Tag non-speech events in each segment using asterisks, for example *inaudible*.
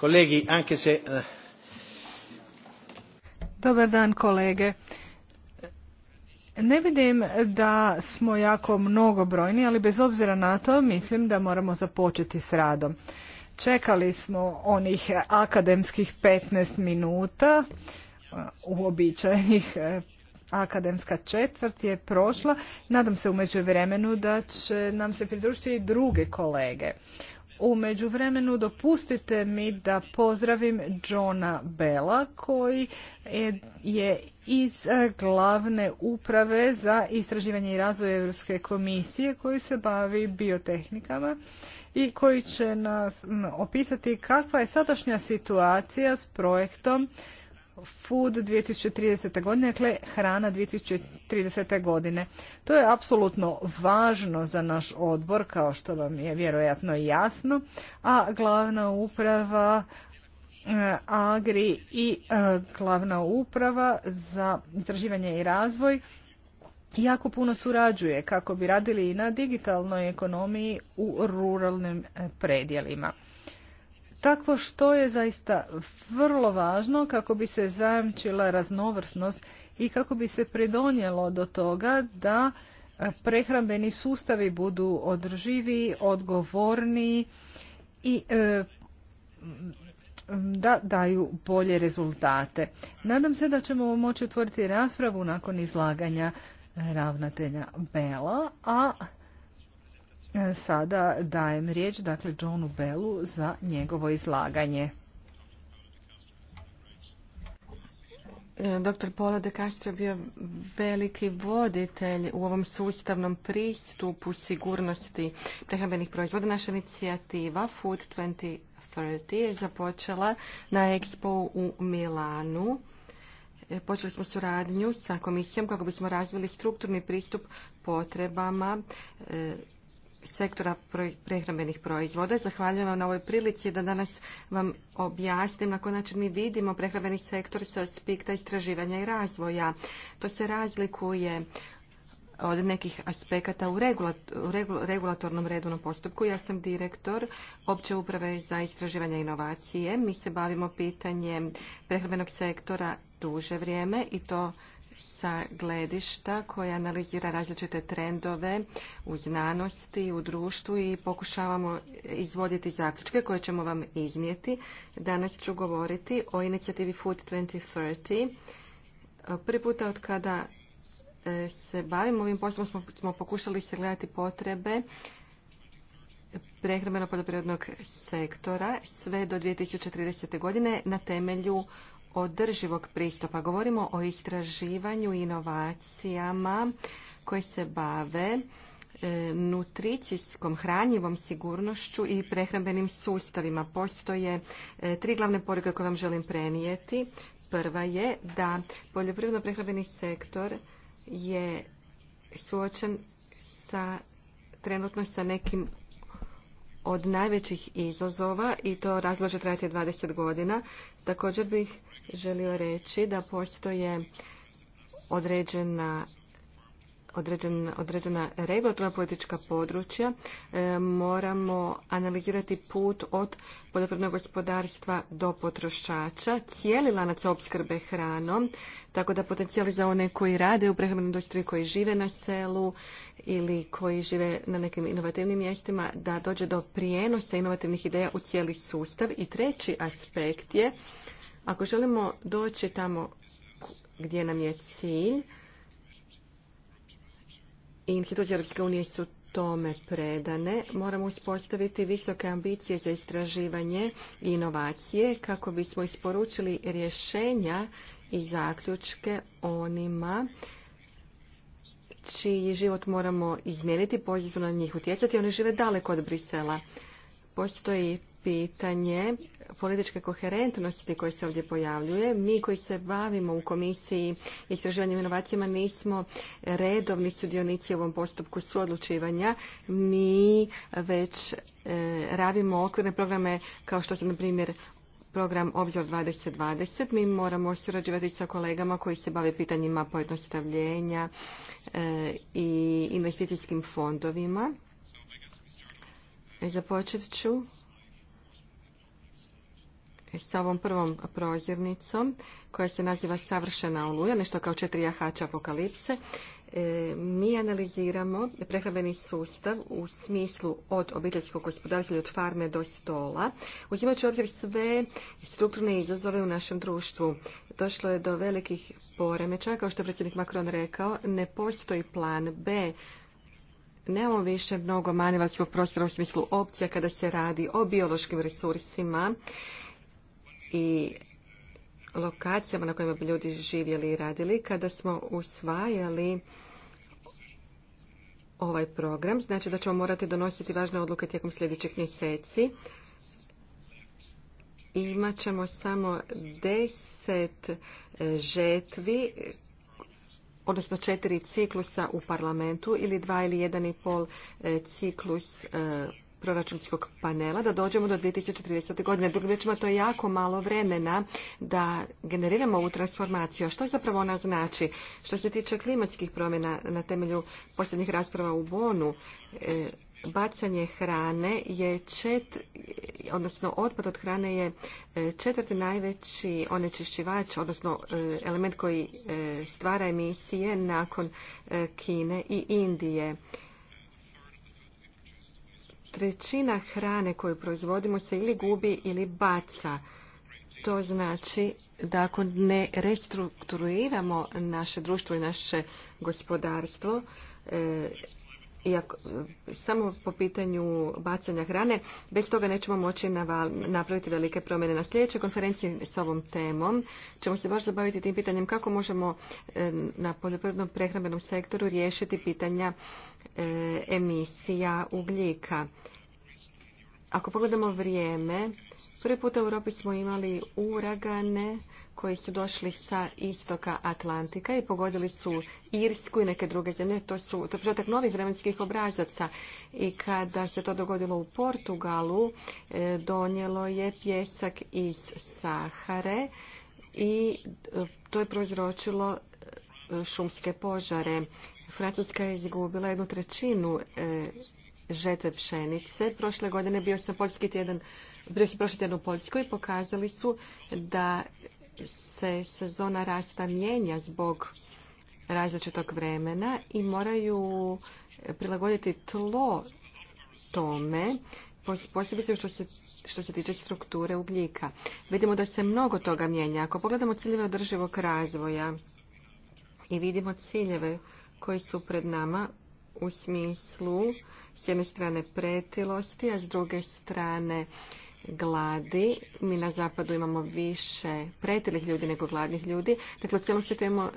Kolegi, eh. Dobar dan kolege. Ne vidim da smo jako mnogobrojni, ali bez obzira na to mislim da moramo započeti s radom. Čekali smo onih akademskih 15 minuta, uobičajenih eh, akademska četvrt je prošla. Nadam se u vremenu da će nam se pridružiti i druge kolege. U međuvremenu dopustite mi da pozdravim Johna Bela koji je iz e, glavne uprave za istraživanje i razvoj Europske komisije koji se bavi biotehnikama i koji će nas opisati kakva je sadašnja situacija s projektom Food 2030. godine, dakle hrana 2030. godine. To je apsolutno važno za naš odbor, kao što vam je vjerojatno jasno, a glavna uprava eh, Agri i eh, glavna uprava za istraživanje i razvoj jako puno surađuje kako bi radili i na digitalnoj ekonomiji u ruralnim eh, predjelima. Takvo što je zaista vrlo važno kako bi se zajamčila raznovrsnost i kako bi se pridonijelo do toga da e, prehrambeni sustavi budu održivi, odgovorni i e, da daju bolje rezultate. Nadam se da ćemo moći otvoriti raspravu nakon izlaganja e, ravnatelja Bela, a E, sada dajem riječ dakle Johnu Bellu za njegovo izlaganje. E, Dr. Paula de Castro bio veliki voditelj u ovom sustavnom pristupu sigurnosti prehrambenih proizvoda. Naša inicijativa Food 2030 je započela na Expo u Milanu. E, počeli smo suradnju sa komisijom kako bismo razvili strukturni pristup potrebama sektora prehrambenih proizvoda. Zahvaljujem vam na ovoj prilici da danas vam objasnim na koji način mi vidimo prehrambeni sektor sa aspekta istraživanja i razvoja. To se razlikuje od nekih aspekata u regulatornom redovnom postupku. Ja sam direktor opće uprave za istraživanje i inovacije. Mi se bavimo pitanjem prehrambenog sektora duže vrijeme i to sa gledišta koja analizira različite trendove u znanosti, u društvu i pokušavamo izvoditi zaključke koje ćemo vam iznijeti. Danas ću govoriti o inicijativi Food 2030. Prvi puta od kada e, se bavim ovim poslom smo, smo pokušali sagledati potrebe prehrambeno poljoprivrednog sektora sve do 2030. godine na temelju održivog pristupa. Govorimo o istraživanju inovacijama koje se bave e, nutricijskom hranjivom sigurnošću i prehrambenim sustavima. Postoje e, tri glavne poruke koje vam želim prenijeti. Prva je da poljoprivredno prehrambeni sektor je suočen sa trenutno sa nekim od najvećih izazova i to razlože trajati 20 godina. Također bih želio reći da postoje određena određen, određena regulatorna politička područja e, moramo analizirati put od poljoprivrednog gospodarstva do potrošača, cijeli lanac opskrbe hranom, tako da potencijali za one koji rade u prehrambenoj industriji, koji žive na selu ili koji žive na nekim inovativnim mjestima, da dođe do prijenosa inovativnih ideja u cijeli sustav. I treći aspekt je, ako želimo doći tamo gdje nam je cilj, institucije Europske unije su tome predane, moramo uspostaviti visoke ambicije za istraživanje i inovacije kako bismo isporučili rješenja i zaključke onima čiji život moramo izmijeniti, pozitivno na njih utjecati. Oni žive daleko od Brisela. Postoji pitanje političke koherentnosti koji se ovdje pojavljuje. Mi koji se bavimo u komisiji istraživanjem inovacijama nismo redovni sudionici u ovom postupku suodlučivanja. Mi već e, radimo okvirne programe kao što su na primjer program Obzor 2020. Mi moramo surađivati sa kolegama koji se bave pitanjima pojednostavljenja e, i investicijskim fondovima. E, započet ću sa ovom prvom prozirnicom koja se naziva Savršena oluja, nešto kao četiri jahača apokalipse. E, mi analiziramo prehrambeni sustav u smislu od obiteljskog gospodarstva ili od farme do stola. Uzimajući obzir sve strukturne izazove u našem društvu, došlo je do velikih poremećaja, kao što je predsjednik Macron rekao, ne postoji plan B Nemamo više mnogo manevarskog prostora u smislu opcija kada se radi o biološkim resursima i lokacijama na kojima bi ljudi živjeli i radili. Kada smo usvajali ovaj program, znači da ćemo morati donositi važne odluke tijekom sljedećih mjeseci. Imaćemo samo deset e, žetvi, odnosno četiri ciklusa u parlamentu ili dva ili jedan i pol e, ciklus e, proračunskog panela da dođemo do 2030. godine. Drugim rečima, to je jako malo vremena da generiramo ovu transformaciju. A što zapravo ona znači? Što se tiče klimatskih promjena na temelju posljednjih rasprava u Bonu, e, bacanje hrane je čet, odnosno otpad od hrane je e, četvrti najveći onečišćivač, odnosno e, element koji stvara emisije nakon Kine i Indije trećina hrane koju proizvodimo se ili gubi ili baca. To znači da ako ne restrukturiramo naše društvo i naše gospodarstvo, e, iako, samo po pitanju bacanja hrane, bez toga nećemo moći naval, napraviti velike promjene. Na sljedećoj konferenciji s ovom temom ćemo se baš zabaviti tim pitanjem kako možemo e, na poljoprivrednom prehrambenom sektoru riješiti pitanja e, emisija ugljika. Ako pogledamo vrijeme, prvi puta u Europi smo imali uragane koji su došli sa istoka Atlantika i pogodili su Irsku i neke druge zemlje. To su to je početak novih vremenskih obrazaca i kada se to dogodilo u Portugalu e, donijelo je pjesak iz Sahare i e, to je prouzročilo e, šumske požare. Francuska je izgubila jednu trećinu žetve pšenice. Prošle godine bio sam poljski tjedan, bio sam prošli tjedan u Poljskoj i pokazali su da se sezona rasta mijenja zbog različitog vremena i moraju prilagoditi tlo tome, posebice što se, što se tiče strukture ugljika. Vidimo da se mnogo toga mijenja. Ako pogledamo ciljeve održivog razvoja i vidimo ciljeve koji su pred nama u smislu s jedne strane pretilosti, a s druge strane gladi. Mi na zapadu imamo više pretilih ljudi nego gladnih ljudi. Dakle, u cijelom svijetu imamo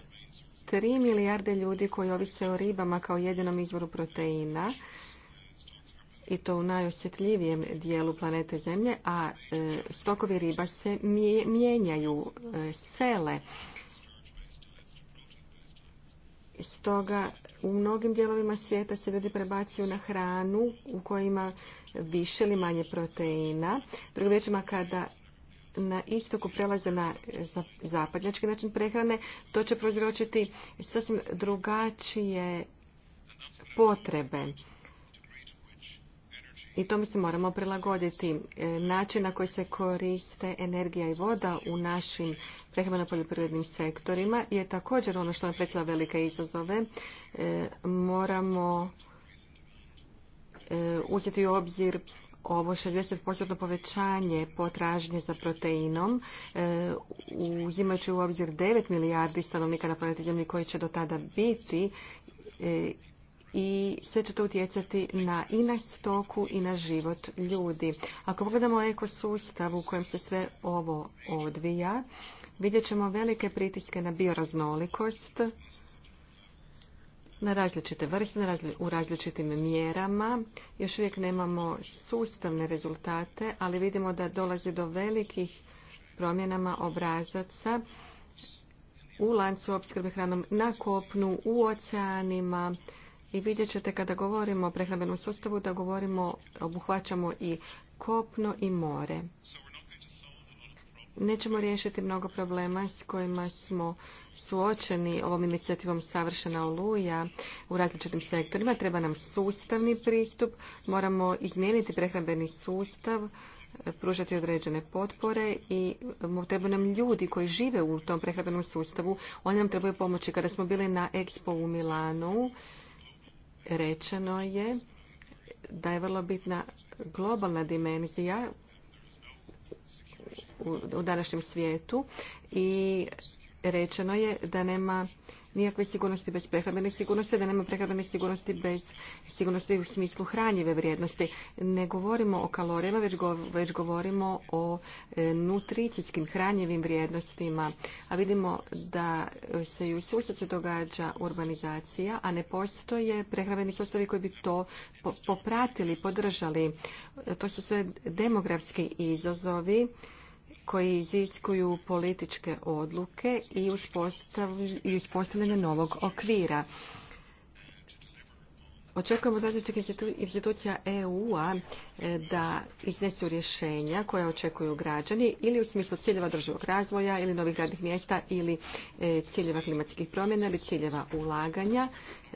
3 milijarde ljudi koji ovise o ribama kao jedinom izvoru proteina i to u najosjetljivijem dijelu planete Zemlje, a e, stokovi riba se mijenjaju, e, sele. Stoga u mnogim dijelovima svijeta se ljudi prebacuju na hranu u kojima više ili manje proteina. Drugim riječima, kada na istoku prelaze na zapadnjački način prehrane, to će prouzročiti sasvim drugačije potrebe i tome se moramo prilagoditi. E, način na koji se koriste energija i voda u našim prehrambeno-poljoprivrednim sektorima je također ono što nam predstavlja velike izazove. E, moramo e, uzeti u obzir ovo 60% povećanje potražnje za proteinom, uzimajući u obzir 9 milijardi stanovnika na planeti Zemlji koji će do tada biti i sve će to utjecati na i na stoku i na život ljudi. Ako pogledamo ekosustav u kojem se sve ovo odvija, vidjet ćemo velike pritiske na bioraznolikost, na različite vrste, u različitim mjerama. Još uvijek nemamo sustavne rezultate, ali vidimo da dolazi do velikih promjenama obrazaca u lancu opskrbe hranom na kopnu, u oceanima i vidjet ćete kada govorimo o prehrambenom sustavu da govorimo, obuhvaćamo i kopno i more. Nećemo riješiti mnogo problema s kojima smo suočeni ovom inicijativom Savršena oluja u različitim sektorima. Treba nam sustavni pristup, moramo izmijeniti prehrambeni sustav, pružati određene potpore i trebaju nam ljudi koji žive u tom prehrambenom sustavu. Oni nam trebaju pomoći. Kada smo bili na Expo u Milanu, rečeno je da je vrlo bitna globalna dimenzija u današnjem svijetu i rečeno je da nema nikakve sigurnosti bez prehrambene sigurnosti, da nema prehrambene sigurnosti bez sigurnosti u smislu hranjive vrijednosti. Ne govorimo o kalorijama, već, govorimo o e, nutricijskim hranjivim vrijednostima. A vidimo da se i u susjetu događa urbanizacija, a ne postoje prehrambeni sustavi koji bi to popratili, podržali. E, to su sve demografski izazovi koji iziskuju političke odluke i uspostavljanje novog okvira. Očekujemo od različitih institucija EU-a e, da iznesu rješenja koja očekuju građani ili u smislu ciljeva državog razvoja ili novih radnih mjesta ili e, ciljeva klimatskih promjena ili ciljeva ulaganja.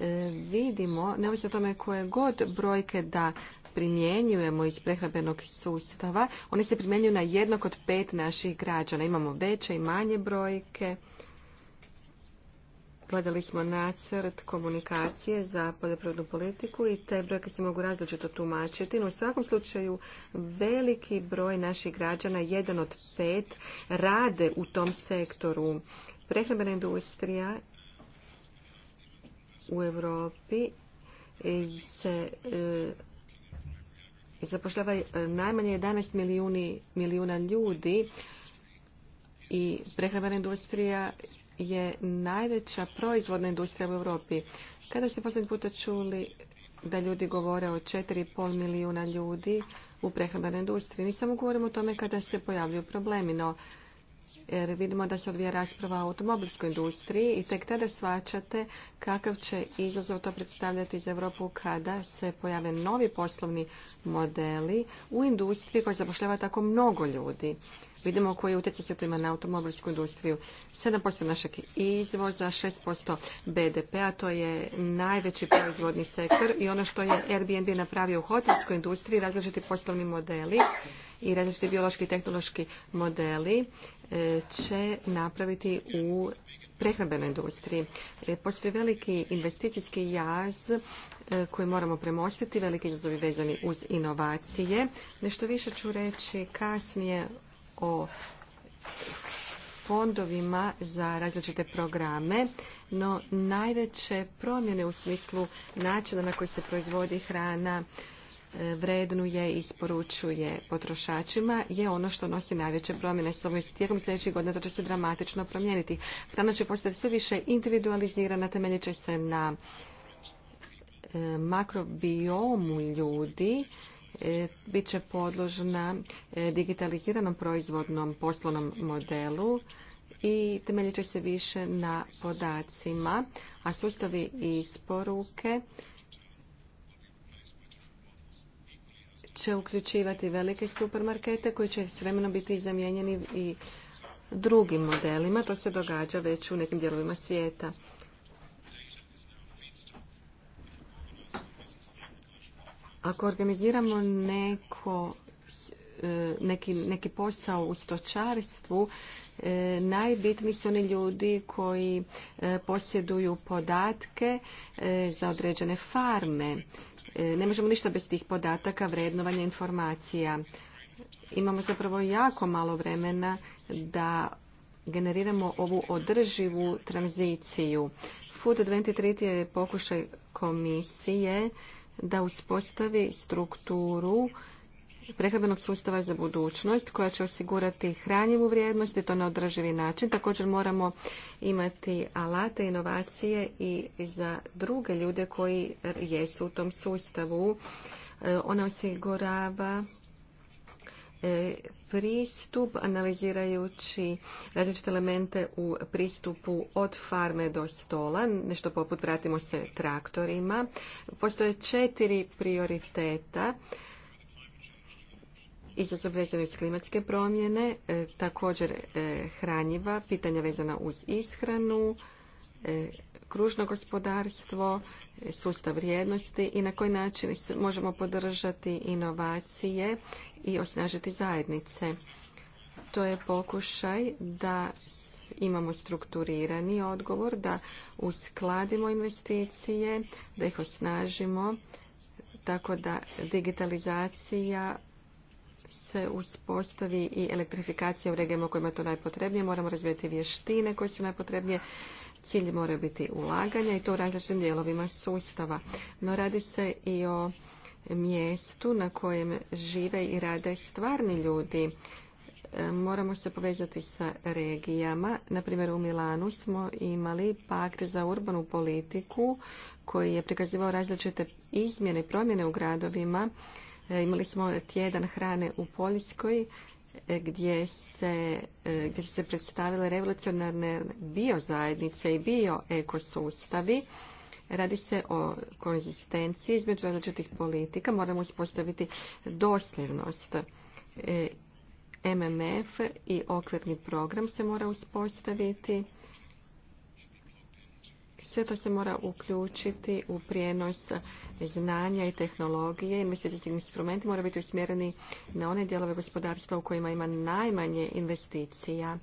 E, vidimo, neovisno o tome koje god brojke da primjenjujemo iz prehrabenog sustava, one se primjenjuju na jednog od pet naših građana. Imamo veće i manje brojke. Gledali smo nacrt komunikacije za poljoprivrednu politiku i te brojke se mogu različito tumačiti, u svakom slučaju veliki broj naših građana, jedan od pet, rade u tom sektoru. Prehrambena industrija u Europi e, se e, zapošljava e, najmanje 11 milijuna ljudi i prehrambena industrija je najveća proizvodna industrija u Europi. Kada ste posljednji puta čuli da ljudi govore o 4,5 milijuna ljudi u prehrambenoj industriji, mi samo govorimo o tome kada se pojavljuju problemi, no jer vidimo da se odvija rasprava o automobilskoj industriji i tek tada svačate kakav će izazov to predstavljati za Europu kada se pojave novi poslovni modeli u industriji koja zapošljava tako mnogo ljudi. Vidimo koji utjecaj se to ima na automobilsku industriju. 7% našeg izvoza, 6% BDP-a, to je najveći proizvodni sektor i ono što je Airbnb napravio u hotelskoj industriji, različiti poslovni modeli i različiti biološki i tehnološki modeli E, će napraviti u prehrambenoj industriji. E, postoji veliki investicijski jaz e, koji moramo premostiti, veliki izazovi vezani uz inovacije. Nešto više ću reći kasnije o fondovima za različite programe, no najveće promjene u smislu načina na koji se proizvodi hrana, vrednuje i isporučuje potrošačima je ono što nosi najveće promjene. tijekom sljedećih godina to će se dramatično promijeniti. Hrana će postati sve više individualizirana, temeljit će se na e, makrobiomu ljudi, e, bit će podložna e, digitaliziranom proizvodnom poslovnom modelu i temeljit će se više na podacima, a sustavi isporuke će uključivati velike supermarkete koji će s vremenom biti zamijenjeni i drugim modelima. To se događa već u nekim dijelovima svijeta. Ako organiziramo neko, e, neki, neki posao u stočarstvu, e, najbitniji su oni ljudi koji e, posjeduju podatke za određene farme E, ne možemo ništa bez tih podataka, vrednovanja informacija. Imamo zapravo jako malo vremena da generiramo ovu održivu tranziciju. Food 23 je pokušaj komisije da uspostavi strukturu prehrambenog sustava za budućnost koja će osigurati hranjivu vrijednost i to na održivi način. Također moramo imati alate, inovacije i za druge ljude koji jesu u tom sustavu. E, ona osigurava e, pristup analizirajući različite elemente u pristupu od farme do stola, nešto poput vratimo se traktorima. Postoje četiri prioriteta izazov vezan uz klimatske promjene, e, također e, hranjiva, pitanja vezana uz ishranu, e, kružno gospodarstvo, sustav vrijednosti i na koji način možemo podržati inovacije i osnažiti zajednice. To je pokušaj da imamo strukturirani odgovor, da uskladimo investicije, da ih osnažimo, tako da digitalizacija se uspostavi i elektrifikacija u regijama u kojima je to najpotrebnije. Moramo razvijati vještine koje su najpotrebnije. Cilj mora biti ulaganja i to u različitim dijelovima sustava. No radi se i o mjestu na kojem žive i rade stvarni ljudi. E, moramo se povezati sa regijama. Na primjer, u Milanu smo imali pakt za urbanu politiku koji je prikazivao različite izmjene i promjene u gradovima E, imali smo tjedan hrane u Poljskoj e, gdje, se, e, gdje su se predstavile revolucionarne biozajednice i bioekosustavi. Radi se o konzistenciji između različitih politika. Moramo uspostaviti dosljednost. MMF i okvirni program se mora uspostaviti. Sve to se mora uključiti u prijenos znanja i tehnologije. Investicijski instrumenti moraju biti usmjereni na one dijelove gospodarstva u kojima ima najmanje investicija.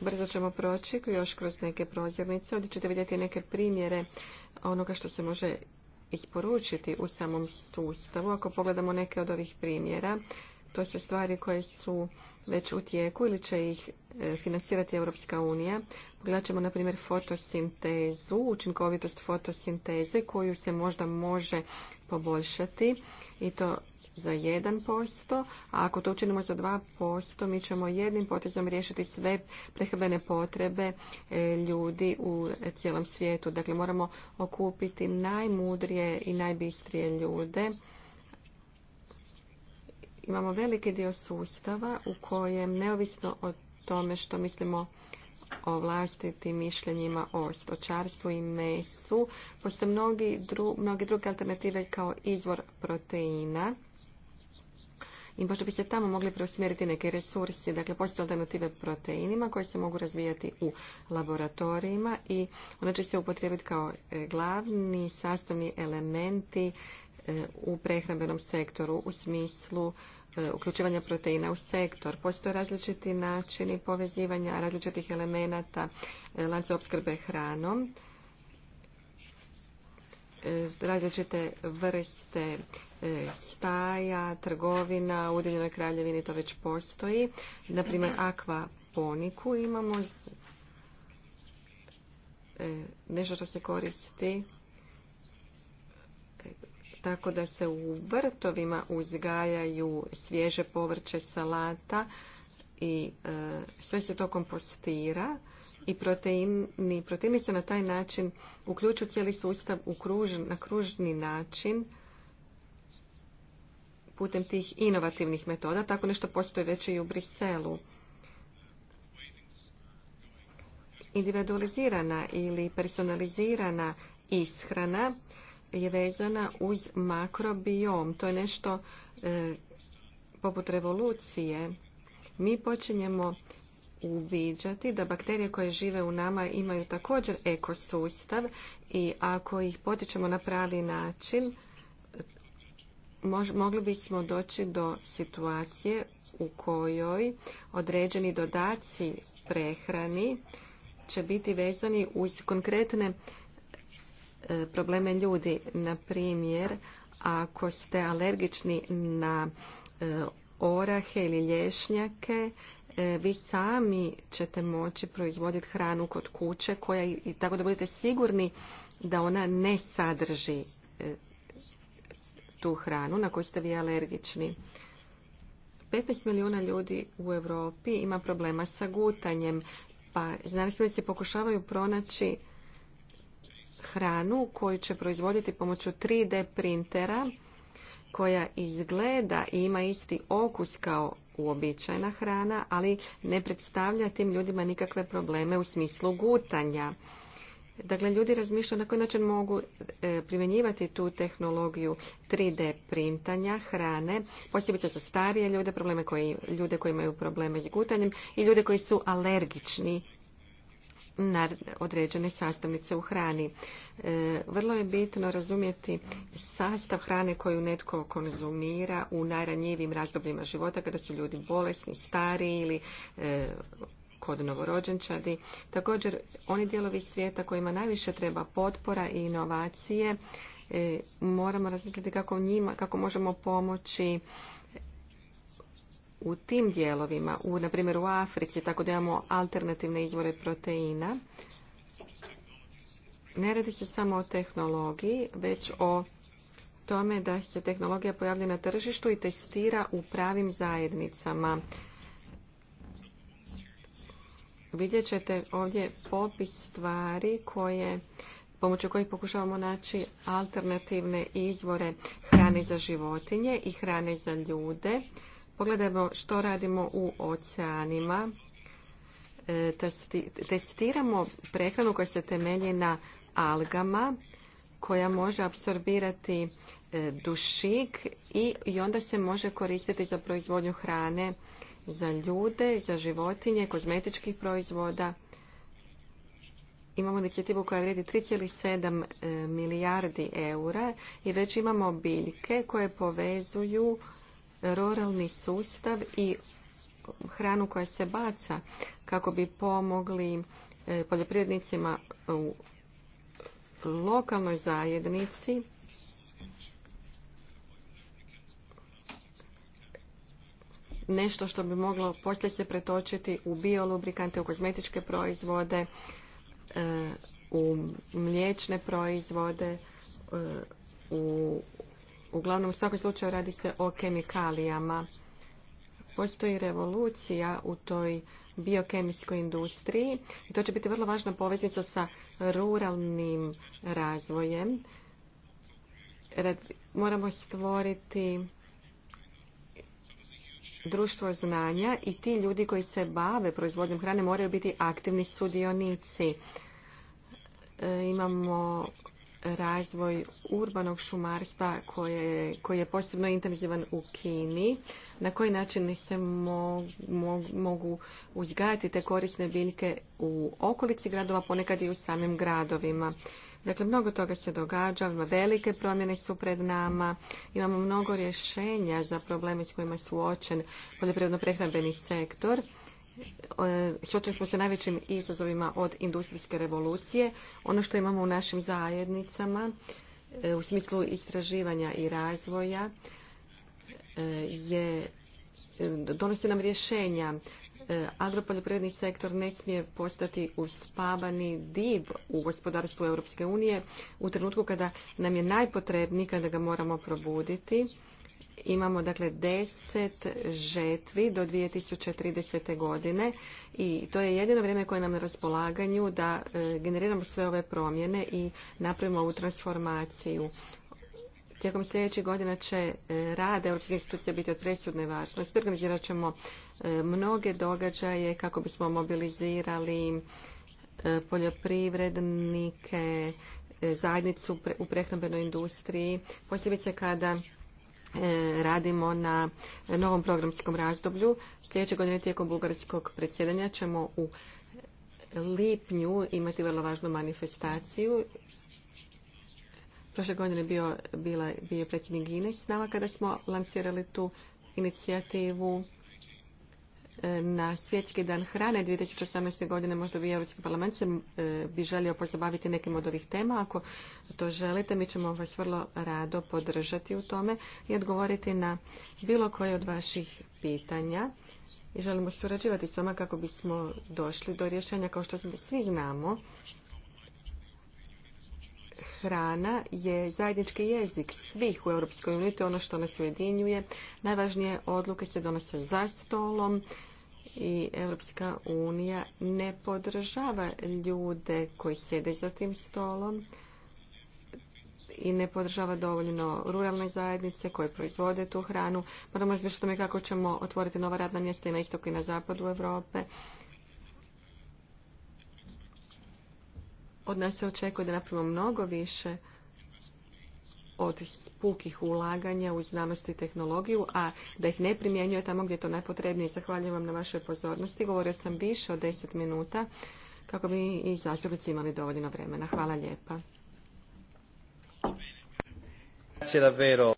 Brzo ćemo proći još kroz neke prozirnice. Ovdje ćete vidjeti neke primjere onoga što se može isporučiti u samom sustavu. Ako pogledamo neke od ovih primjera, to su stvari koje su već u tijeku ili će ih e, financirati Europska unija. Pogledat ćemo, na primjer, fotosintezu, učinkovitost fotosinteze koju se možda može poboljšati i to za 1%, a ako to učinimo za 2%, mi ćemo jednim potezom riješiti sve prehrambene potrebe e, ljudi u cijelom svijetu. Dakle, moramo okupiti najmudrije i najbistrije ljude imamo veliki dio sustava u kojem neovisno o tome što mislimo o vlastitim mišljenjima o stočarstvu i mesu, postoje mnogi mnoge druge alternative kao izvor proteina i možda bi se tamo mogli preusmjeriti neke resursi. Dakle, postoje alternative proteinima koje se mogu razvijati u laboratorijima i one će se upotrijebiti kao e, glavni sastavni elementi e, u prehrambenom sektoru u smislu E, uključivanja proteina u sektor. Postoje različiti načini povezivanja različitih elemenata e, lanca opskrbe hranom, e, različite vrste staja, trgovina, u Ujedinjenoj kraljevini to već postoji. Naprimjer, akvaponiku imamo nešto što se koristi tako da se u vrtovima uzgajaju svježe povrće salata i e, sve se to kompostira i proteini, se na taj način uključuju cijeli sustav u na kružni način putem tih inovativnih metoda. Tako nešto postoji već i u Briselu. Individualizirana ili personalizirana ishrana je vezana uz makrobiom. To je nešto e, poput revolucije. Mi počinjemo uviđati da bakterije koje žive u nama imaju također ekosustav i ako ih potičemo na pravi način, mogli bismo doći do situacije u kojoj određeni dodaci prehrani će biti vezani uz konkretne E, probleme ljudi. Na primjer, ako ste alergični na e, orahe ili lješnjake, e, vi sami ćete moći proizvoditi hranu kod kuće koja tako da budete sigurni da ona ne sadrži tu hranu na koju ste vi alergični. 15 milijuna ljudi u Europi ima problema sa gutanjem, pa znanstvenici pokušavaju pronaći hranu koju će proizvoditi pomoću 3D printera koja izgleda i ima isti okus kao uobičajena hrana, ali ne predstavlja tim ljudima nikakve probleme u smislu gutanja. Dakle, ljudi razmišljaju na koji način mogu e, primjenjivati tu tehnologiju 3D printanja hrane, posebice su starije ljude, probleme koji, ljude koji imaju probleme s gutanjem i ljude koji su alergični na određene sastavnice u hrani. E, vrlo je bitno razumjeti sastav hrane koju netko konzumira u najranjivijim razdobljima života kada su ljudi bolesni, stari ili e, kod novorođenčadi. Također, oni dijelovi svijeta kojima najviše treba potpora i inovacije, e, moramo razmisliti kako njima, kako možemo pomoći u tim dijelovima, u, na primjer u Africi, tako da imamo alternativne izvore proteina. Ne radi se samo o tehnologiji, već o tome da se tehnologija pojavlja na tržištu i testira u pravim zajednicama. Vidjet ćete ovdje popis stvari koje pomoću kojih pokušavamo naći alternativne izvore hrane za životinje i hrane za ljude. Pogledajmo što radimo u oceanima. E, testiramo prehranu koja se temelji na algama koja može apsorbirati e, dušik i onda se može koristiti za proizvodnju hrane za ljude, za životinje, kozmetičkih proizvoda. Imamo inicijativu koja vrijedi 3,7 e, milijardi eura i već imamo biljke koje povezuju ruralni sustav i hranu koja se baca kako bi pomogli e, poljoprivrednicima u lokalnoj zajednici nešto što bi moglo poslije se pretočiti u biolubrikante, u kozmetičke proizvode, e, u mliječne proizvode, e, u Uglavnom, u svakom slučaju radi se o kemikalijama. Postoji revolucija u toj biokemijskoj industriji i to će biti vrlo važna poveznica sa ruralnim razvojem. Moramo stvoriti društvo znanja i ti ljudi koji se bave proizvodnjom hrane moraju biti aktivni sudionici. E, imamo razvoj urbanog šumarstva koji je posebno intenzivan u Kini. Na koji način se mogu uzgajati te korisne biljke u okolici gradova, ponekad i u samim gradovima. Dakle, mnogo toga se događa, velike promjene su pred nama, imamo mnogo rješenja za probleme s kojima je suočen poljoprivredno prehrambeni sektor E, suočili smo se najvećim izazovima od industrijske revolucije. Ono što imamo u našim zajednicama e, u smislu istraživanja i razvoja e, je donosi nam rješenja. Agropoljoprivredni sektor ne smije postati uspavani div u gospodarstvu Europske unije u trenutku kada nam je najpotrebniji, kada ga moramo probuditi. Imamo dakle deset žetvi do 2030. godine i to je jedino vrijeme koje nam na raspolaganju da e, generiramo sve ove promjene i napravimo ovu transformaciju. Tijekom sljedećih godina će e, rad Europske institucije biti od presudne važnosti. Organizirat ćemo e, mnoge događaje kako bismo mobilizirali poljoprivrednike, zajednicu u prehrambenoj industriji, posebice kada E, radimo na novom programskom razdoblju. Sljedeće godine tijekom bugarskog predsjedanja ćemo u lipnju imati vrlo važnu manifestaciju. Prošle godine bio, bila, bio predsjednik Gine s nama kada smo lansirali tu inicijativu na svjetski dan hrane 2018. godine možda bi Europski parlament se e, bi želio pozabaviti nekim od ovih tema. Ako to želite, mi ćemo vas vrlo rado podržati u tome i odgovoriti na bilo koje od vaših pitanja. I želimo surađivati s vama kako bismo došli do rješenja. Kao što svi znamo, hrana je zajednički jezik svih u Europskoj uniji, to je ono što nas ujedinjuje. Najvažnije odluke se donose za stolom, i Europska unija ne podržava ljude koji sjede za tim stolom i ne podržava dovoljno ruralne zajednice koje proizvode tu hranu. Moramo razmišljati tome kako ćemo otvoriti nova radna mjesta i na istoku i na zapadu Europe. Od nas se očekuje da napravimo mnogo više od pukih ulaganja u znanost i tehnologiju, a da ih ne primjenjuje tamo gdje je to najpotrebnije. Zahvaljujem vam na vašoj pozornosti. Govorio sam više od deset minuta kako bi i zastupnici imali dovoljno vremena. Hvala lijepa.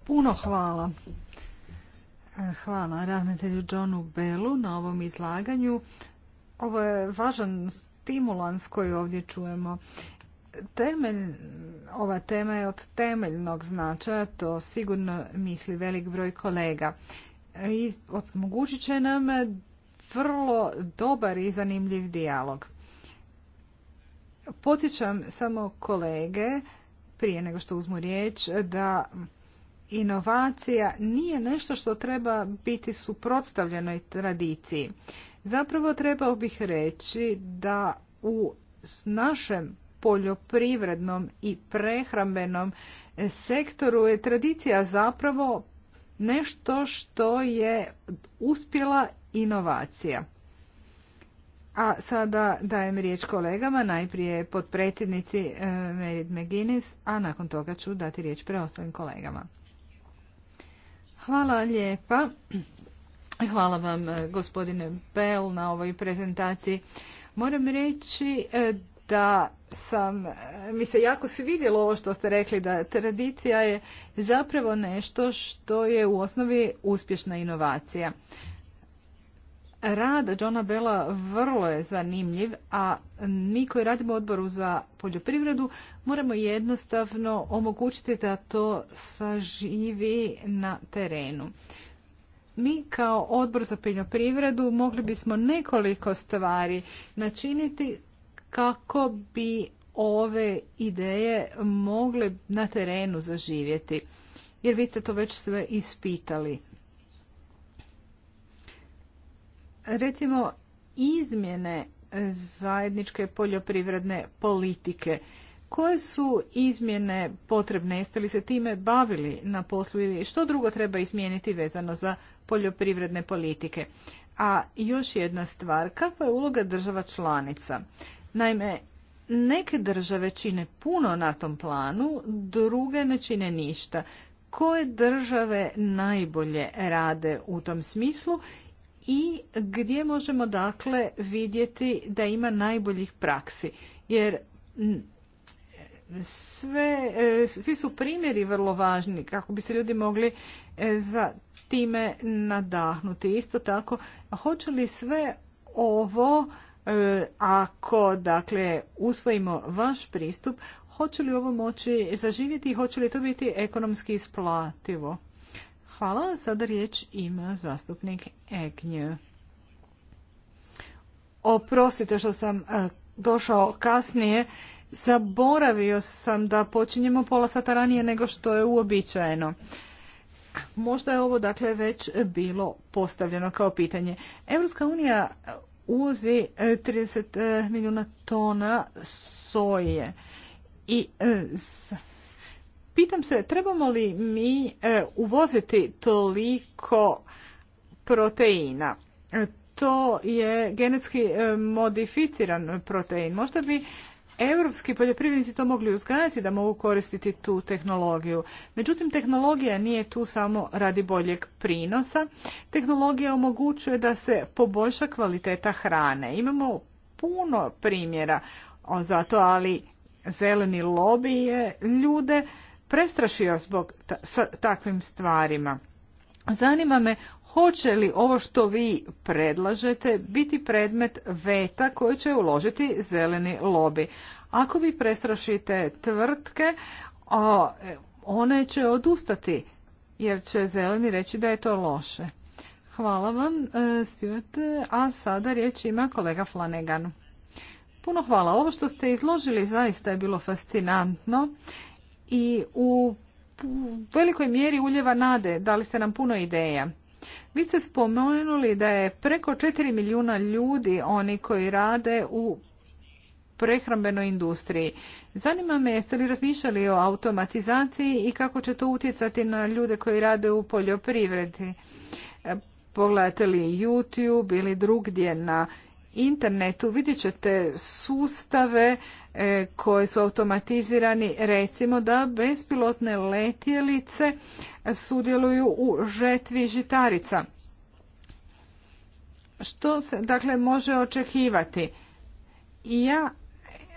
Puno hvala. Hvala ravnatelju Johnu Bellu na ovom izlaganju. Ovo je važan stimulans koji ovdje čujemo temelj, ova tema je od temeljnog značaja, to sigurno misli velik broj kolega. I omogućit će nam vrlo dobar i zanimljiv dijalog. Podsjećam samo kolege, prije nego što uzmu riječ, da inovacija nije nešto što treba biti suprotstavljenoj tradiciji. Zapravo trebao bih reći da u našem poljoprivrednom i prehrambenom sektoru je tradicija zapravo nešto što je uspjela inovacija. A sada dajem riječ kolegama, najprije potpredsjednici eh, Merit McGuinness, a nakon toga ću dati riječ preostalim kolegama. Hvala lijepa. Hvala vam eh, gospodine Bell na ovoj prezentaciji. Moram reći eh, da sam, mi se jako svidjelo ovo što ste rekli, da tradicija je zapravo nešto što je u osnovi uspješna inovacija. Rad Johna Bela vrlo je zanimljiv, a mi koji radimo odboru za poljoprivredu moramo jednostavno omogućiti da to saživi na terenu. Mi kao odbor za poljoprivredu mogli bismo nekoliko stvari načiniti kako bi ove ideje mogle na terenu zaživjeti. Jer vi ste to već sve ispitali. Recimo, izmjene zajedničke poljoprivredne politike. Koje su izmjene potrebne? Jeste li se time bavili na poslu ili što drugo treba izmijeniti vezano za poljoprivredne politike? A još jedna stvar, kakva je uloga država članica? Naime, neke države čine puno na tom planu, druge ne čine ništa. Koje države najbolje rade u tom smislu i gdje možemo dakle vidjeti da ima najboljih praksi? Jer sve, e, svi su primjeri vrlo važni kako bi se ljudi mogli e, za time nadahnuti. Isto tako, hoće li sve ovo E, ako dakle usvojimo vaš pristup, hoće li ovo moći zaživjeti i hoće li to biti ekonomski isplativo? Hvala. Sada riječ ima zastupnik Egnje. Oprostite što sam e, došao kasnije. Zaboravio sam da počinjemo pola sata ranije nego što je uobičajeno. Možda je ovo dakle već bilo postavljeno kao pitanje. Europska unija uvozi 30 e, e, milijuna tona soje. I e, pitam se, trebamo li mi uvoziti toliko proteina? To je genetski modificiran protein. Možda bi europski poljoprivrednici to mogli uzgajati da mogu koristiti tu tehnologiju. Međutim, tehnologija nije tu samo radi boljeg prinosa. Tehnologija omogućuje da se poboljša kvaliteta hrane. Imamo puno primjera za to, ali zeleni lobi je ljude prestrašio zbog takvim stvarima. Zanima me hoće li ovo što vi predlažete biti predmet veta koji će uložiti zeleni lobi? Ako vi prestrašite tvrtke, e, one će odustati jer će zeleni reći da je to loše. Hvala vam, e, a sada riječ ima kolega Flanegan. Puno hvala. Ovo što ste izložili zaista je bilo fascinantno i u velikoj mjeri uljeva nade dali ste nam puno ideja. Vi ste spomenuli da je preko 4 milijuna ljudi oni koji rade u prehrambenoj industriji. Zanima me jeste li razmišljali o automatizaciji i kako će to utjecati na ljude koji rade u poljoprivredi. Pogledate li YouTube ili drugdje na internetu vidjet ćete sustave e, koji su automatizirani recimo da bespilotne letjelice sudjeluju u žetvi žitarica. Što se dakle može očekivati? Ja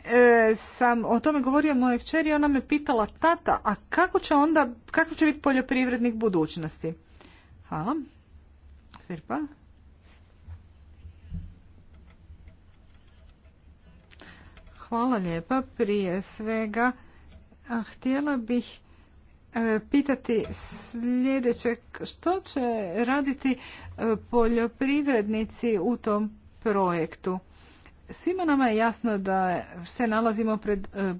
e, sam o tome govorio mojoj kćeri, ona me pitala tata, a kako će onda, kako će biti poljoprivrednik budućnosti? Hvala. Sirpa. Hvala lijepa. Prije svega htjela bih e, pitati sljedeće što će raditi e, poljoprivrednici u tom projektu. Svima nama je jasno da se nalazimo pred e,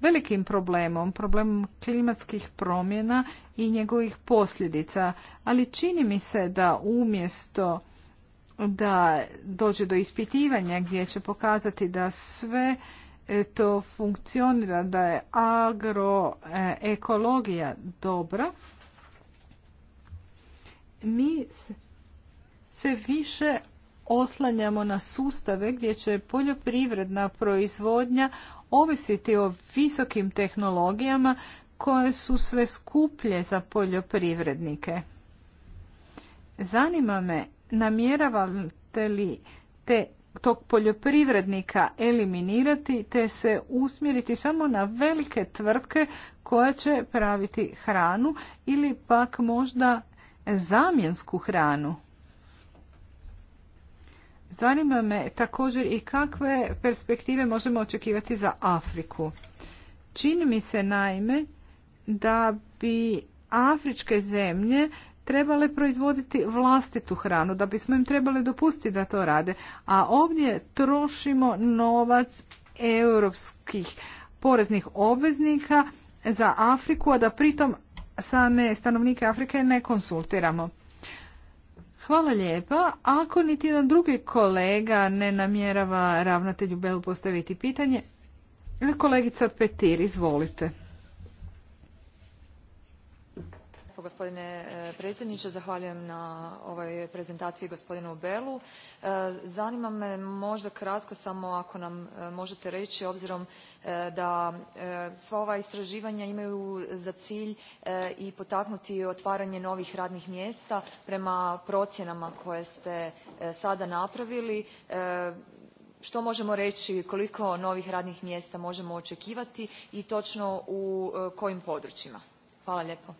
velikim problemom, problemom klimatskih promjena i njegovih posljedica, ali čini mi se da umjesto da dođe do ispitivanja gdje će pokazati da sve e, to funkcionira, da je agroekologija e, dobra, mi se više oslanjamo na sustave gdje će poljoprivredna proizvodnja ovisiti o visokim tehnologijama koje su sve skuplje za poljoprivrednike. Zanima me namjeravate li te tog poljoprivrednika eliminirati te se usmjeriti samo na velike tvrtke koja će praviti hranu ili pak možda zamjensku hranu. Zanima me također i kakve perspektive možemo očekivati za Afriku. Čini mi se naime da bi afričke zemlje trebale proizvoditi vlastitu hranu, da bismo im trebali dopustiti da to rade. A ovdje trošimo novac europskih poreznih obveznika za Afriku, a da pritom same stanovnike Afrike ne konsultiramo. Hvala lijepa. Ako niti jedan drugi kolega ne namjerava ravnatelju Belu postaviti pitanje, kolegica Petir, izvolite. gospodine e, predsjedniče. Zahvaljujem na ovoj prezentaciji gospodinu Belu. E, zanima me možda kratko samo ako nam e, možete reći obzirom da sva ova istraživanja imaju za cilj i potaknuti otvaranje novih radnih mjesta prema procjenama koje ste sada napravili što možemo reći koliko novih radnih mjesta možemo očekivati i točno u kojim područjima? Hvala lijepo.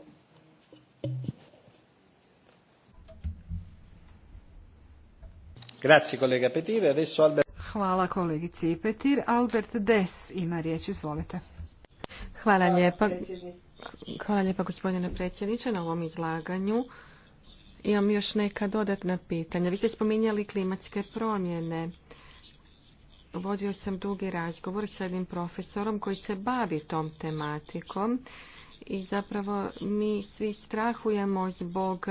Hvala kolegici Petir. Albert Des ima riječ, izvolite. Hvala lijepa. Hvala lijepa gospodine predsjedniče na ovom izlaganju. Imam još neka dodatna pitanja. Vi ste spominjali klimatske promjene. Vodio sam dugi razgovor sa jednim profesorom koji se bavi tom tematikom i zapravo mi svi strahujemo zbog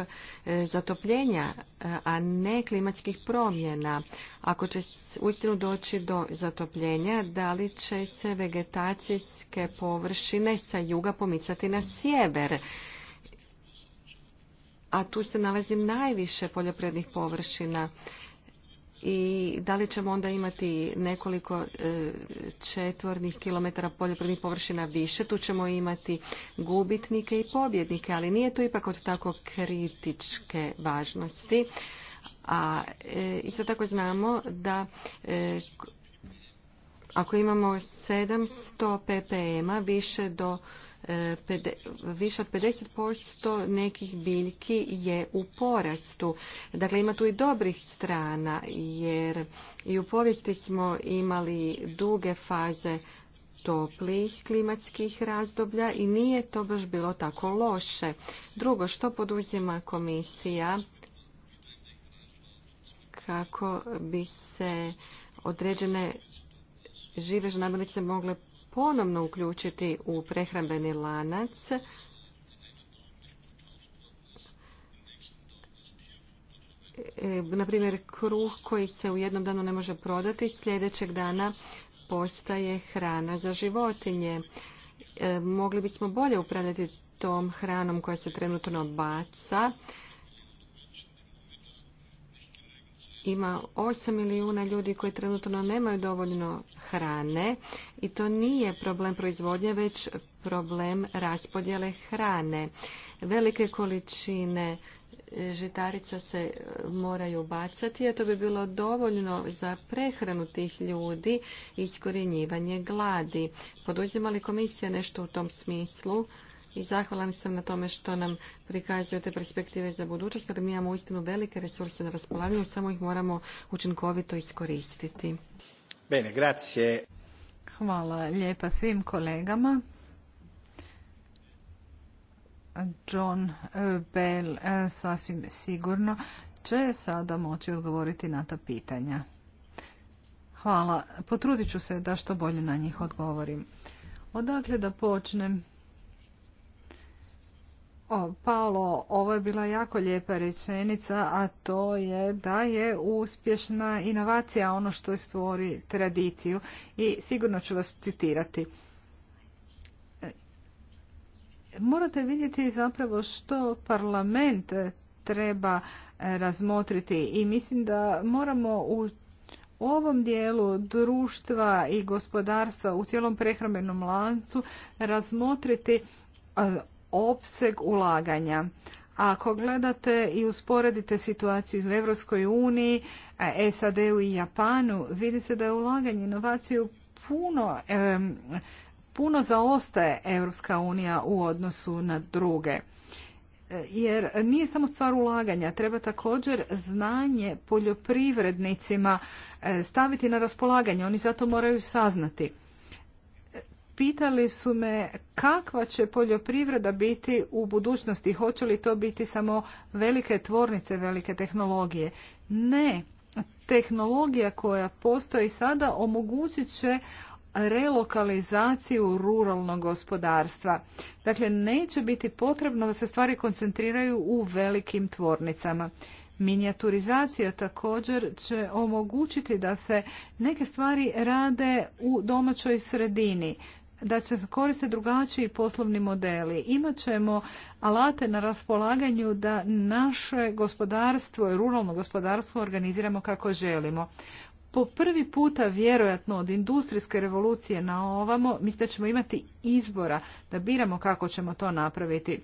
e, zatopljenja, e, a ne klimatskih promjena. Ako će uistinu doći do zatopljenja, da li će se vegetacijske površine sa juga pomicati na sjever? A tu se nalazi najviše poljoprivrednih površina i da li ćemo onda imati nekoliko e, četvornih kilometara poljoprivrednih površina više. Tu ćemo imati gubitnike i pobjednike, ali nije to ipak od tako kritičke važnosti. A e, isto tako znamo da e, ako imamo 700 ppm-a više do više od 50% nekih biljki je u porastu. Dakle, ima tu i dobrih strana, jer i u povijesti smo imali duge faze toplih klimatskih razdoblja i nije to baš bilo tako loše. Drugo, što poduzima komisija kako bi se određene žive namirnice mogle ponovno uključiti u prehrambeni lanac e, na primjer kruh koji se u jednom danu ne može prodati sljedećeg dana postaje hrana za životinje e, mogli bismo bolje upravljati tom hranom koja se trenutno baca ima 8 milijuna ljudi koji trenutno nemaju dovoljno hrane i to nije problem proizvodnje, već problem raspodjele hrane. Velike količine e, žitarica se e, moraju bacati, a to bi bilo dovoljno za prehranu tih ljudi i iskorjenjivanje gladi. Poduzima li komisija nešto u tom smislu? i zahvalan sam na tome što nam prikazujete perspektive za budućnost, jer mi imamo uistinu velike resurse na raspolaganju, samo ih moramo učinkovito iskoristiti. Bene, grazie. Hvala lijepa svim kolegama. John eh, Bell eh, sasvim sigurno će sada moći odgovoriti na ta pitanja. Hvala. Potrudit ću se da što bolje na njih odgovorim. Odakle da počnem? Paolo, ovo je bila jako lijepa rečenica, a to je da je uspješna inovacija ono što stvori tradiciju. I sigurno ću vas citirati. Morate vidjeti zapravo što parlament treba e, razmotriti i mislim da moramo u ovom dijelu društva i gospodarstva u cijelom prehrambenom lancu razmotriti opseg ulaganja. Ako gledate i usporedite situaciju u Evropskoj uniji, e, SAD-u i Japanu, vidi se da je ulaganje inovaciju puno, puno zaostaje Evropska unija u odnosu na druge. E, jer nije samo stvar ulaganja, treba također znanje poljoprivrednicima e, staviti na raspolaganje, oni zato moraju saznati pitali su me kakva će poljoprivreda biti u budućnosti, hoće li to biti samo velike tvornice, velike tehnologije. Ne, tehnologija koja postoji sada omogućit će relokalizaciju ruralnog gospodarstva. Dakle, neće biti potrebno da se stvari koncentriraju u velikim tvornicama. Minijaturizacija također će omogućiti da se neke stvari rade u domaćoj sredini da će se koriste drugačiji poslovni modeli. Imaćemo alate na raspolaganju da naše gospodarstvo i ruralno gospodarstvo organiziramo kako želimo. Po prvi puta vjerojatno od industrijske revolucije na ovamo mislim da ćemo imati izbora da biramo kako ćemo to napraviti.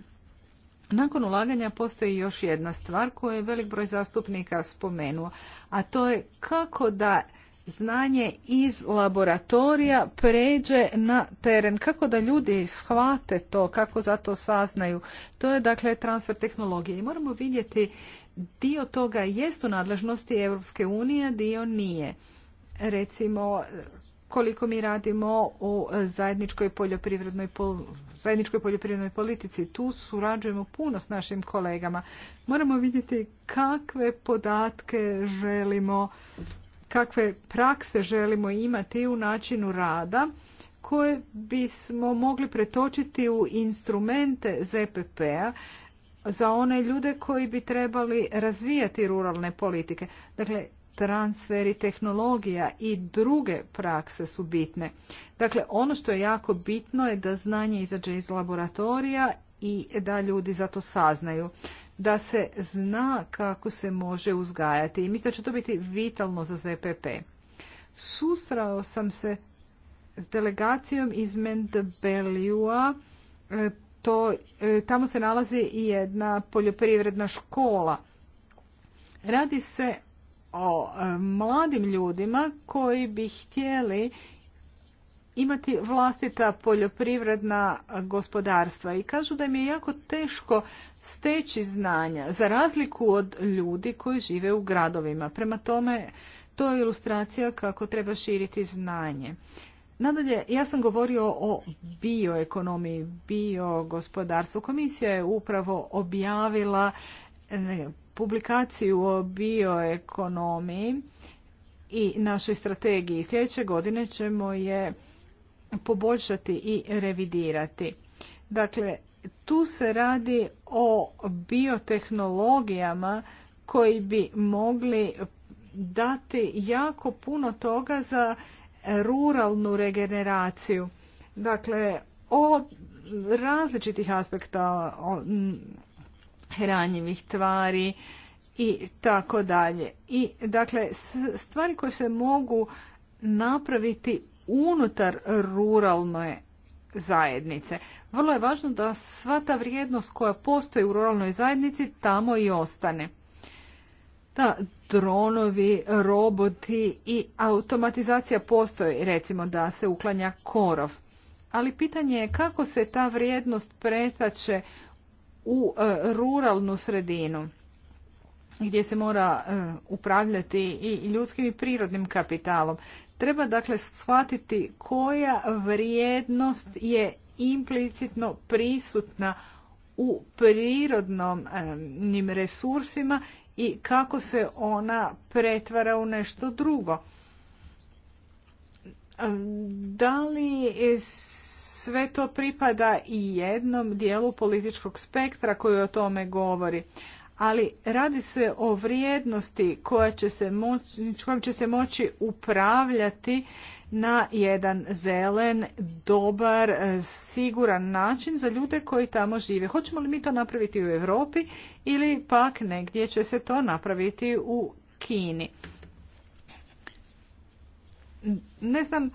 Nakon ulaganja postoji još jedna stvar koju je velik broj zastupnika spomenuo, a to je kako da znanje iz laboratorija pređe na teren. Kako da ljudi shvate to, kako za to saznaju. To je dakle transfer tehnologije i moramo vidjeti dio toga jest u nadležnosti Europske unije, dio nije. Recimo koliko mi radimo u zajedničkoj poljoprivrednoj zajedničkoj poljoprivrednoj politici. Tu surađujemo puno s našim kolegama. Moramo vidjeti kakve podatke želimo kakve prakse želimo imati u načinu rada koje bismo mogli pretočiti u instrumente ZPP-a za one ljude koji bi trebali razvijati ruralne politike. Dakle, transferi tehnologija i druge prakse su bitne. Dakle, ono što je jako bitno je da znanje izađe iz laboratorija i da ljudi za to saznaju da se zna kako se može uzgajati i mislim da će to biti vitalno za ZPP. Susrao sam se s delegacijom iz Mendebeliua, e, to, e, tamo se nalazi i jedna poljoprivredna škola. Radi se o e, mladim ljudima koji bi htjeli imati vlastita poljoprivredna gospodarstva i kažu da im je jako teško steći znanja za razliku od ljudi koji žive u gradovima. Prema tome, to je ilustracija kako treba širiti znanje. Nadalje, ja sam govorio o bioekonomiji, biogospodarstvu. Komisija je upravo objavila e, publikaciju o bioekonomiji i našoj strategiji. Sljedeće godine ćemo je poboljšati i revidirati. Dakle, tu se radi o biotehnologijama koji bi mogli dati jako puno toga za ruralnu regeneraciju. Dakle, o različitih aspekta hranjivih tvari i tako dalje. I dakle, stvari koje se mogu napraviti unutar ruralne zajednice. Vrlo je važno da sva ta vrijednost koja postoji u ruralnoj zajednici tamo i ostane. Da, dronovi, roboti i automatizacija postoji, recimo da se uklanja korov. Ali pitanje je kako se ta vrijednost pretače u e, ruralnu sredinu gdje se mora e, upravljati i ljudskim i prirodnim kapitalom. Treba dakle shvatiti koja vrijednost je implicitno prisutna u prirodnim resursima i kako se ona pretvara u nešto drugo. Da li sve to pripada i jednom dijelu političkog spektra koji o tome govori? ali radi se o vrijednosti koja će se moći, kojom će se moći upravljati na jedan zelen, dobar, siguran način za ljude koji tamo žive. Hoćemo li mi to napraviti u Europi ili pak negdje će se to napraviti u Kini? Ne znam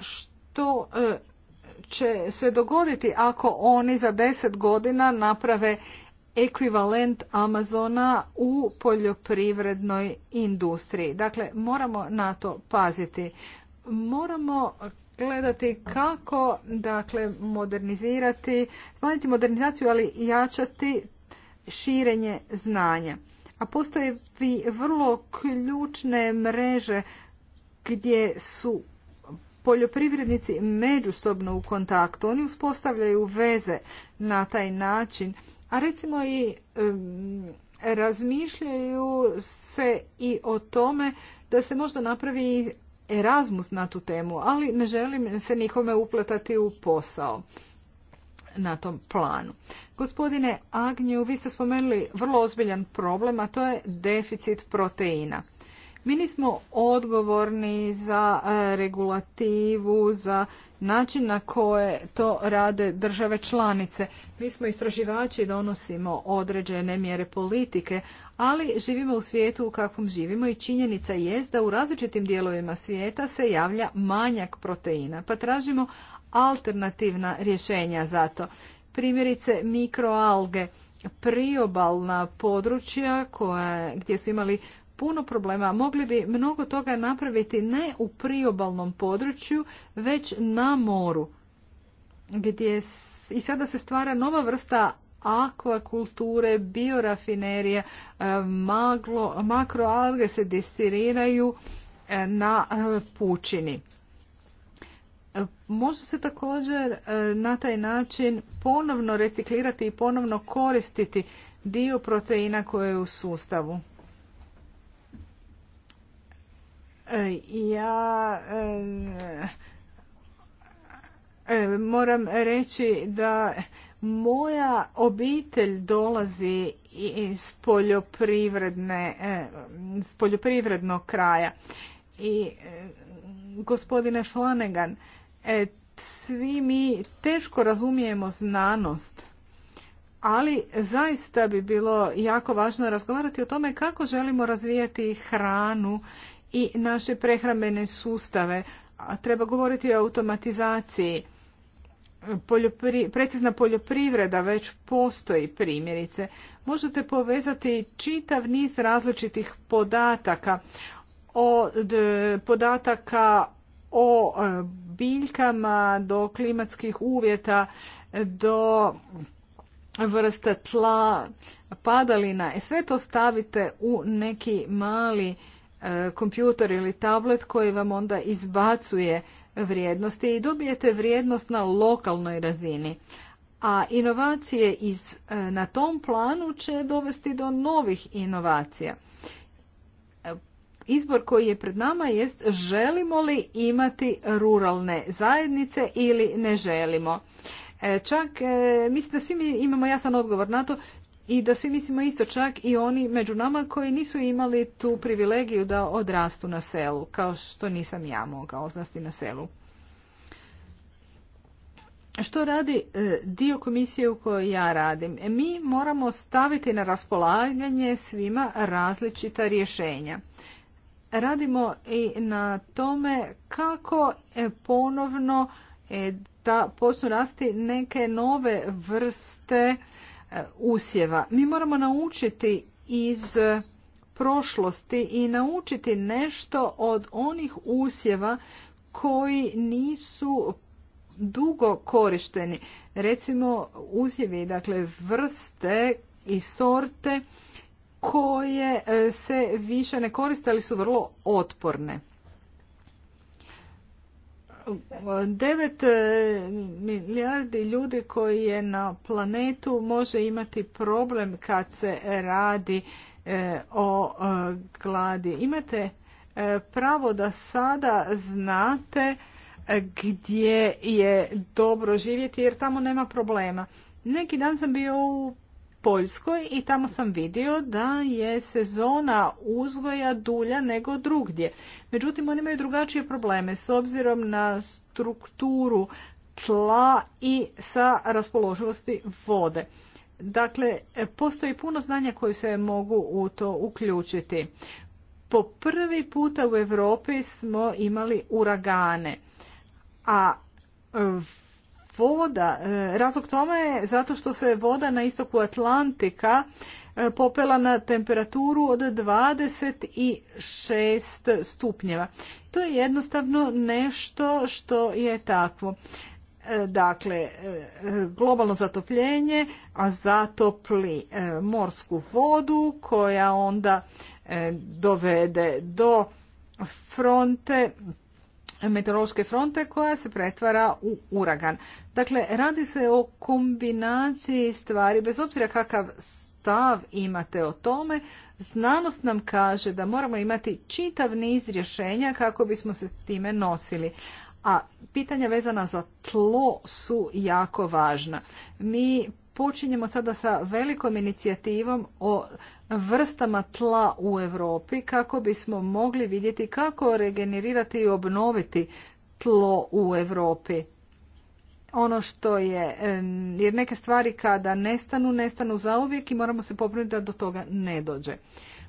što e, će se dogoditi ako oni za deset godina naprave ekvivalent Amazona u poljoprivrednoj industriji. Dakle, moramo na to paziti. Moramo gledati kako dakle, modernizirati, smanjiti modernizaciju, ali jačati širenje znanja. A postoje vrlo ključne mreže gdje su poljoprivrednici međusobno u kontaktu, oni uspostavljaju veze na taj način, a recimo i razmišljaju se i o tome da se možda napravi Erasmus na tu temu, ali ne želim se nikome upletati u posao na tom planu. Gospodine Agnju, vi ste spomenuli vrlo ozbiljan problem, a to je deficit proteina. Mi nismo odgovorni za e, regulativu, za način na koje to rade države članice. Mi smo istraživači i donosimo određene mjere politike, ali živimo u svijetu u kakvom živimo i činjenica jest da u različitim dijelovima svijeta se javlja manjak proteina, pa tražimo alternativna rješenja za to. Primjerice mikroalge, priobalna područja gdje su imali puno problema. Mogli bi mnogo toga napraviti ne u priobalnom području, već na moru. Gdje I sada se stvara nova vrsta akvakulture, biorafinerije, e, makroalge se distiriraju e, na e, pučini. Može se također na taj način ponovno reciklirati i ponovno koristiti dio proteina koje je u sustavu. Ja e, e, moram reći da moja obitelj dolazi iz poljoprivredne, e, iz poljoprivrednog kraja i gospodine Flanagan, svi mi teško razumijemo znanost, ali zaista bi bilo jako važno razgovarati o tome kako želimo razvijati hranu i naše prehrambene sustave. treba govoriti o automatizaciji. precizna poljoprivreda već postoji primjerice. Možete povezati čitav niz različitih podataka od e, podataka o e, biljkama do klimatskih uvjeta do vrsta tla, padalina. E, sve to stavite u neki mali E, kompjutor ili tablet koji vam onda izbacuje vrijednosti i dobijete vrijednost na lokalnoj razini. A inovacije iz, e, na tom planu će dovesti do novih inovacija. E, izbor koji je pred nama jest želimo li imati ruralne zajednice ili ne želimo. Čak mislim da svi mi imamo jasan odgovor na to i da svi mislimo isto čak i oni među nama koji nisu imali tu privilegiju da odrastu na selu, kao što nisam ja mogao odrasti na selu. Što radi e, dio komisije u kojoj ja radim? E, mi moramo staviti na raspolaganje svima različita rješenja. Radimo i na tome kako e, ponovno da počnu rasti neke nove vrste E, usjeva. Mi moramo naučiti iz e, prošlosti i naučiti nešto od onih usjeva koji nisu dugo korišteni. Recimo usjevi, dakle vrste i sorte koje e, se više ne koriste, ali su vrlo otporne. 9 e, milijardi ljudi koji je na planetu može imati problem kad se radi e, o e, gladi. Imate pravo da sada znate gdje je dobro živjeti jer tamo nema problema. Neki dan sam bio u Poljskoj i tamo sam vidio da je sezona uzgoja dulja nego drugdje. Međutim, oni imaju drugačije probleme s obzirom na strukturu tla i sa raspoloživosti vode. Dakle, postoji puno znanja koje se mogu u to uključiti. Po prvi puta u Europi smo imali uragane, a voda. E, razlog tome je zato što se voda na istoku Atlantika e, popela na temperaturu od 26 stupnjeva. To je jednostavno nešto što je takvo. E, dakle, globalno zatopljenje, a zatopli morsku vodu koja onda dovede do fronte meteorološke fronte koja se pretvara u uragan. Dakle, radi se o kombinaciji stvari, bez obzira kakav stav imate o tome, znanost nam kaže da moramo imati čitav niz rješenja kako bismo se s time nosili. A pitanja vezana za tlo su jako važna. Mi počinjemo sada sa velikom inicijativom o vrstama tla u Europi kako bismo mogli vidjeti kako regenerirati i obnoviti tlo u Europi. Ono što je, jer neke stvari kada nestanu, nestanu zauvijek i moramo se pobrinuti da do toga ne dođe.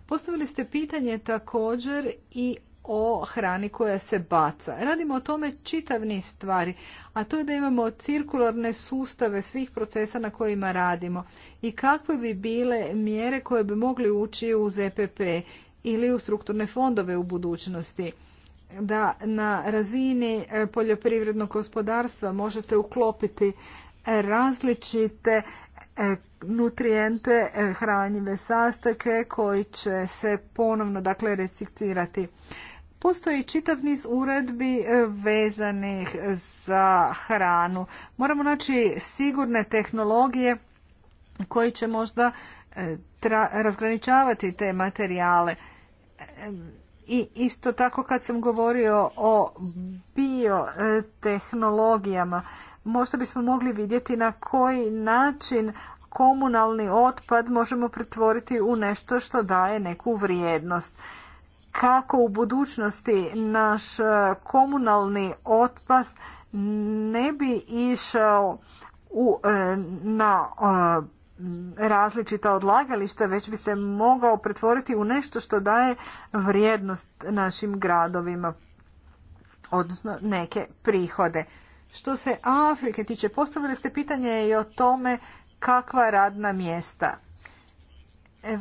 Postavili ste pitanje također i o hrani koja se baca. Radimo o tome čitav niz stvari, a to je da imamo cirkularne sustave svih procesa na kojima radimo i kakve bi bile mjere koje bi mogli ući u ZPP ili u strukturne fondove u budućnosti da na razini e, poljoprivrednog gospodarstva možete uklopiti e, različite e, nutrijente, hranjive sastojke koji će se ponovno dakle reciklirati. Postoji čitav niz uredbi e, vezanih za hranu. Moramo naći sigurne tehnologije koji će možda e, razgraničavati te materijale. E, I isto tako kad sam govorio o biotehnologijama, možda bismo mogli vidjeti na koji način komunalni otpad možemo pretvoriti u nešto što daje neku vrijednost kako u budućnosti naš e, komunalni otpas ne bi išao u, e, na e, različita odlagališta, već bi se mogao pretvoriti u nešto što daje vrijednost našim gradovima, odnosno neke prihode. Što se Afrike tiče, postavili ste pitanje i o tome kakva radna mjesta.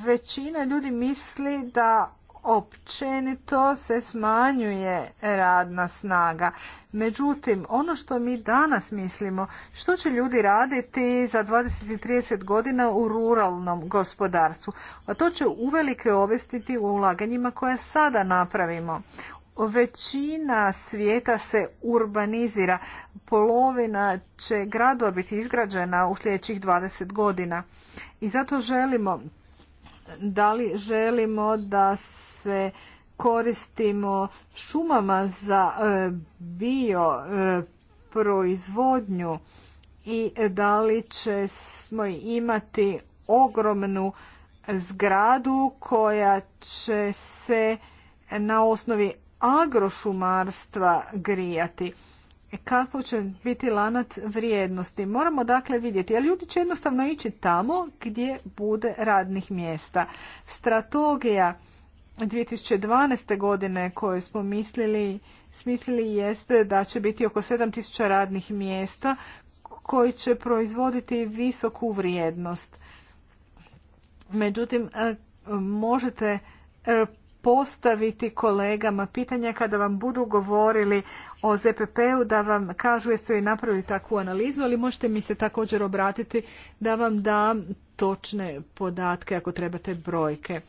Većina ljudi misli da općenito se smanjuje radna snaga. Međutim, ono što mi danas mislimo, što će ljudi raditi za 20 i 30 godina u ruralnom gospodarstvu? A to će uvelike ovestiti u ulaganjima koje sada napravimo. Većina svijeta se urbanizira. Polovina će gradova biti izgrađena u sljedećih 20 godina. I zato želimo da li želimo da se koristimo šumama za e, bio e, proizvodnju i da li smo imati ogromnu zgradu koja će se na osnovi agrošumarstva grijati. Kako će biti lanac vrijednosti? Moramo dakle vidjeti, ljudi će jednostavno ići tamo gdje bude radnih mjesta. Strategija 2012. godine koje smo mislili, smislili jeste da će biti oko 7000 radnih mjesta koji će proizvoditi visoku vrijednost. Međutim, e, možete e, postaviti kolegama pitanja kada vam budu govorili o ZPP-u da vam kažu jeste li napravili takvu analizu, ali možete mi se također obratiti da vam dam točne podatke ako trebate brojke.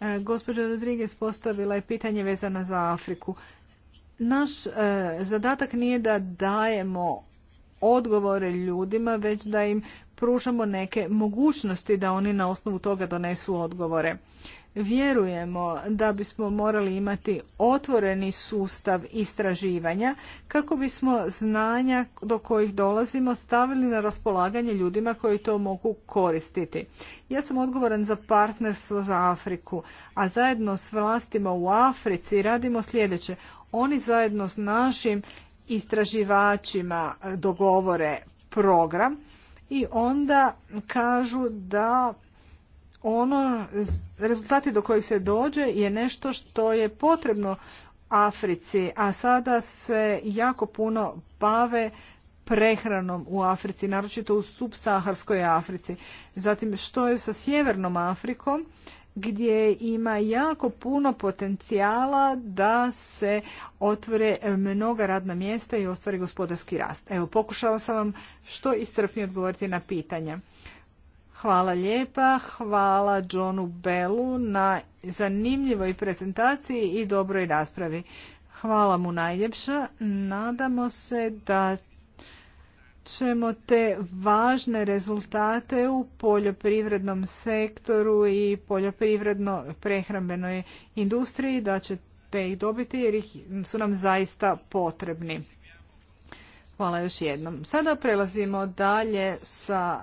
E, gospođa Rodriguez postavila je pitanje vezano za Afriku. Naš e, zadatak nije da dajemo odgovore ljudima, već da im pružamo neke mogućnosti da oni na osnovu toga donesu odgovore. Vjerujemo da bismo morali imati otvoreni sustav istraživanja kako bismo znanja do kojih dolazimo stavili na raspolaganje ljudima koji to mogu koristiti. Ja sam odgovoran za partnerstvo za Afriku, a zajedno s vlastima u Africi radimo sljedeće. Oni zajedno s našim istraživačima dogovore program i onda kažu da ono, rezultati do kojih se dođe je nešto što je potrebno Africi, a sada se jako puno bave prehranom u Africi, naročito u subsaharskoj Africi. Zatim što je sa sjevernom Afrikom gdje ima jako puno potencijala da se otvore mnoga radna mjesta i ostvari gospodarski rast. Evo, pokušala sam vam što istrpnije odgovoriti na pitanje. Hvala lijepa, hvala Johnu Bellu na zanimljivoj prezentaciji i dobroj raspravi. Hvala mu najljepša. Nadamo se da ćemo te važne rezultate u poljoprivrednom sektoru i poljoprivredno prehrambenoj industriji da ćete ih dobiti jer ih su nam zaista potrebni. Hvala još jednom. Sada prelazimo dalje sa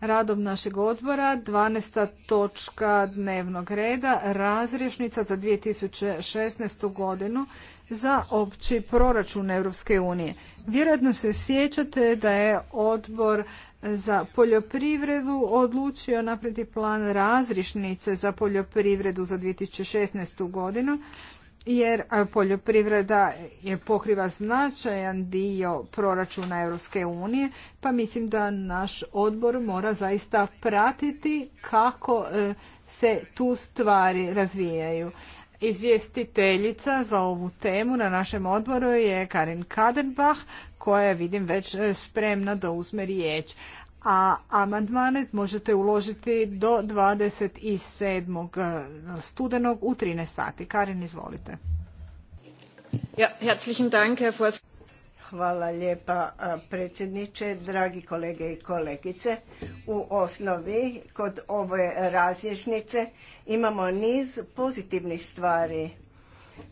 radom našeg odbora. 12. točka dnevnog reda, razrješnica za 2016. godinu za opći proračun Europske unije. Vjerojatno se sjećate da je odbor za poljoprivredu odlučio napreti plan razrišnice za poljoprivredu za 2016. godinu jer e, poljoprivreda je pokriva značajan dio proračuna Europske unije, pa mislim da naš odbor mora zaista pratiti kako e, se tu stvari razvijaju. Izvjestiteljica za ovu temu na našem odboru je Karin Kaderbach, koja je, vidim, već e, spremna da uzme riječ a amandmane možete uložiti do 27. E, studenog u 13 sati. Karin, izvolite. Hvala lijepa e, predsjedniče, dragi kolege i kolegice. U osnovi kod ove razježnice imamo niz pozitivnih stvari.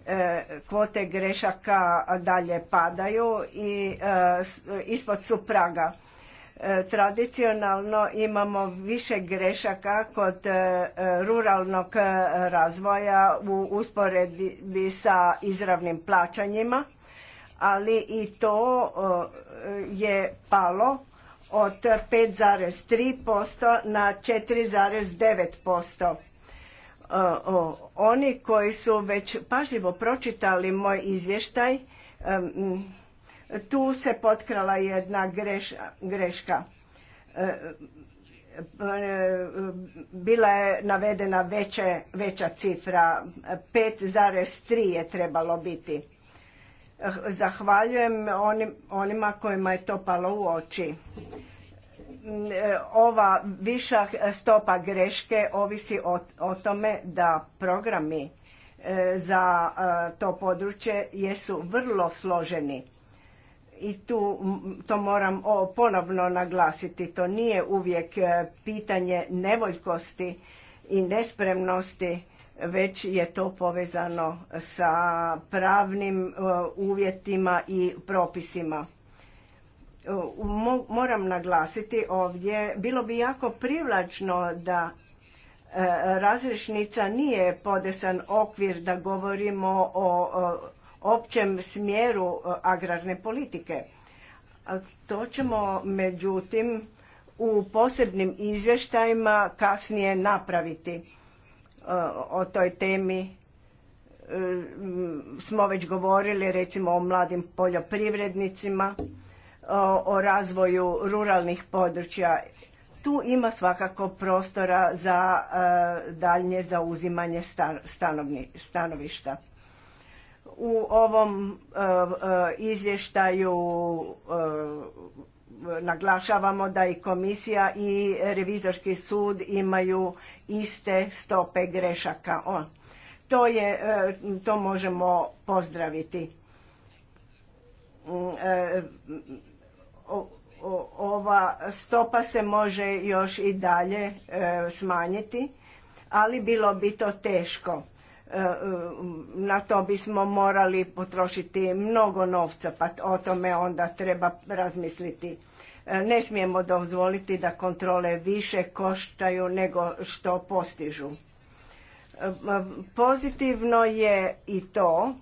E, kvote grešaka dalje padaju i ispod su praga E, tradicionalno imamo više grešaka kod e, ruralnog e, razvoja u usporedbi sa izravnim plaćanjima, ali i to je palo od 5,3% na 4,9% oni koji su već pažljivo pročitali moj izvještaj tu se potkrala jedna greška. E, e, bila je navedena veća cifra, 5,3 je trebalo biti. Zahvaljujem onima kojima je to palo u oči e, ova viša stopa greške ovisi o, tome da programi za to područje jesu vrlo složeni i tu to moram o, ponovno naglasiti, to nije uvijek e, pitanje nevoljkosti i nespremnosti, već je to povezano sa pravnim e, uvjetima i propisima. E, moram naglasiti ovdje, bilo bi jako privlačno da e, nije podesan okvir da govorimo o općem smjeru e, agrarne politike. To ćemo međutim u posebnim izvještajima kasnije napraviti e, o toj temi e, smo već govorili recimo o mladim poljoprivrednicima, o razvoju ruralnih područja. Tu ima svakako prostora za daljnje zauzimanje stanovišta u ovom e, e, izvještaju e, naglašavamo da i komisija i revizorski sud imaju iste stope grešaka. to, možemo pozdraviti. Mm, ova stopa se može još i dalje smanjiti, ali bilo bi to teško E, um, na to bismo morali potrošiti mnogo novca, pa o tome onda treba razmisliti. E, ne smijemo dozvoliti da kontrole više koštaju nego što postižu. E, pozitivno je i to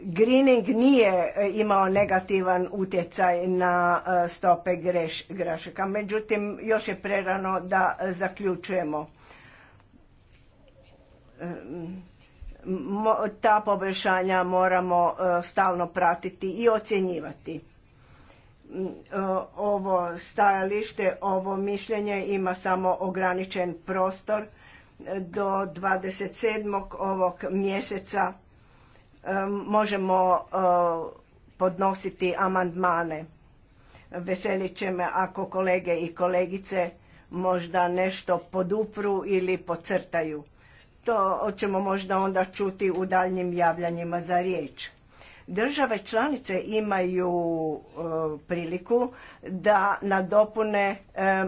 greening nije imao negativan utjecaj na stope grašaka. Međutim, još je prerano da zaključujemo ta poboljšanja moramo e, stalno pratiti i ocjenjivati. Mm, e, ovo stajalište, ovo mišljenje ima samo ograničen prostor do 27. ovog mjeseca e, možemo podnositi amandmane. Veselit će me ako kolege i kolegice možda nešto podupru ili pocrtaju to ćemo možda onda čuti u daljnjim javljanjima za riječ. Države članice imaju e, priliku da nadopune e,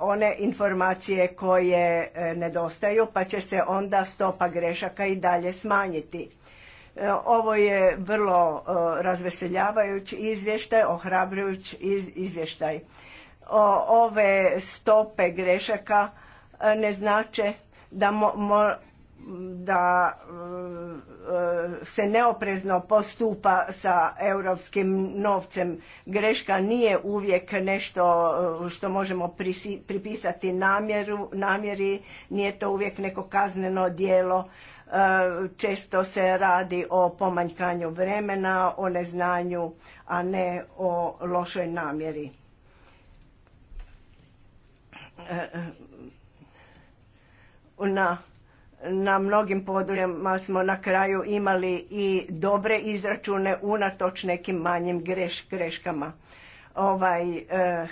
one informacije koje e, nedostaju, pa će se onda stopa grešaka i dalje smanjiti. Ovo je vrlo razveseljavajući izvještaj, ohrabrujući izvještaj. ove stope grešaka ne znače da da e, se neoprezno postupa sa europskim novcem. Greška nije uvijek nešto e, što možemo pripisati namjeru, namjeri, nije to uvijek neko kazneno djelo. E, često se radi o pomanjkanju vremena, o neznanju, a ne o lošoj namjeri na na mnogim područjima smo na kraju imali i dobre izračune unatoč nekim manjim greš, greškama. Ovaj, e,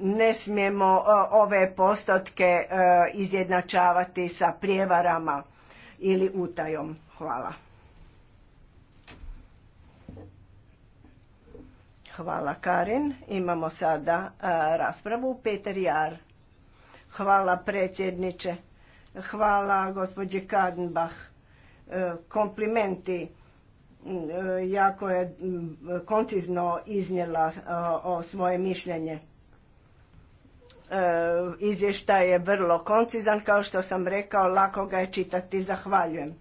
ne smijemo ove postotke e, izjednačavati sa prijevarama ili utajom. Hvala. Hvala Karin. Imamo sada raspravu. Peter Jar. Hvala predsjedniče. Hvala gospođi Kadenbach. E, komplimenti e, jako je koncizno iznijela e, o svoje mišljenje. izvještaj je vrlo koncizan, kao što sam rekao, lako ga je čitati. Zahvaljujem.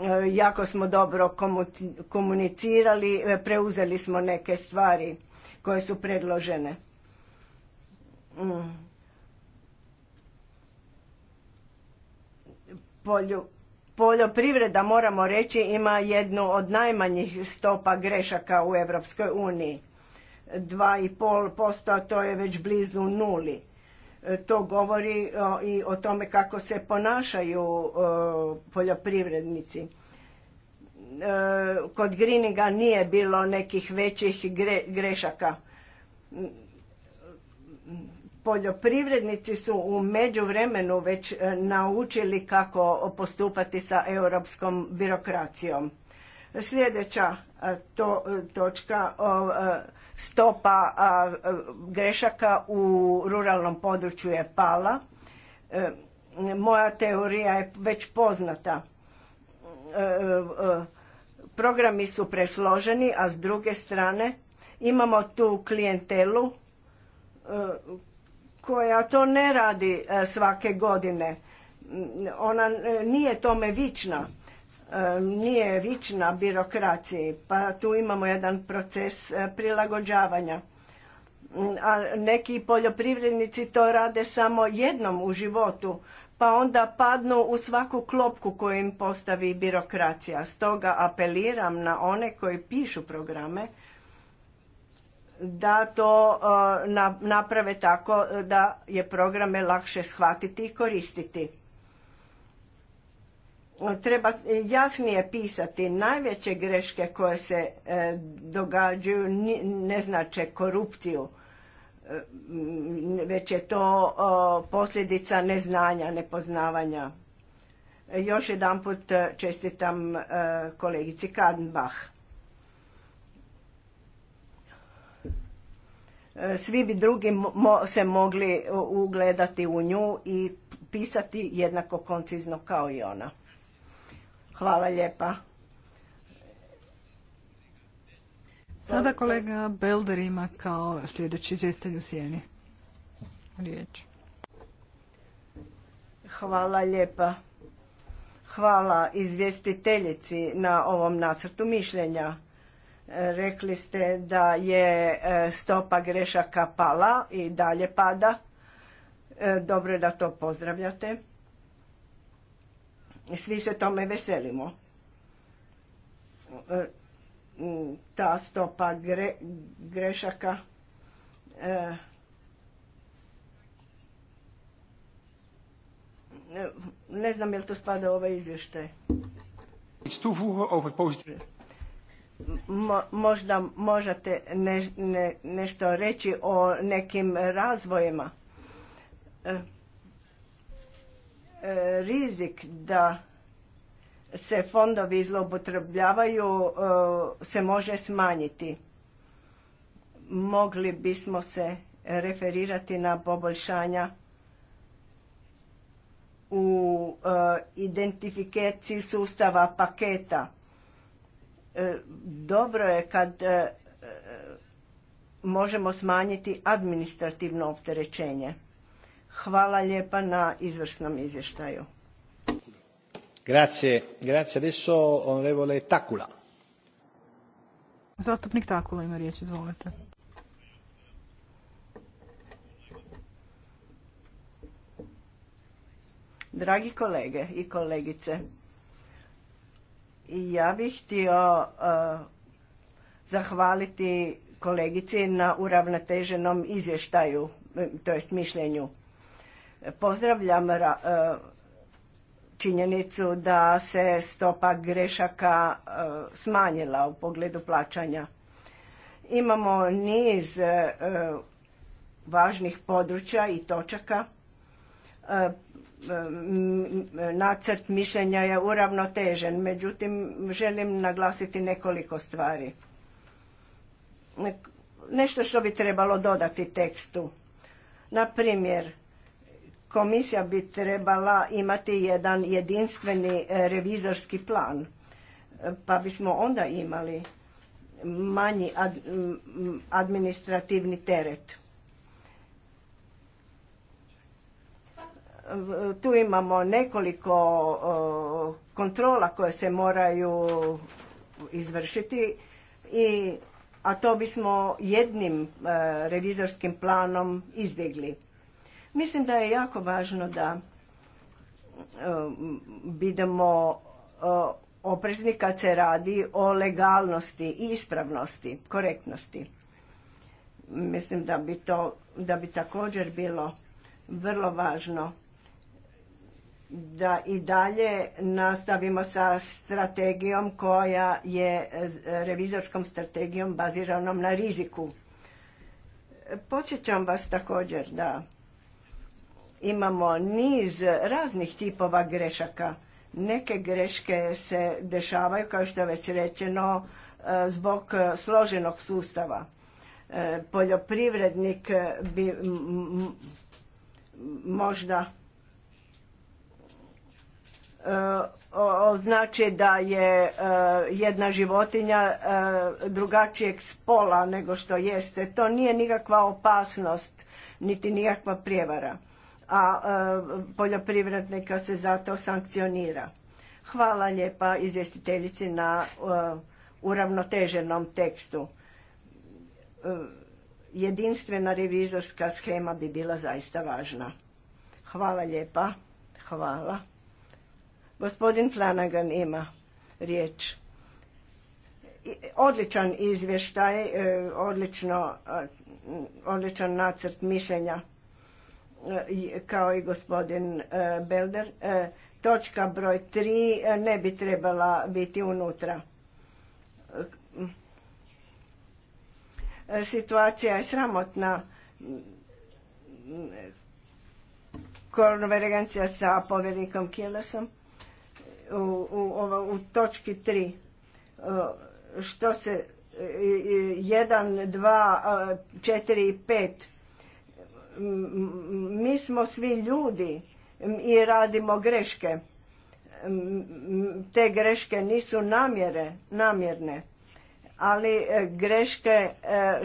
E, jako smo dobro komunicirali, e, preuzeli smo neke stvari koje su predložene. Mm. poljoprivreda, moramo reći, ima jednu od najmanjih stopa grešaka u Europskoj uniji. 2,5% to je već blizu nuli. E, to govori i o tome kako se ponašaju poljoprivrednici. E, kod Greeninga nije bilo nekih većih grešaka. Poljoprivrednici su u međuvremenu već e, naučili kako postupati sa europskom birokracijom. Sljedeća e, to, e, točka e, stopa grešaka u ruralnom području je pala. Moja teorija je već poznata. Programi su presloženi, a s druge strane imamo tu klijentelu koja to ne radi svake godine. Ona nije tome vična nije vična birokraciji, pa tu imamo jedan proces e, prilagođavanja. Mm, a neki poljoprivrednici to rade samo jednom u životu, pa onda padnu u svaku klopku koju im postavi birokracija. Stoga apeliram na one koji pišu programe da to e, naprave tako e, da je programe lakše shvatiti i koristiti treba jasnije pisati najveće greške koje se e, događaju ne znače korupciju e, već je to posljedica neznanja nepoznavanja još jedanput e, čestitam kolegici Kadenbach svi bi drugi se mogli ugledati u nju i pisati jednako koncizno kao i ona Hvala lijepa. Sada kolega Belder ima kao sljedeći izvjestelj u sjeni. Riječ. Hvala lijepa. Hvala izvjestiteljici na ovom nacrtu mišljenja. E, rekli ste da je e, stopa grešaka pala i dalje pada. E, dobro je da to pozdravljate. Svi se tome veselimo. E, ta stopa gre, grešaka e, e, ne znam je li to spada u ovaj izvještaj. Mo, možda možete nešto reći o nekim razvojima. E, rizik da se fondovi zloupotrebljavaju e, se može smanjiti. Mogli bismo se referirati na poboljšanja u e, identifikaciji sustava paketa. Dobro je kad možemo smanjiti administrativno opterećenje. Hvala lijepa na izvrsnom izvještaju. Grazie, grazie adesso onorevole Takula. Zastupnik Takula ima riječ, izvolite. Dragi kolege i kolegice, ja bih htio uh, zahvaliti kolegici na uravnoteženom izvještaju, e, to jest mišljenju. Pozdravljam e, činjenicu da se stopa grešaka e, smanjila u pogledu plaćanja. Imamo niz e, važnih područja i točaka. Nacrt mišljenja je uravnotežen, međutim želim naglasiti nekoliko stvari. Nešto što bi trebalo dodati tekstu. Na primjer, Komisija bi trebala imati jedan jedinstveni e, revizorski plan, e, pa bismo onda imali manji administrativni teret. Tu imamo nekoliko kontrola koje se moraju izvršiti i a to bismo jednim e, revizorskim planom izbjegli. Mislim da je jako važno da eh, bidemo eh, oprezni kad se radi o legalnosti i ispravnosti, korektnosti. Mislim da bi to, da bi također bilo vrlo važno da i dalje nastavimo sa strategijom koja je eh, revizorskom strategijom baziranom na riziku. Podsjećam vas također da imamo niz raznih tipova grešaka. Neke greške se dešavaju, kao što je već rečeno, e, zbog složenog sustava. E, poljoprivrednik bi možda e, označi da je jedna životinja drugačijeg spola nego što jeste. To nije nikakva opasnost, niti nikakva prijevara a e, poljoprivrednika se zato sankcionira. Hvala lijepa izvjestiteljici na e, uravnoteženom tekstu. E, jedinstvena revizorska schema bi bila zaista važna. Hvala lijepa. Hvala. Gospodin Flanagan ima riječ. Odličan izvještaj, odličan nacrt mišljenja kao i gospodin e, Belder, e, točka broj 3 e, ne bi trebala biti unutra. Situacija je sramotna. Konvergencija sa povjernikom Kielesom u, u, u točki 3. Što se 1, 2, 4 i 5 mi smo svi ljudi i radimo greške. Te greške nisu namjere, namjerne, ali e, greške e,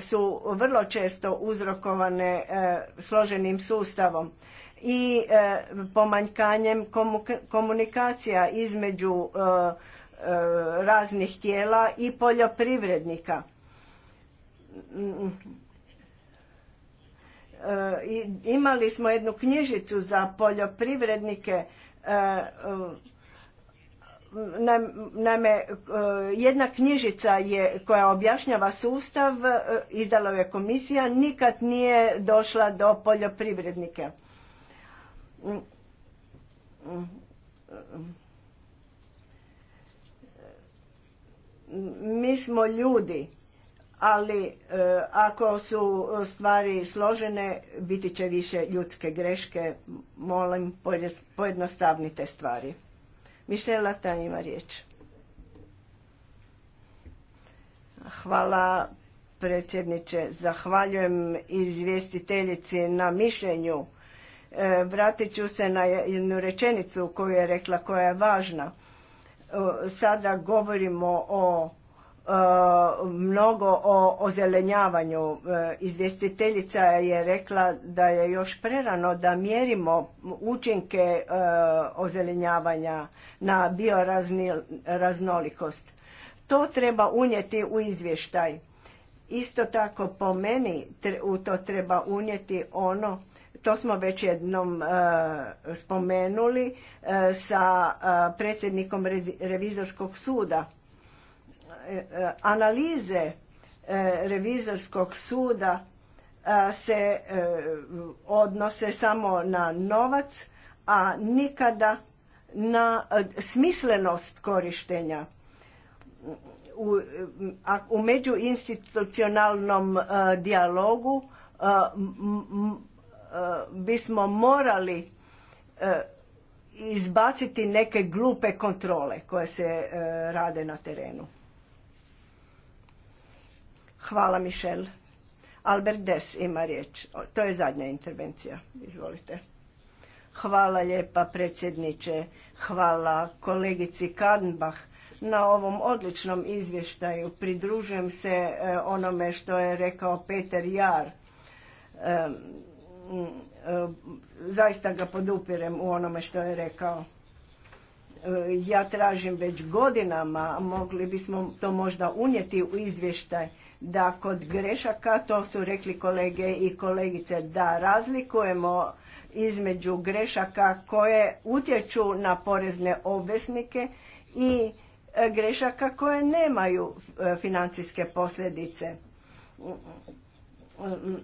su vrlo često uzrokovane e, složenim sustavom i pomanjkanjem komunikacija između raznih tijela i poljoprivrednika imali smo jednu knjižicu za poljoprivrednike e, e, naime e, jedna knjižica je koja objašnjava sustav izdala je komisija nikad nije došla do poljoprivrednike. mi smo ljudi ali e, ako su stvari složene, biti će više ljudske greške, molim pojednostavnite stvari. Mišela ta ima riječ. Hvala predsjedniče, zahvaljujem izvjestiteljici na mišljenju. E, vratit ću se na jednu rečenicu koju je rekla koja je važna. E, sada govorimo o Uh, mnogo o ozelenjavanju. Uh, izvjestiteljica je rekla da je još prerano da mjerimo učinke uh, ozelenjavanja na bioraznolikost. To treba unijeti u izvještaj. Isto tako po meni u to treba unijeti ono to smo već jednom spomenuli sa predsjednikom revizorskog suda E, e, analize e, revizorskog suda se odnose samo na novac, a nikada na smislenost korištenja u, međuinstitucionalnom dijalogu bismo morali izbaciti neke glupe kontrole koje se rade na terenu. Hvala, Mišel. Albert Des ima riječ. To je zadnja intervencija. Izvolite. Hvala lijepa predsjedniče, hvala kolegici Kadenbach na ovom odličnom izvještaju. Pridružujem se e, onome što je rekao Peter Jar. E, e, zaista ga podupirem u onome što je rekao. Ja tražim već godinama, mogli bismo to možda unijeti u izvještaj da kod grešaka, to su rekli kolege i kolegice, da razlikujemo između grešaka koje utječu na porezne obveznike i e, grešaka koje nemaju e, financijske posljedice. Mm, mm, mm,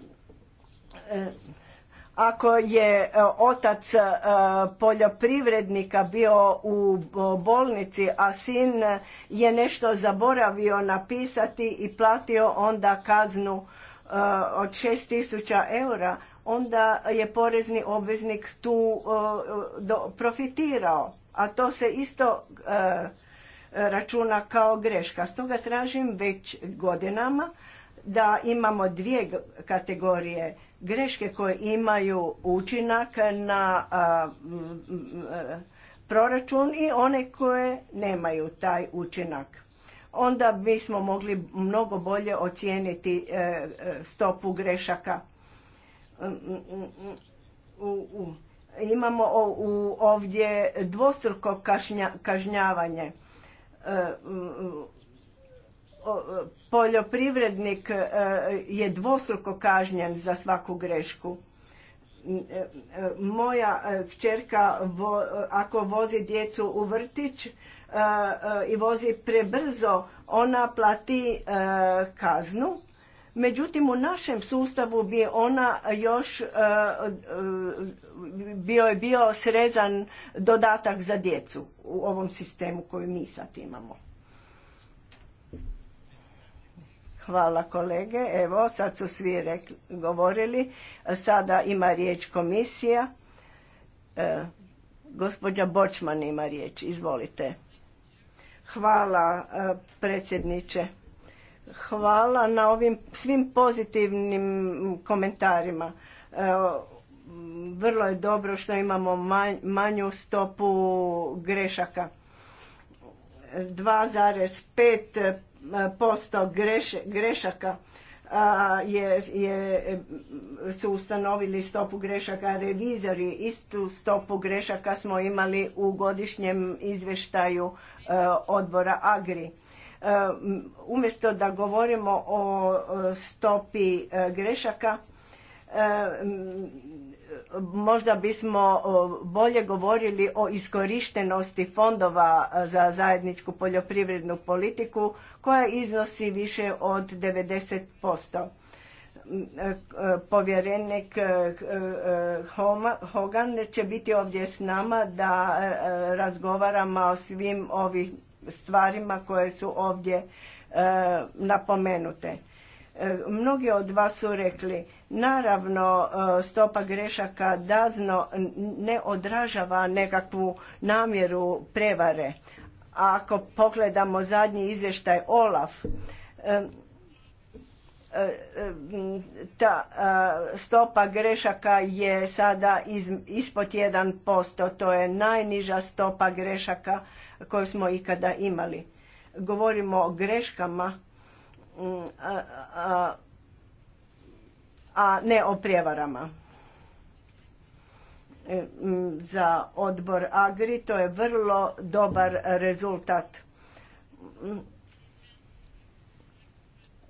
e, ako je e, otac e, poljoprivrednika bio u e, bolnici, a sin je nešto zaboravio napisati i platio onda kaznu od 6000 eura, onda je porezni obveznik tu profitirao. A to se isto računa kao greška. Stoga tražim već godinama da imamo dvije kategorije greške koje imaju učinak na proračun i one koje nemaju taj učinak. Onda bismo mogli mnogo bolje ocijeniti e, e, stopu grešaka. Mm, mm, mm, imamo ovdje dvostruko kažnjavanje. E, E, poljoprivrednik e, je dvostruko kažnjen za svaku grešku. E, moja kćerka ako vozi djecu u vrtić i vozi prebrzo, ona plati kaznu. Međutim, u našem sustavu bi ona još bio je bio srezan dodatak za djecu u ovom sistemu koji mi sad imamo. Hvala kolege. Evo, sad su svi govorili. Sada ima riječ komisija. E, gospođa Bočman ima riječ. Izvolite. Hvala e, predsjedniče. Hvala na ovim svim pozitivnim komentarima. vrlo je dobro što imamo manju stopu grešaka. 2,5 posto grešaka je, su ustanovili stopu grešaka revizori. Istu stopu grešaka smo imali u godišnjem izvještaju e, odbora Agri. E, umjesto da govorimo o stopi e, grešaka, možda bismo bolje govorili o iskorištenosti fondova e, za zajedničku poljoprivrednu politiku koja iznosi više od 90%. E, e, povjerenik Hogan će biti ovdje s nama da razgovaramo o svim ovim stvarima koje su ovdje napomenute. Mnogi od vas su rekli Naravno, e, stopa grešaka dazno ne odražava nekakvu namjeru prevare. A ako pogledamo zadnji izvještaj OLAF, e, e, ta stopa grešaka je sada ispod 1%. To je najniža stopa grešaka koju smo ikada imali. Govorimo o greškama, a, a ne o prijevarama. E, za odbor Agri to je vrlo dobar rezultat.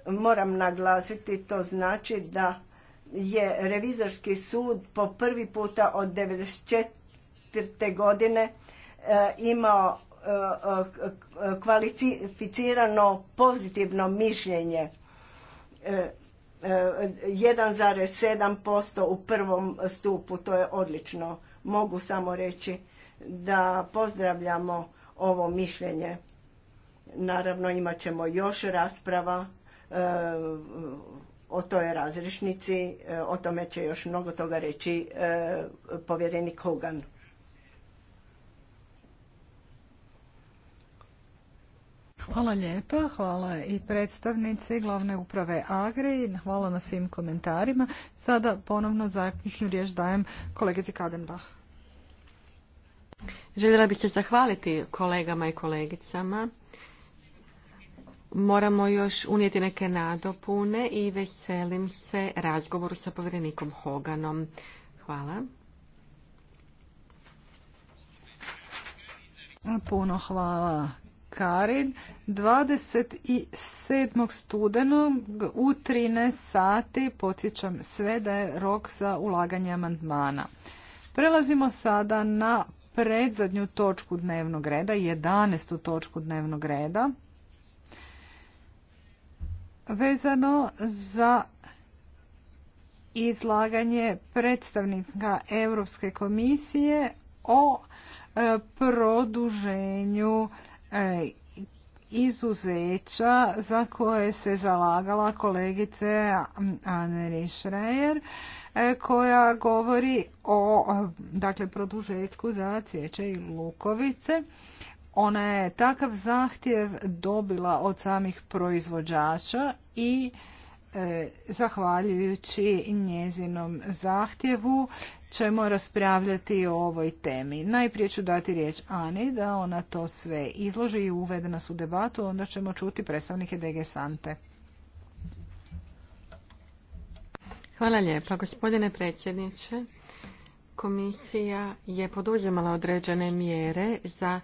Moram naglasiti, to znači da je revizorski sud po prvi puta od 1994. godine e, imao e, kvalificirano pozitivno mišljenje 1,7% u prvom stupu, to je odlično. Mogu samo reći da pozdravljamo ovo mišljenje. Naravno imat ćemo još rasprava e, o toj razrešnici, e, o tome će još mnogo toga reći e, povjerenik Hogan. Hvala lijepa, hvala i predstavnici glavne uprave Agri hvala na svim komentarima. Sada ponovno zaključnu riječ dajem kolegici Kadenbach. Željela bih se zahvaliti kolegama i kolegicama. Moramo još unijeti neke nadopune i veselim se razgovoru sa povjerenikom Hoganom. Hvala. Puno hvala Karin 27. studenog u 13 sati. Podsjećam sve da je rok za ulaganje amandmana. Prelazimo sada na predzadnju točku dnevnog reda, 11. točku dnevnog reda, vezano za izlaganje predstavnika Europske komisije o e, produženju izuzeća za koje se zalagala kolegice Aneri Šrejer e, koja govori o dakle, produžetku za cvijeće i lukovice. Ona je takav zahtjev dobila od samih proizvođača i E, zahvaljujući njezinom zahtjevu ćemo raspravljati o ovoj temi. Najprije ću dati riječ Ani da ona to sve izloži i uvede nas u debatu, onda ćemo čuti predstavnike DG Sante. Hvala lijepa, gospodine predsjedniče. Komisija je poduzimala određene mjere za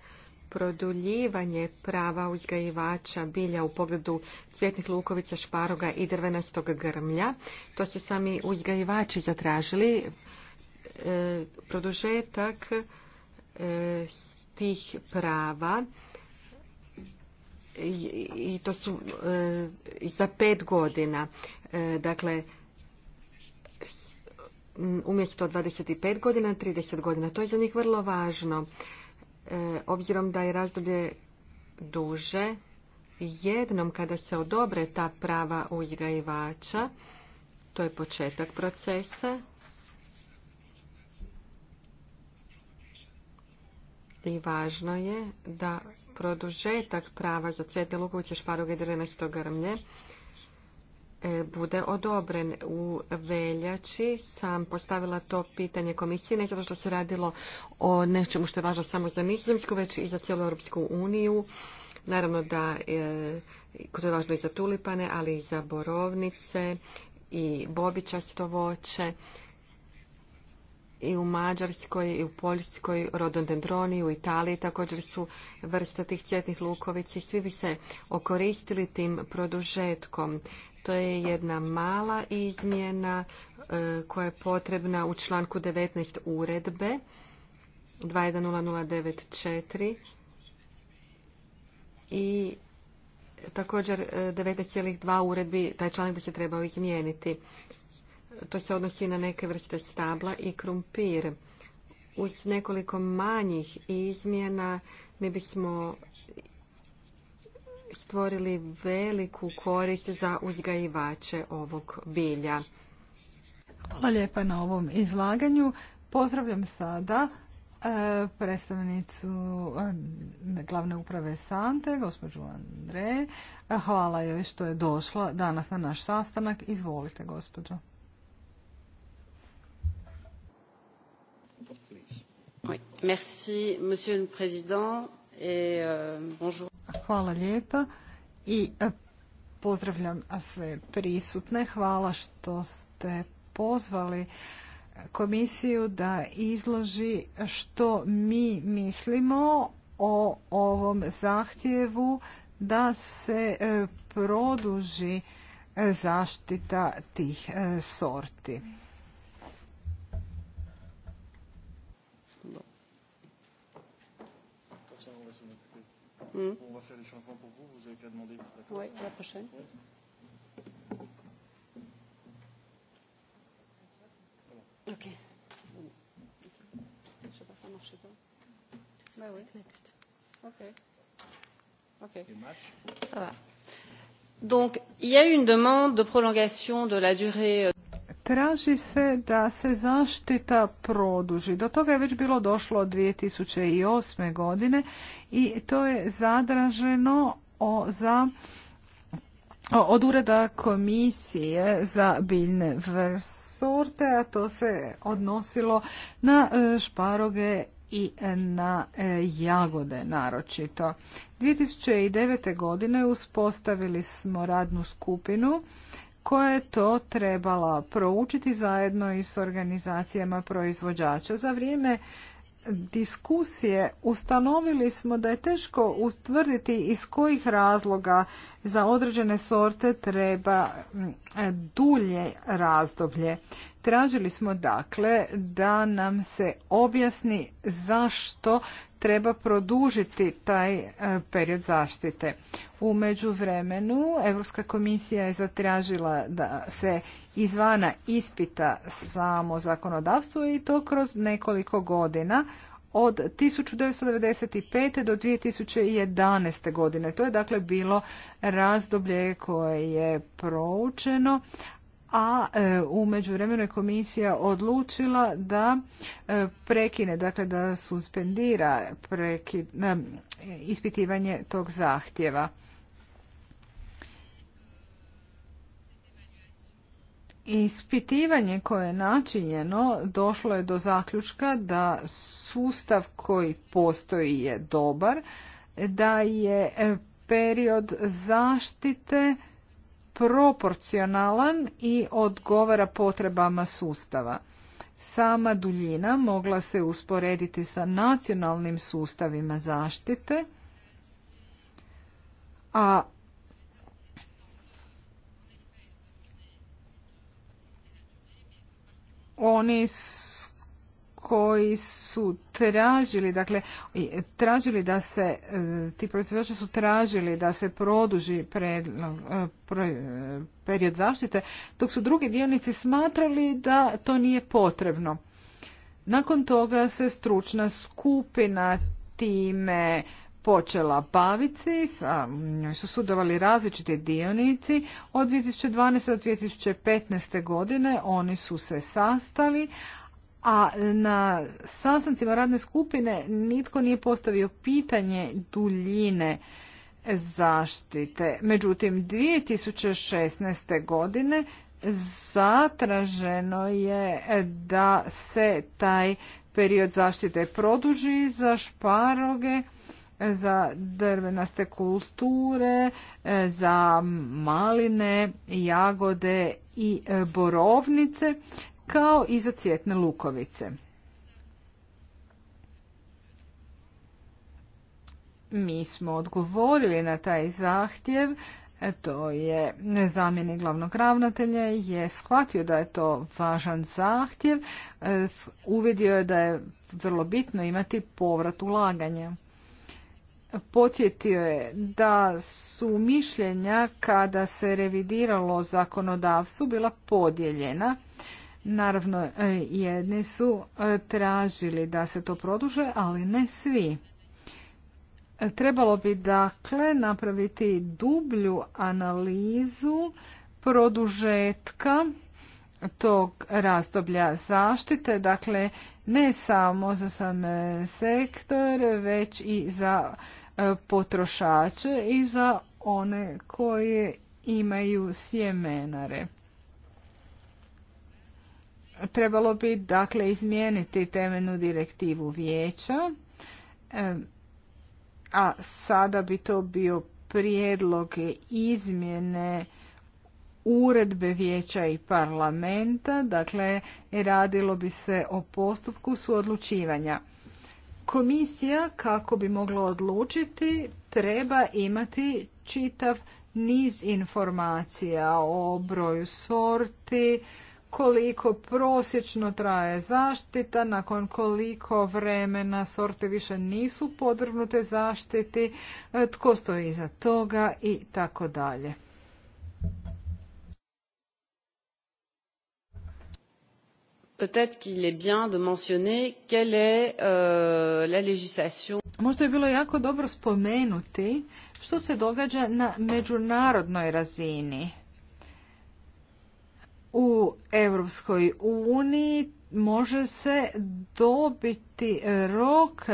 produljivanje prava uzgajivača bilja u pogledu cvjetnih lukovica, šparoga i drvenastog grmlja. To su sami uzgajivači zatražili. E, produžetak e, tih prava i, to su e, za pet godina. Dakle, umjesto 25 godina, 30 godina. To je za njih vrlo važno obzirom da je razdoblje duže, jednom kada se odobre ta prava uzgajivača, to je početak procesa, i važno je da produžetak prava za cvjetne lukoviće šparoge drvenastog grmlje E, bude odobren u veljači. Sam postavila to pitanje komisije, ne zato što se radilo o nečemu što je važno samo za Nizozemsku, već i za cijelu Europsku uniju. Naravno da je, to je važno i za tulipane, ali i za borovnice i bobičasto voće i u Mađarskoj i u Poljskoj, rododendroni, u Italiji također su vrste tih cvjetnih lukovici. Svi bi se okoristili tim produžetkom. To je jedna mala izmjena e, koja je potrebna u članku 19 uredbe 210094 i također 19.2 e, uredbi taj članak bi se trebao izmijeniti. To se odnosi na neke vrste stabla i krumpir. Uz nekoliko manjih izmjena mi bismo stvorili veliku korist za uzgajivače ovog bilja. Hvala lijepa na ovom izlaganju. Pozdravljam sada e, predstavnicu e, glavne uprave Sante, gospođu Andre. Hvala joj što je došla danas na naš sastanak. Izvolite, gospođo. Merci, monsieur le président, euh, bonjour. Hvala lijepa i e, pozdravljam sve prisutne. Hvala što ste pozvali komisiju da izloži što mi mislimo o ovom zahtjevu da se e, produži e, zaštita tih sorti. Mmh. On va faire les changements pour vous, vous avez qu'à demander. Oui, la prochaine. Ouais. Ok. Je sais pas, ça marchait pas. Bah oui. Next. Ok. Ok. Ça va. Donc, il y a eu une demande de prolongation de la durée. Euh, traži se da se zaštita produži. Do toga je već bilo došlo od 2008. godine i to je zadraženo o, za od ureda komisije za biljne vrste, a to se odnosilo na e, šparoge i e, na e, jagode naročito. 2009. godine uspostavili smo radnu skupinu koje je to trebala proučiti zajedno i s organizacijama proizvođača. Za vrijeme diskusije ustanovili smo da je teško utvrditi iz kojih razloga za određene sorte treba dulje razdoblje. Tražili smo dakle da nam se objasni zašto treba produžiti taj e, period zaštite. U međuvremenu Europska komisija je zatražila da se izvana ispita samo zakonodavstvo i to kroz nekoliko godina od 1995. do 2011. godine. To je dakle bilo razdoblje koje je proučeno, a e, u međuvremenu je komisija odlučila da e, prekine, dakle da suspendira e, ispitivanje tog zahtjeva. ispitivanje koje je načinjeno došlo je do zaključka da sustav koji postoji je dobar, da je e, period zaštite proporcionalan i odgovara potrebama sustava. Sama duljina mogla se usporediti sa nacionalnim sustavima zaštite, a oni koji su tražili, dakle, tražili da se, e, ti proizvođači su tražili da se produži e, e, period zaštite, dok su drugi dionici smatrali da to nije potrebno. Nakon toga se stručna skupina time počela baviti, sa njoj su sudovali različiti dionici. Od 2012. do 2015. godine oni su se sastali, a na sastancima radne skupine nitko nije postavio pitanje duljine zaštite. Međutim, 2016. godine zatraženo je da se taj period zaštite produži za šparoge za drvenaste kulture, e, za maline, jagode i e, borovnice, kao i za cvjetne lukovice. Mi smo odgovorili na taj zahtjev, e, to je zamjenik glavnog ravnatelja je shvatio da je to važan zahtjev, uvidio je da je vrlo bitno imati povrat ulaganja podsjetio je da su mišljenja kada se revidiralo zakonodavstvo bila podijeljena. Naravno, e, jedni su e, tražili da se to produže, ali ne svi. E, trebalo bi dakle napraviti dublju analizu produžetka tog razdoblja zaštite, dakle ne samo za sam e, sektor, već i za e, potrošače i za one koje imaju sjemenare. Trebalo bi dakle izmijeniti temeljnu direktivu vijeća, e, a sada bi to bio prijedlog izmjene uredbe vijeća i parlamenta, dakle radilo bi se o postupku suodlučivanja. Komisija kako bi mogla odlučiti treba imati čitav niz informacija o broju sorti, koliko prosječno traje zaštita, nakon koliko vremena sorte više nisu podvrgnute zaštiti, e, tko stoji iza toga i tako dalje. peut être qu'il est bien de mentionner quelle est euh, la législation. Možda je bilo jako dobro spomenuti što se događa na međunarodnoj razini. U Europskoj uniji može se dobiti rok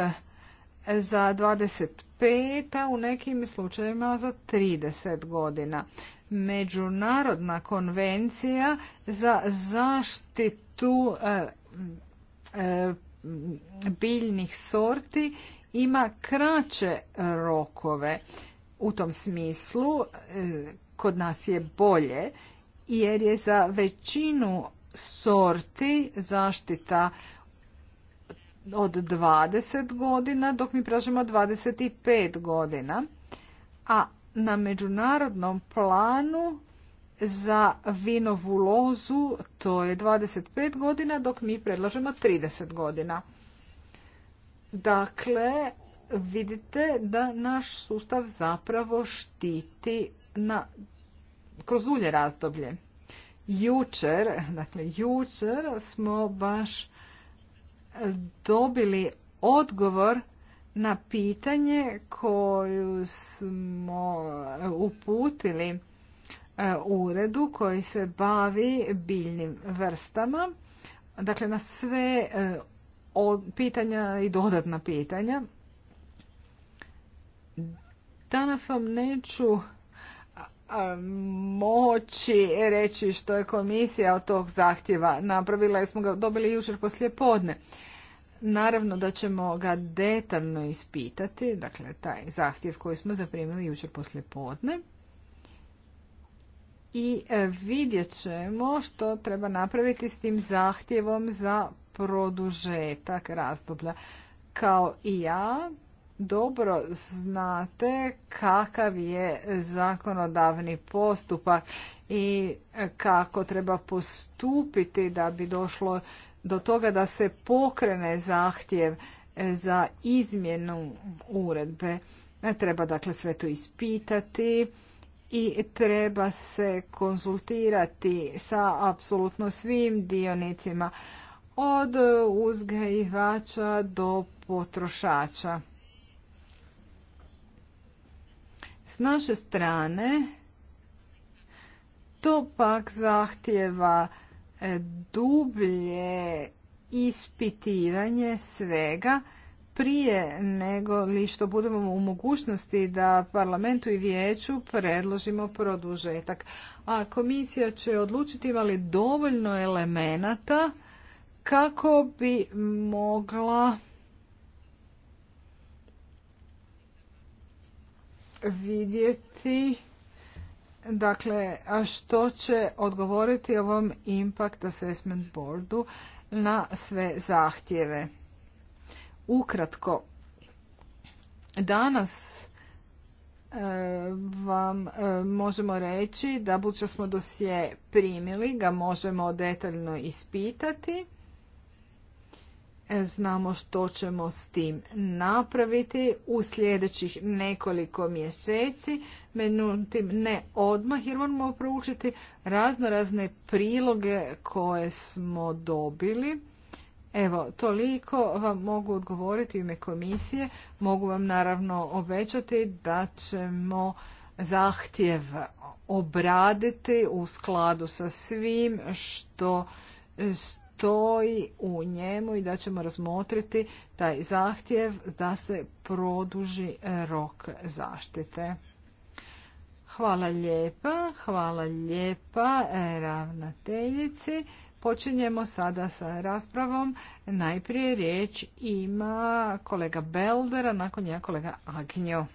za 25, a u nekim slučajevima za 30 godina. Međunarodna konvencija za zaštitu e, e, biljnih sorti ima kraće rokove. U tom smislu e, kod nas je bolje jer je za većinu sorti zaštita od 20 godina, dok mi predlažemo 25 godina. A na međunarodnom planu za vinovu lozu to je 25 godina, dok mi predlažemo 30 godina. Dakle, vidite da naš sustav zapravo štiti na, kroz ulje razdoblje. Jučer, dakle, jučer smo baš dobili odgovor na pitanje koju smo e, uputili e, uredu koji se bavi biljnim vrstama. Dakle, na sve e, pitanja i dodatna pitanja. Danas vam neću moći reći što je komisija od tog zahtjeva napravila jer smo ga dobili jučer poslije podne. Naravno da ćemo ga detaljno ispitati, dakle taj zahtjev koji smo zaprimili jučer poslije podne. I e, vidjet ćemo što treba napraviti s tim zahtjevom za produžetak razdoblja. Kao i ja, dobro znate kakav je zakonodavni postupak i kako treba postupiti da bi došlo do toga da se pokrene zahtjev za izmjenu uredbe. Treba dakle sve to ispitati i treba se konzultirati sa apsolutno svim dionicima od uzgajivača do potrošača. S naše strane to pak zahtjeva e, dublje ispitivanje svega prije nego li što budemo u mogućnosti da parlamentu i vijeću predložimo produžetak. A komisija će odlučiti imali dovoljno elemenata kako bi mogla vidjeti dakle, a što će odgovoriti ovom Impact Assessment Boardu na sve zahtjeve. Ukratko, danas e, vam e, možemo reći da budući smo dosje primili, ga možemo detaljno ispitati znamo što ćemo s tim napraviti u sljedećih nekoliko mjeseci, međutim ne odmah jer moramo proučiti razno razne priloge koje smo dobili. Evo, toliko vam mogu odgovoriti u ime komisije. Mogu vam naravno obećati da ćemo zahtjev obraditi u skladu sa svim što stoji u njemu i da ćemo razmotriti taj zahtjev da se produži e, rok zaštite. Hvala lijepa, hvala lijepa e, ravnateljici. Počinjemo sada sa raspravom. Najprije riječ ima kolega Belder, a nakon nja kolega Agnjo.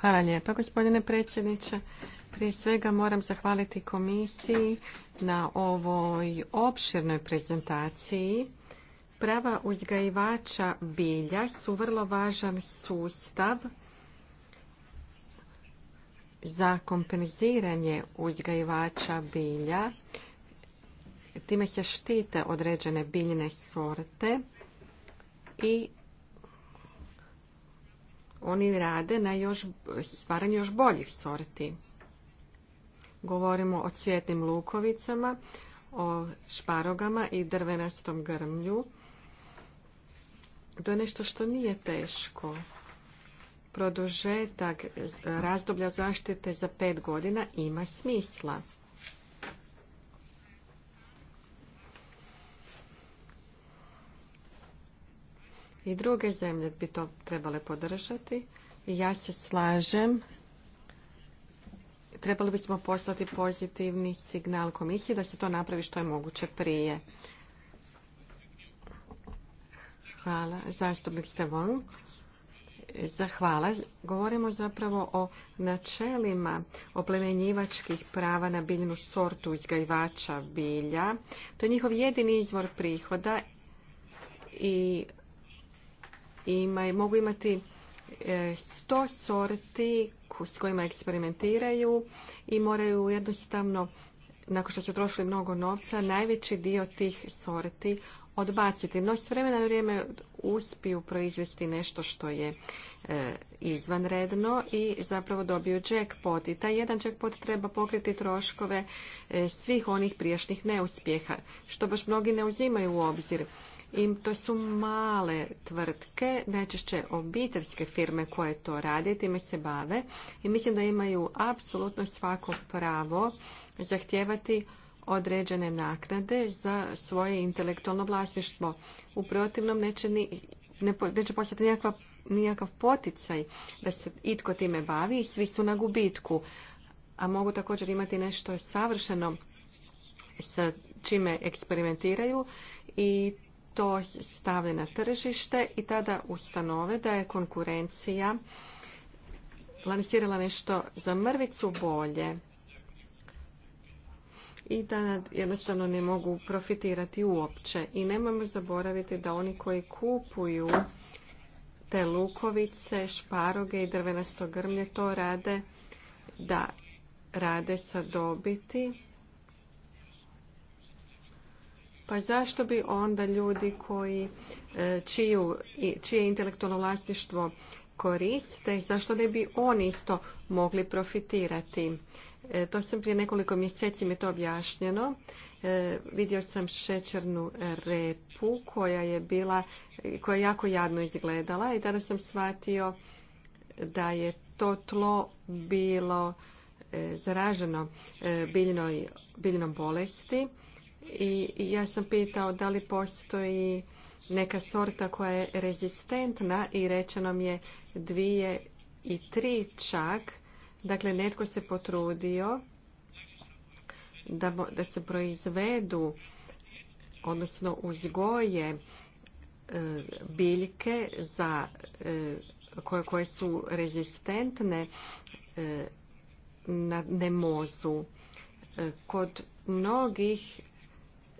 Hvala lijepa gospodine predsjedniče. Prije svega moram zahvaliti komisiji na ovoj opširnoj prezentaciji. Prava uzgajivača bilja su vrlo važan sustav za kompenziranje uzgajivača bilja. Time se štite određene biljne sorte i oni rade na još, stvaranju još boljih sorti. Govorimo o cvjetnim lukovicama, o šparogama i drvenastom grmlju. To je nešto što nije teško. Produžetak razdoblja zaštite za pet godina ima smisla. I druge zemlje bi to trebale podržati. Ja se slažem trebali bismo poslati pozitivni signal komisiji da se to napravi što je moguće prije. Hvala. Zastupnik Stavon. Zahvala. Govorimo zapravo o načelima oplemenjivačkih prava na biljnu sortu izgajivača bilja. To je njihov jedini izvor prihoda i mogu imati e, sto sorti s kojima eksperimentiraju i moraju jednostavno, nakon što su trošili mnogo novca, najveći dio tih sorti odbaciti. No, s vremena na vrijeme uspiju proizvesti nešto što je e, izvanredno i zapravo dobiju jackpot. I taj jedan jackpot treba pokriti troškove e, svih onih prijašnjih neuspjeha, što baš mnogi ne uzimaju u obzir. I to su male tvrtke, najčešće obiteljske firme koje to rade, time se bave. I mislim da imaju apsolutno svako pravo zahtijevati određene naknade za svoje intelektualno vlasništvo. U protivnom neće, ni, ne, postati poticaj da se itko time bavi i svi su na gubitku. A mogu također imati nešto savršeno sa čime eksperimentiraju i to stave na tržište i tada ustanove da je konkurencija lansirala nešto za mrvicu bolje i da jednostavno ne mogu profitirati uopće. I nemojmo zaboraviti da oni koji kupuju te lukovice, šparoge i drvenasto grmlje to rade da rade sa dobiti pa zašto bi onda ljudi koji, e, čiju, čije intelektualno vlasništvo koriste, zašto ne bi oni isto mogli profitirati? E, to sam prije nekoliko mjeseci mi to objašnjeno. E, vidio sam šećernu repu koja je bila, koja je jako jadno izgledala i tada sam shvatio da je to tlo bilo zaraženo biljnoj, biljnom bolesti i ja sam pitao da li postoji neka sorta koja je rezistentna i rečeno mi je dvije i tri čak. Dakle, netko se potrudio da, se proizvedu, odnosno uzgoje e, biljke za, e, koje, koje su rezistentne e, na nemozu. Kod mnogih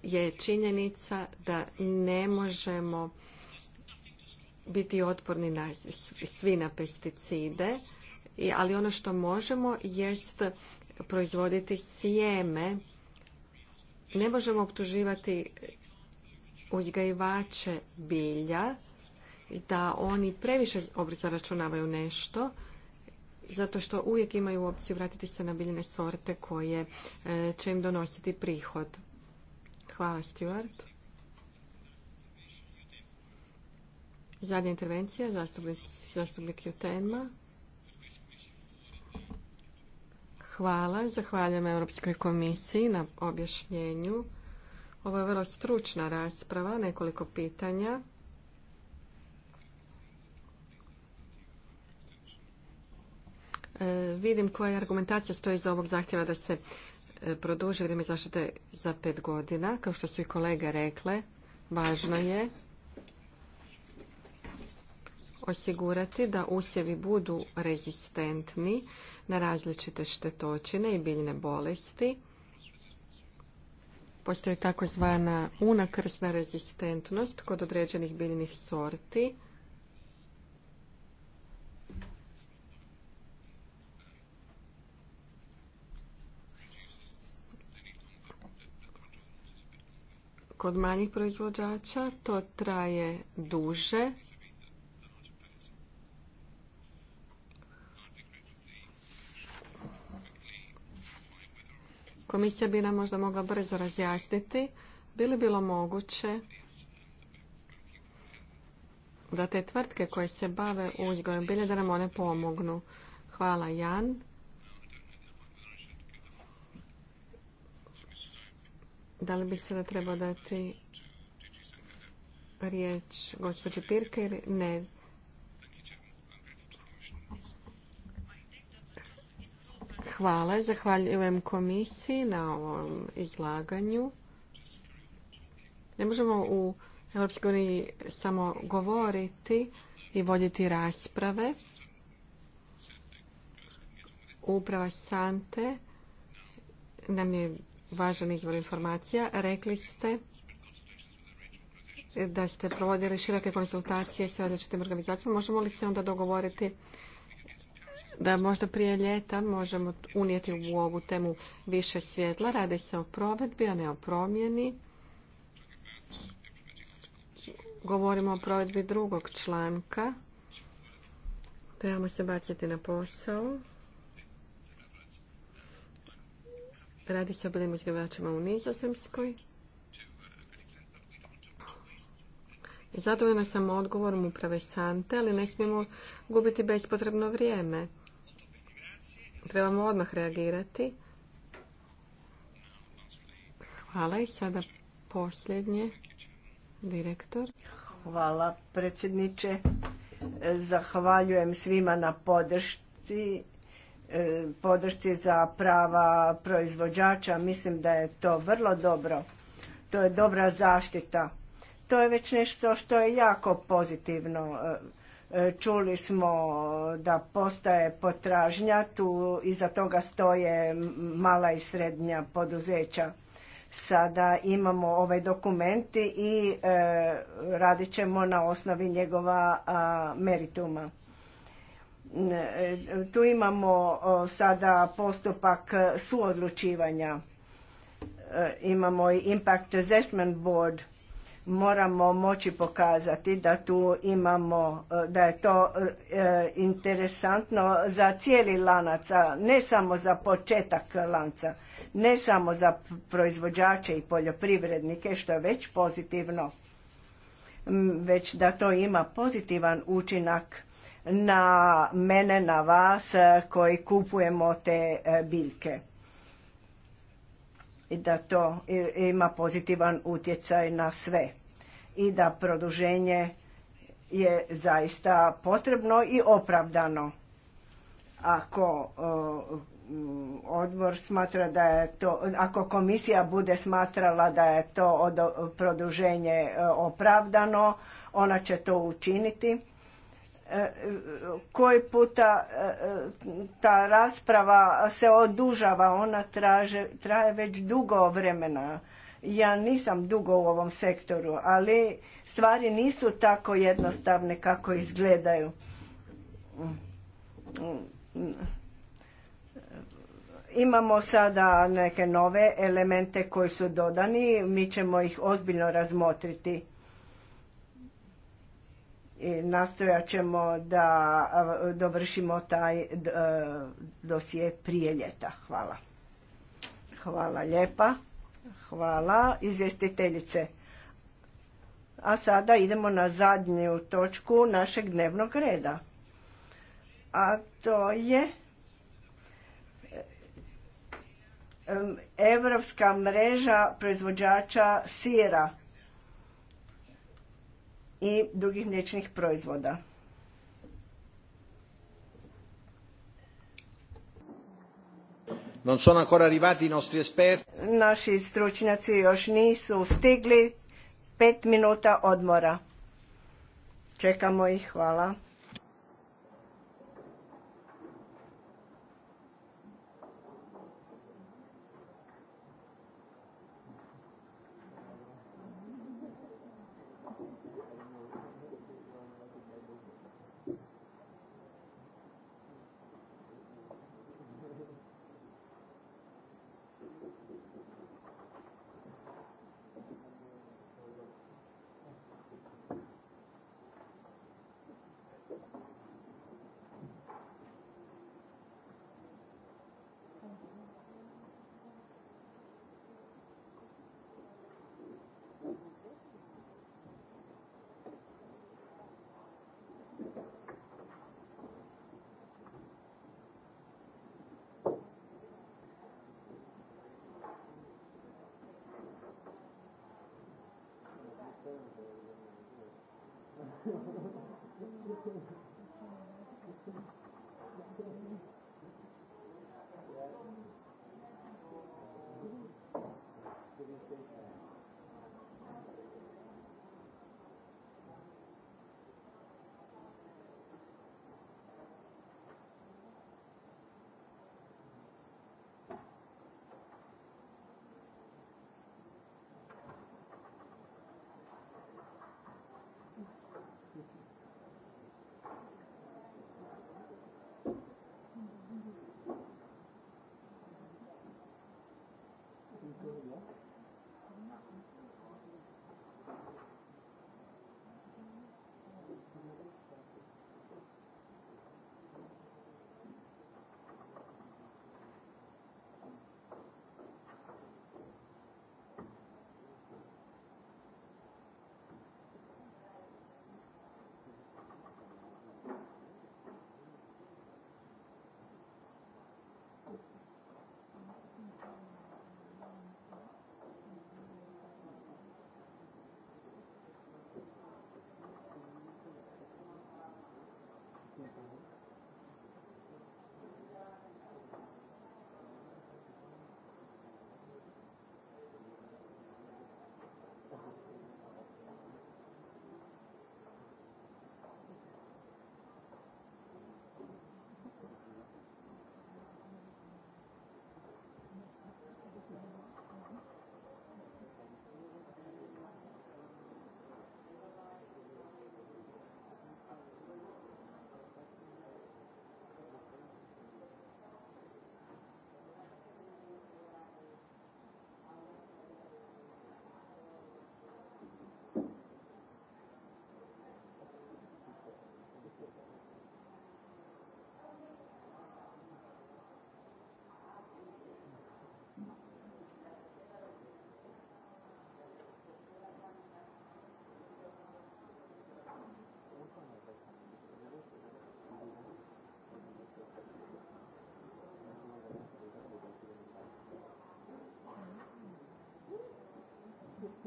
je činjenica da ne možemo biti otporni na, svi na pesticide, ali ono što možemo jest proizvoditi sjeme. Ne možemo optuživati uzgajivače bilja da oni previše računavaju nešto zato što uvijek imaju opciju vratiti se na biljne sorte koje e, će im donositi prihod. Hvala, Stuart. Zadnja intervencija, zastupnik, Jutenma. Hvala, zahvaljujem Europskoj komisiji na objašnjenju. Ovo je vrlo stručna rasprava, nekoliko pitanja. E, vidim koja je argumentacija stoji za ovog zahtjeva da se produži vrijeme zaštite za pet godina. Kao što su i kolege rekle, važno je osigurati da usjevi budu rezistentni na različite štetočine i biljne bolesti. Postoji takozvana unakrsna rezistentnost kod određenih biljnih sorti. kod manjih proizvođača to traje duže. Komisija bi nam možda mogla brzo razjasniti. Bi li bilo moguće da te tvrtke koje se bave uzgojem bilje da nam one pomognu? Hvala Jan. Da li bi da trebao dati riječ gospođi Pirker? Ne. Hvala. Zahvaljujem komisiji na ovom izlaganju. Ne možemo u Europskoj uniji samo govoriti i voditi rasprave. Uprava Sante nam je važan izvor informacija. Rekli ste da ste provodili široke konsultacije s različitim organizacijama. Možemo li se onda dogovoriti da možda prije ljeta možemo unijeti u ovu temu više svjetla? Radi se o provedbi, a ne o promjeni. Govorimo o provedbi drugog članka. Trebamo se baciti na posao. Radi se o boljim uzgajivačima u Nizozemskoj. Zadovoljna sam odgovorom uprave Sante, ali ne smijemo gubiti bespotrebno vrijeme. Trebamo odmah reagirati. Hvala i sada posljednje, direktor. Hvala predsjedniče. Zahvaljujem svima na podršci E, podršci za prava proizvođača. Mislim da je to vrlo dobro. To je dobra zaštita. To je već nešto što je jako pozitivno. E, e, čuli smo da postaje potražnja, tu iza toga stoje mala i srednja poduzeća. Sada imamo ovaj dokumenti i radit ćemo na osnovi njegova merituma. Tu imamo sada postupak suodlučivanja. E, imamo i Impact Assessment Board. Moramo moći pokazati da tu imamo, e, da je to e, interesantno za cijeli lanac, a ne samo za početak lanca, ne samo za proizvođače i poljoprivrednike, što je već pozitivno, već da to ima pozitivan učinak na mene, na vas e, koji kupujemo te e, biljke. I da to ima pozitivan utjecaj na sve. I da produženje je zaista potrebno i opravdano. Ako odbor smatra da je to, ako komisija bude smatrala da je to produženje e, opravdano, ona će to učiniti E, koji puta e, e, ta rasprava se odužava, ona traje već dugo vremena. Ja nisam dugo u ovom sektoru, ali stvari nisu tako jednostavne kako izgledaju. Imamo sada neke nove elemente koji su dodani, mi ćemo ih ozbiljno razmotriti nastojat ćemo da dovršimo taj e, dosije prije ljeta. Hvala. Hvala lijepa. Hvala izvjestiteljice. A sada idemo na zadnju točku našeg dnevnog reda. A to je Evropska mreža proizvođača sira i drugih mliječnih proizvoda. Non sono ancora arrivati i nostri esperti. Naši stručnjaci još nisu stigli. Pet minuta odmora. Čekamo ih, hvala.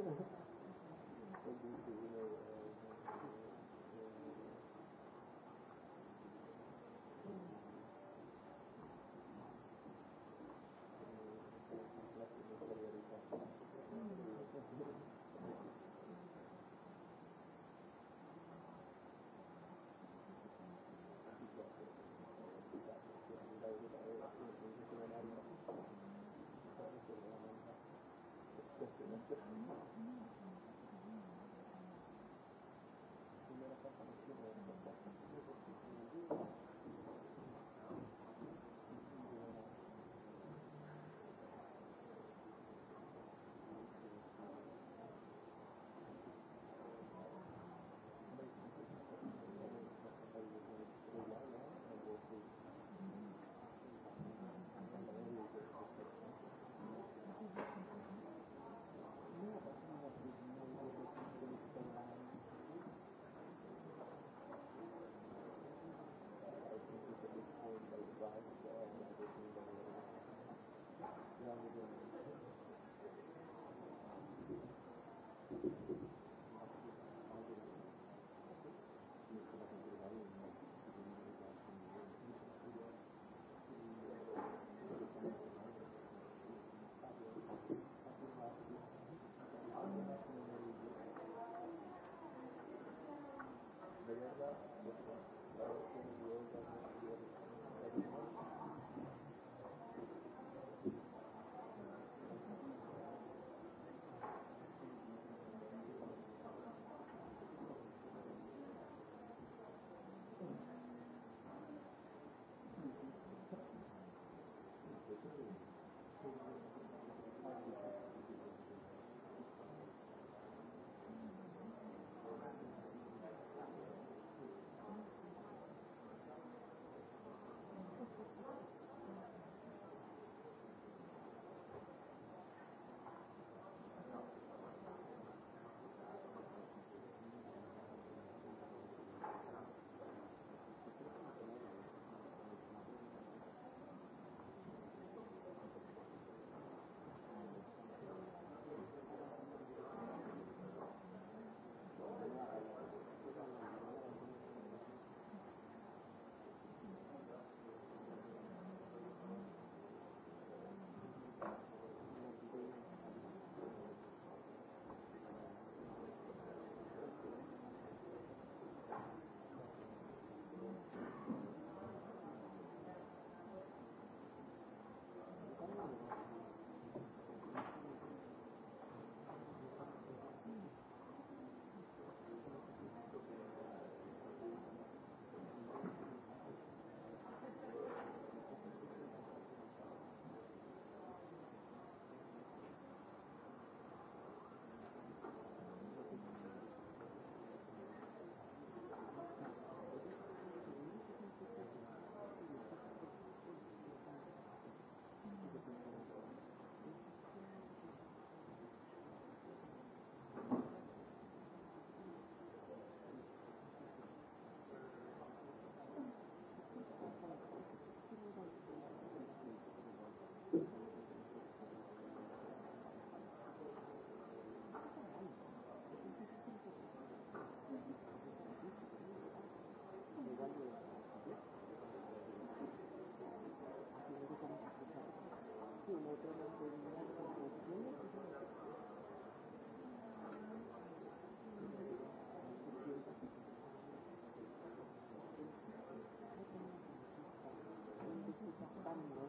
Hvala ne znam da Hvala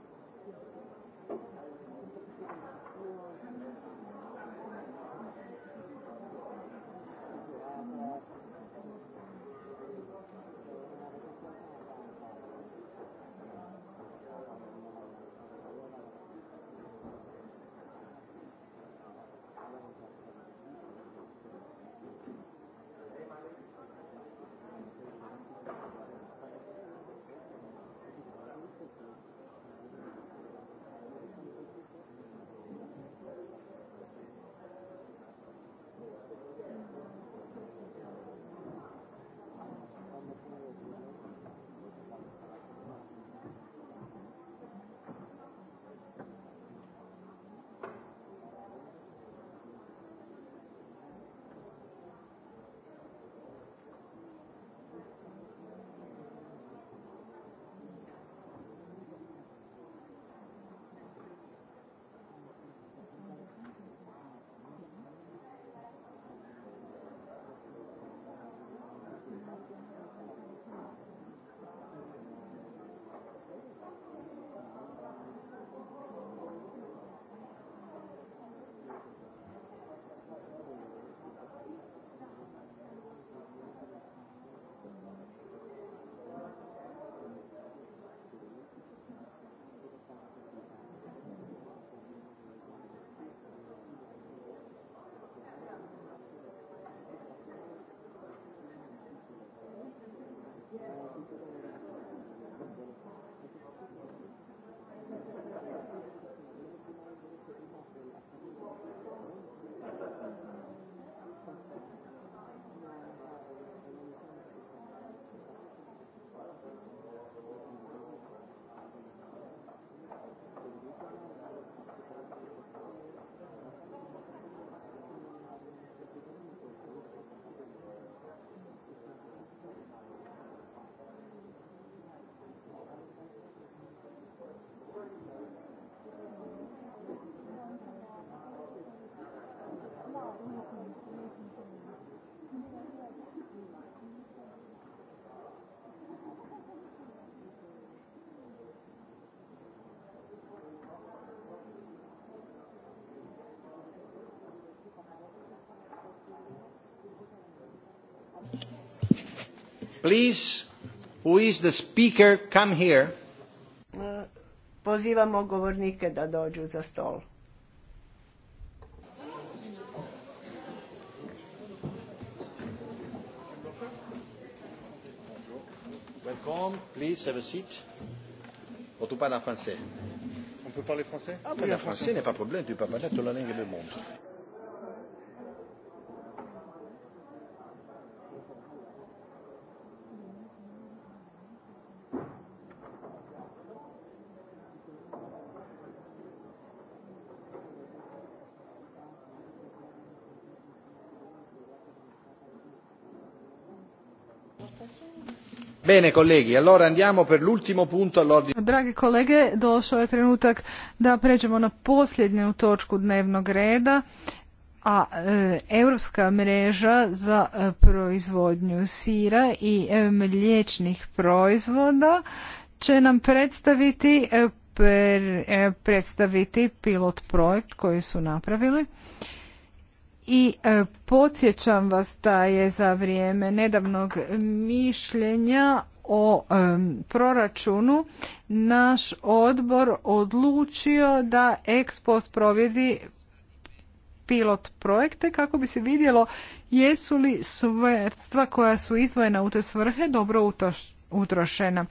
Hvala Please, who is the speaker, come here. Uh, pozivamo govornike da dođu za stol. Welcome, please have a seat. Ou oh, tu parles en français On peut parler français Ah, mais oui, le français, français n'est pas problème, tu peux parler toute la langue du monde. Bene, allora andiamo punto Dragi kolege, došao je trenutak da pređemo na posljednju točku dnevnog reda, a e, europska mreža za e, proizvodnju sira i e, mliječnih proizvoda će nam predstaviti predstaviti pilot projekt koji su napravili i e, podsjećam vas da je za vrijeme nedavnog mišljenja o e, proračunu naš odbor odlučio da ekspos provjedi pilot projekte kako bi se vidjelo jesu li sredstva koja su izvojena u te svrhe dobro utrošena.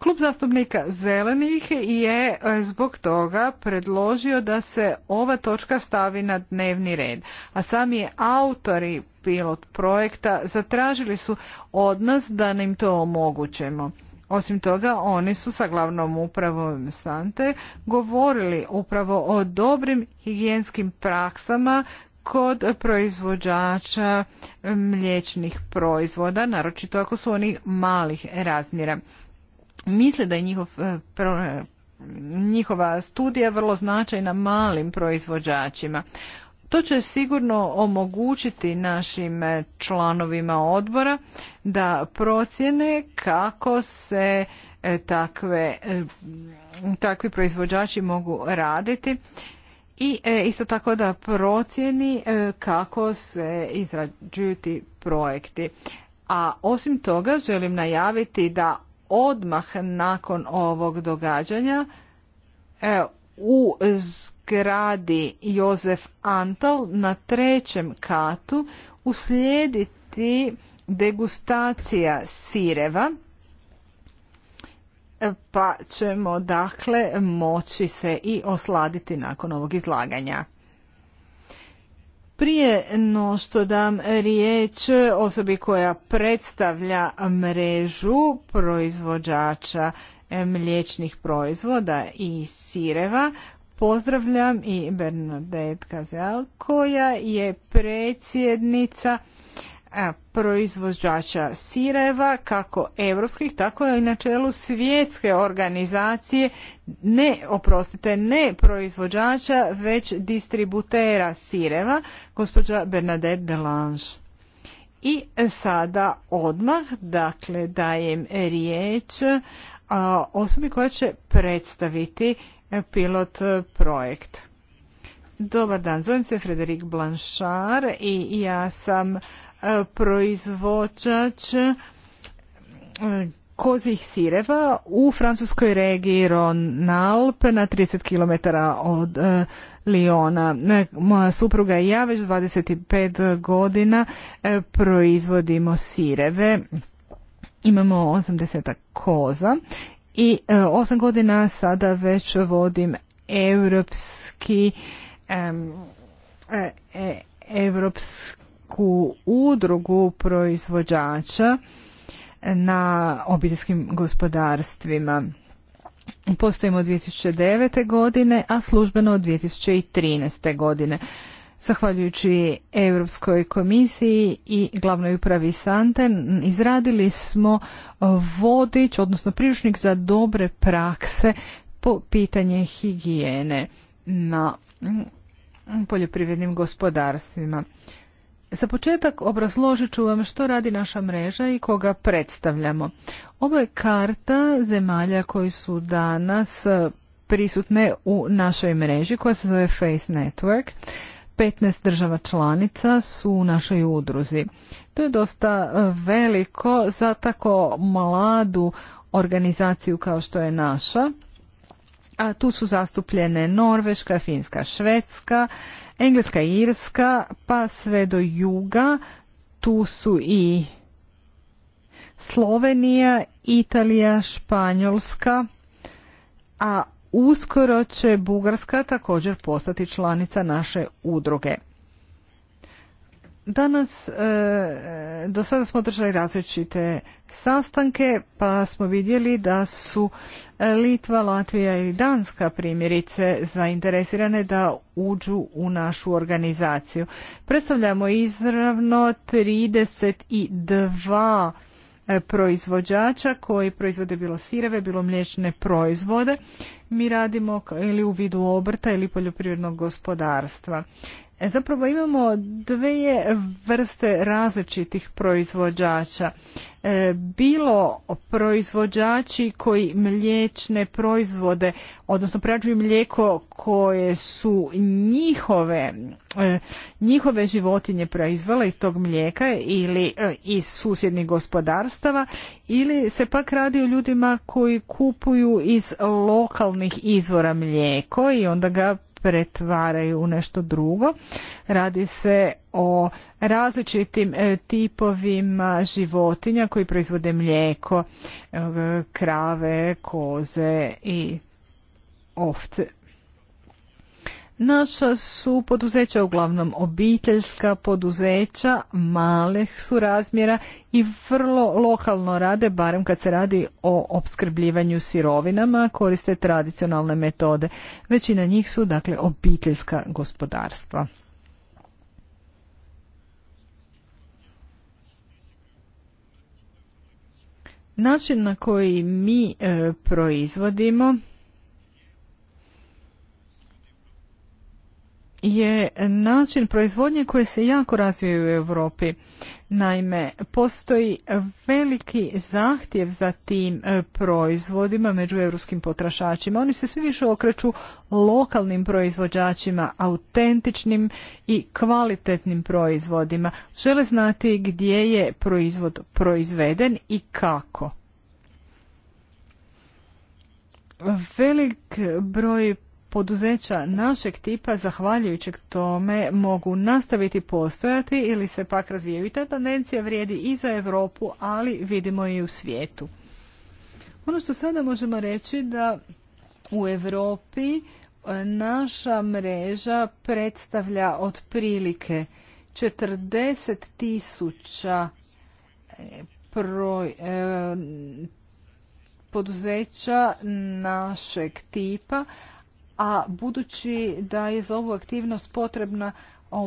Klub zastupnika zelenih je e, zbog toga predložio da se ova točka stavi na dnevni red, a sami autori pilot projekta zatražili su od nas da im to omogućemo. Osim toga, oni su sa glavnom upravom Sante govorili upravo o dobrim higijenskim praksama kod proizvođača e, mliječnih proizvoda, naročito ako su oni malih razmjera misle da je njihov, e, e, njihova studija vrlo značajna malim proizvođačima. To će sigurno omogućiti našim e, članovima odbora da procjene kako se takve, takvi proizvođači mogu raditi i isto tako da procjeni kako se izrađuju ti projekti. A osim toga želim najaviti da odmah nakon ovog događanja e, u zgradi Jozef Antal na trećem katu uslijediti degustacija sireva e, pa ćemo dakle moći se i osladiti nakon ovog izlaganja. Prije no što dam riječ osobi koja predstavlja mrežu proizvođača mliječnih proizvoda i sireva, pozdravljam i Bernadette kazel koja je predsjednica proizvođača sireva kako europskih tako i na čelu svjetske organizacije ne oprostite ne proizvođača već distributera sireva gospođa Bernadette Delange. I sada odmah dakle dajem riječ osobi koja će predstaviti pilot projekt. Dobar dan, zovem se Frederik Blanchard i ja sam proizvođač e, kozih sireva u francuskoj regiji Ronalp na 30 km od Lijona. E, Liona. E, moja supruga i ja već 25 godina proizvodimo sireve. Imamo 80 koza i 8 godina sada već vodim europski europski veliku udrugu proizvođača na obiteljskim gospodarstvima. Postojimo od 2009. godine, a službeno od 2013. godine. Zahvaljujući Europskoj komisiji i glavnoj upravi Sante izradili smo vodič, odnosno priručnik za dobre prakse po pitanje higijene na poljoprivrednim gospodarstvima. Za početak obrazložit ću vam što radi naša mreža i koga predstavljamo. Ovo je karta zemalja koji su danas e, prisutne u našoj mreži koja se zove Face Network. 15 država članica su u našoj udruzi. To je dosta e, veliko za tako mladu organizaciju kao što je naša. A tu su zastupljene Norveška, Finska, Švedska, Engleska i Irska pa sve do juga, tu su i Slovenija, Italija, Španjolska, a uskoro će Bugarska također postati članica naše udruge. Danas, e, do sada smo držali različite sastanke, pa smo vidjeli da su e, Litva, Latvija i Danska primjerice zainteresirane da uđu u našu organizaciju. Predstavljamo izravno 32 e, proizvođača koji proizvode bilo sireve, bilo mliječne proizvode. Mi radimo ili u vidu obrta ili poljoprivrednog gospodarstva. E, zapravo imamo dvije vrste različitih proizvođača. E, bilo proizvođači koji mliječne proizvode, odnosno prerađuju mlijeko koje su njihove, e, njihove životinje proizvale iz tog mlijeka ili iz susjednih gospodarstava ili se pak radi o ljudima koji kupuju iz lokalnih izvora mlijeko i onda ga pretvaraju u nešto drugo. Radi se o različitim e, tipovima životinja koji proizvode mlijeko, e, krave, koze i ovce Naša su poduzeća uglavnom obiteljska poduzeća, malih su razmjera i vrlo lokalno rade, barem kad se radi o opskrbljivanju sirovinama, koriste tradicionalne metode. Većina njih su dakle obiteljska gospodarstva. Način na koji mi e, proizvodimo način proizvodnje koji se jako razvija u Europi. Naime, postoji veliki zahtjev za tim e, proizvodima među europskim potrašačima. Oni se svi više okreću lokalnim proizvođačima, autentičnim i kvalitetnim proizvodima. Žele znati gdje je proizvod proizveden i kako. Velik broj poduzeća našeg tipa zahvaljujući tome mogu nastaviti postojati ili se pak razvijaju. I ta tendencija vrijedi i za Europu, ali vidimo i u svijetu. Ono što sada možemo reći da u Europi e, naša mreža predstavlja otprilike 40 tisuća e, e, poduzeća našeg tipa, a budući da je za ovu aktivnost potrebna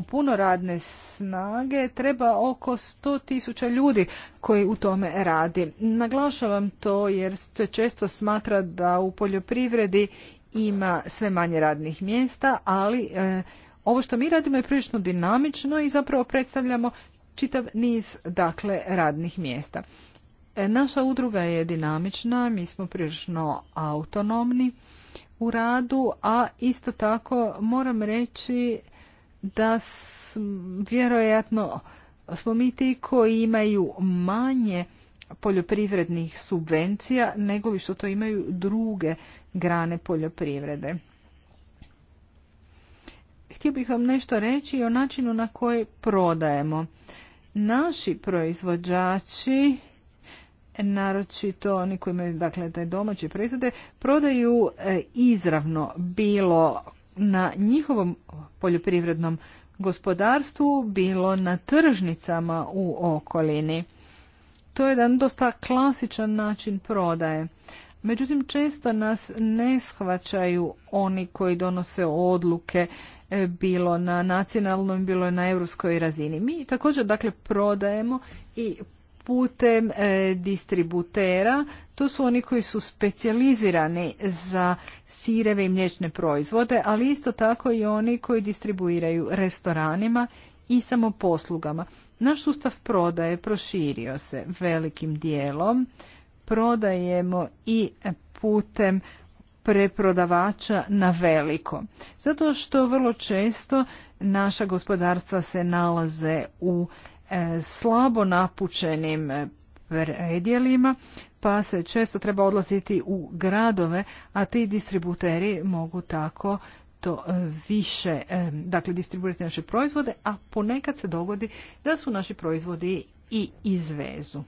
puno radne snage, treba oko sto tisuća ljudi koji u tome radi. Naglašavam to jer se često smatra da u poljoprivredi ima sve manje radnih mjesta, ali e, ovo što mi radimo je prilično dinamično i zapravo predstavljamo čitav niz dakle radnih mjesta. E, naša udruga je dinamična, mi smo prilično autonomni u radu, a isto tako moram reći da vjerojatno smo mi ti koji imaju manje poljoprivrednih subvencija nego li što to imaju druge grane poljoprivrede. Htio bih vam nešto reći o načinu na koji prodajemo. Naši proizvođači naročito oni koji imaju dakle, taj domaće proizvode, prodaju e, izravno bilo na njihovom poljoprivrednom gospodarstvu, bilo na tržnicama u okolini. To je jedan dosta klasičan način prodaje. Međutim, često nas ne shvaćaju oni koji donose odluke e, bilo na nacionalnom, bilo na europskoj razini. Mi također dakle prodajemo i putem e, distributera. To su oni koji su specijalizirani za sireve i mliječne proizvode, ali isto tako i oni koji distribuiraju restoranima i samoposlugama. Naš sustav prodaje proširio se velikim dijelom. Prodajemo i putem preprodavača na veliko. Zato što vrlo često naša gospodarstva se nalaze u E, slabo napučenim e, predjelima, pa se često treba odlaziti u gradove, a ti distributeri mogu tako to više, e, dakle distribuirati naše proizvode, a ponekad se dogodi da su naši proizvodi i izvezu.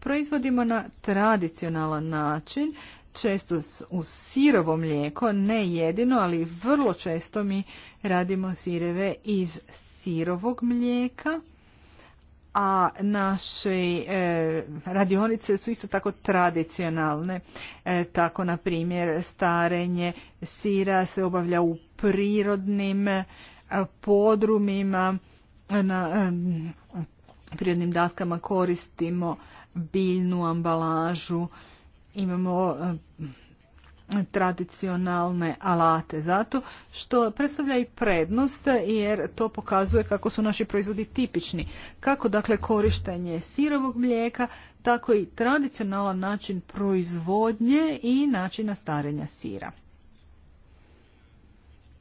Proizvodimo na tradicionalan način, često u sirovo mlijeko, ne jedino, ali vrlo često mi radimo sireve iz sirovog mlijeka, a naše e, radionice su isto tako tradicionalne. E, tako, na primjer, starenje sira se obavlja u prirodnim e, podrumima, na e, prirodnim daskama koristimo biljnu ambalažu, imamo tradicionalne alate zato što predstavlja i prednost jer to pokazuje kako su naši proizvodi tipični kako dakle korištenje sirovog mlijeka tako i tradicionalan način proizvodnje i načina starenja sira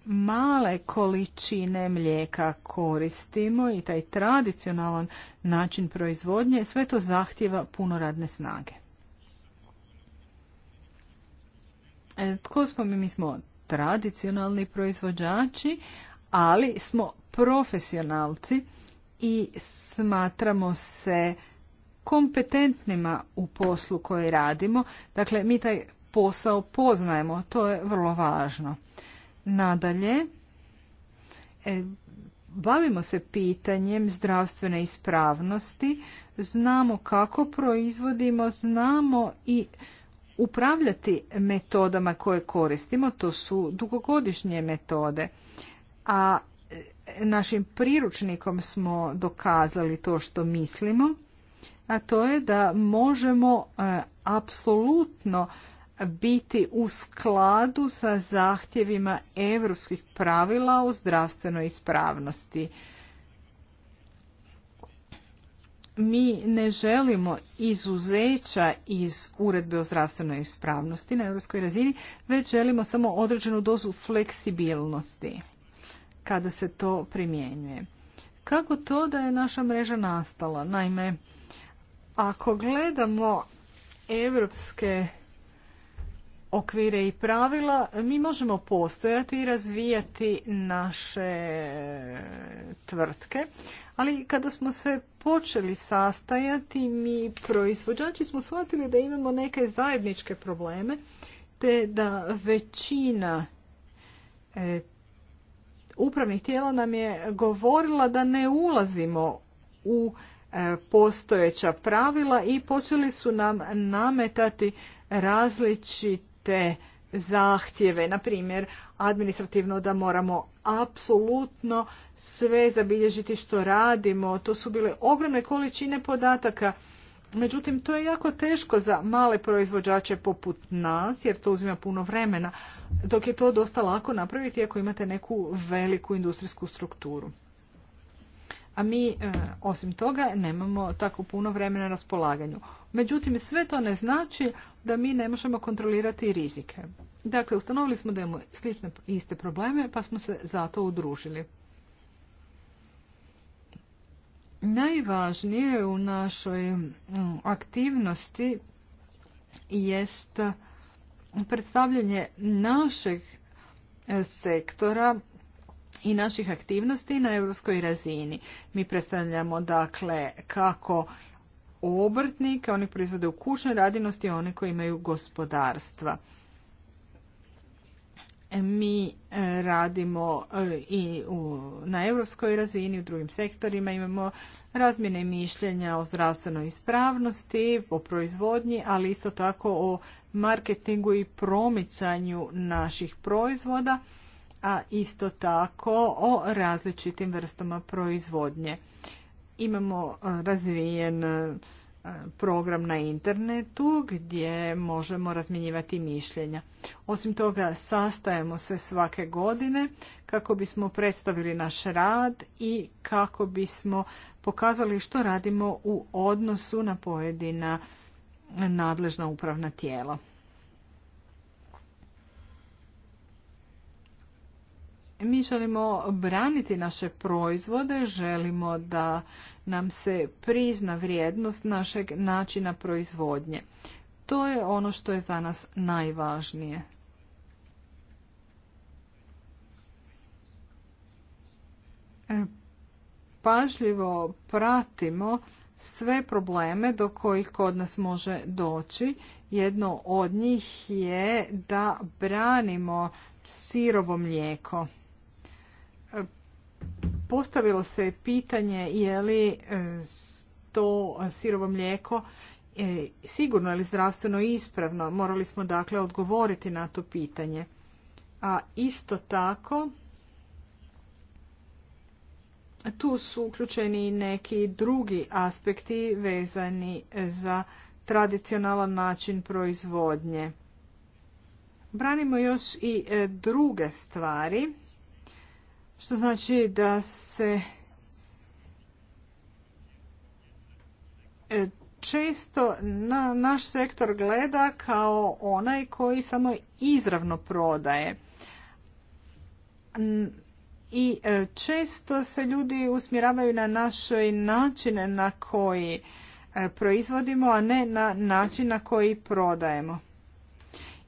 male količine mlijeka koristimo i taj tradicionalan način proizvodnje sve to zahtjeva puno radne snage E, tko smo mi? Mi smo tradicionalni proizvođači, ali smo profesionalci i smatramo se kompetentnima u poslu koji radimo. Dakle, mi taj posao poznajemo, to je vrlo važno. Nadalje, e, bavimo se pitanjem zdravstvene ispravnosti, znamo kako proizvodimo, znamo i upravljati metodama koje koristimo, to su dugogodišnje metode, a e, našim priručnikom smo dokazali to što mislimo, a to je da možemo e, apsolutno biti u skladu sa zahtjevima europskih pravila o zdravstvenoj ispravnosti mi ne želimo izuzeća iz uredbe o zdravstvenoj ispravnosti na europskoj razini, već želimo samo određenu dozu fleksibilnosti kada se to primjenjuje. Kako to da je naša mreža nastala? Naime, ako gledamo europske okvire i pravila, mi možemo postojati i razvijati naše tvrtke, ali kada smo se počeli sastajati, mi proizvođači smo shvatili da imamo neke zajedničke probleme, te da većina e, upravnih tijela nam je govorila da ne ulazimo u e, postojeća pravila i počeli su nam nametati različite te zahtjeve, na primjer administrativno da moramo apsolutno sve zabilježiti što radimo. To su bile ogromne količine podataka. Međutim, to je jako teško za male proizvođače poput nas, jer to uzima puno vremena, dok je to dosta lako napraviti ako imate neku veliku industrijsku strukturu a mi e, osim toga nemamo tako puno vremena na raspolaganju. Međutim, sve to ne znači da mi ne možemo kontrolirati rizike. Dakle, ustanovili smo da imamo slične iste probleme, pa smo se zato udružili. Najvažnije u našoj aktivnosti jest predstavljanje našeg e, sektora i naših aktivnosti na europskoj razini. Mi predstavljamo dakle kako obrtnike, oni proizvode u kućnoj radinosti, one koji imaju gospodarstva. Mi e, radimo e, i u, na europskoj razini, u drugim sektorima imamo razmjene mišljenja o zdravstvenoj ispravnosti, o proizvodnji, ali isto tako o marketingu i promicanju naših proizvoda a isto tako o različitim vrstama proizvodnje. Imamo e, razvijen e, program na internetu gdje možemo razmjenjivati mišljenja. Osim toga sastajemo se svake godine kako bismo predstavili naš rad i kako bismo pokazali što radimo u odnosu na pojedina nadležna upravna tijela. mi želimo braniti naše proizvode, želimo da nam se prizna vrijednost našeg načina proizvodnje. To je ono što je za nas najvažnije. E, pažljivo pratimo sve probleme do kojih kod nas može doći. Jedno od njih je da branimo sirovo mlijeko postavilo se pitanje je li e, to sirovo mlijeko e, sigurno ili zdravstveno ispravno. Morali smo dakle odgovoriti na to pitanje. A isto tako tu su uključeni i neki drugi aspekti vezani za tradicionalan način proizvodnje. Branimo još i e, druge stvari što znači da se e, često na naš sektor gleda kao onaj koji samo izravno prodaje. I e, često se ljudi usmjeravaju na našoj načine na koji e, proizvodimo, a ne na način na koji prodajemo.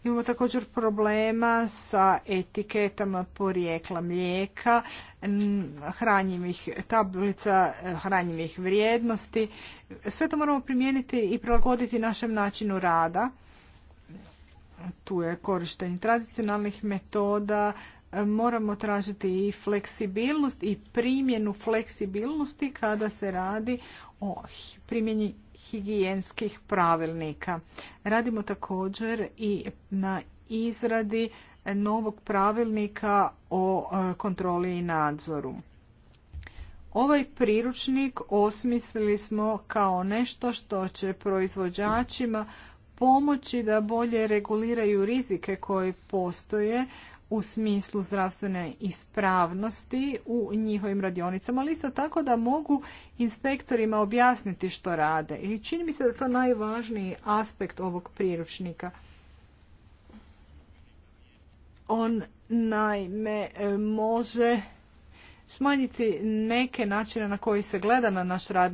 Imamo također problema sa etiketama porijekla mlijeka, hranjivih tablica, hranjivih vrijednosti. Sve to moramo primijeniti i prilagoditi našem načinu rada. Tu je korištenje tradicionalnih metoda, moramo tražiti i fleksibilnost i primjenu fleksibilnosti kada se radi o primjeni higijenskih pravilnika. Radimo također i na izradi novog pravilnika o e, kontroli i nadzoru. Ovaj priručnik osmislili smo kao nešto što će proizvođačima pomoći da bolje reguliraju rizike koje postoje u smislu zdravstvene ispravnosti u njihovim radionicama, ali isto tako da mogu inspektorima objasniti što rade. I čini mi se da je to najvažniji aspekt ovog priručnika. On naime može smanjiti neke načine na koji se gleda na naš rad,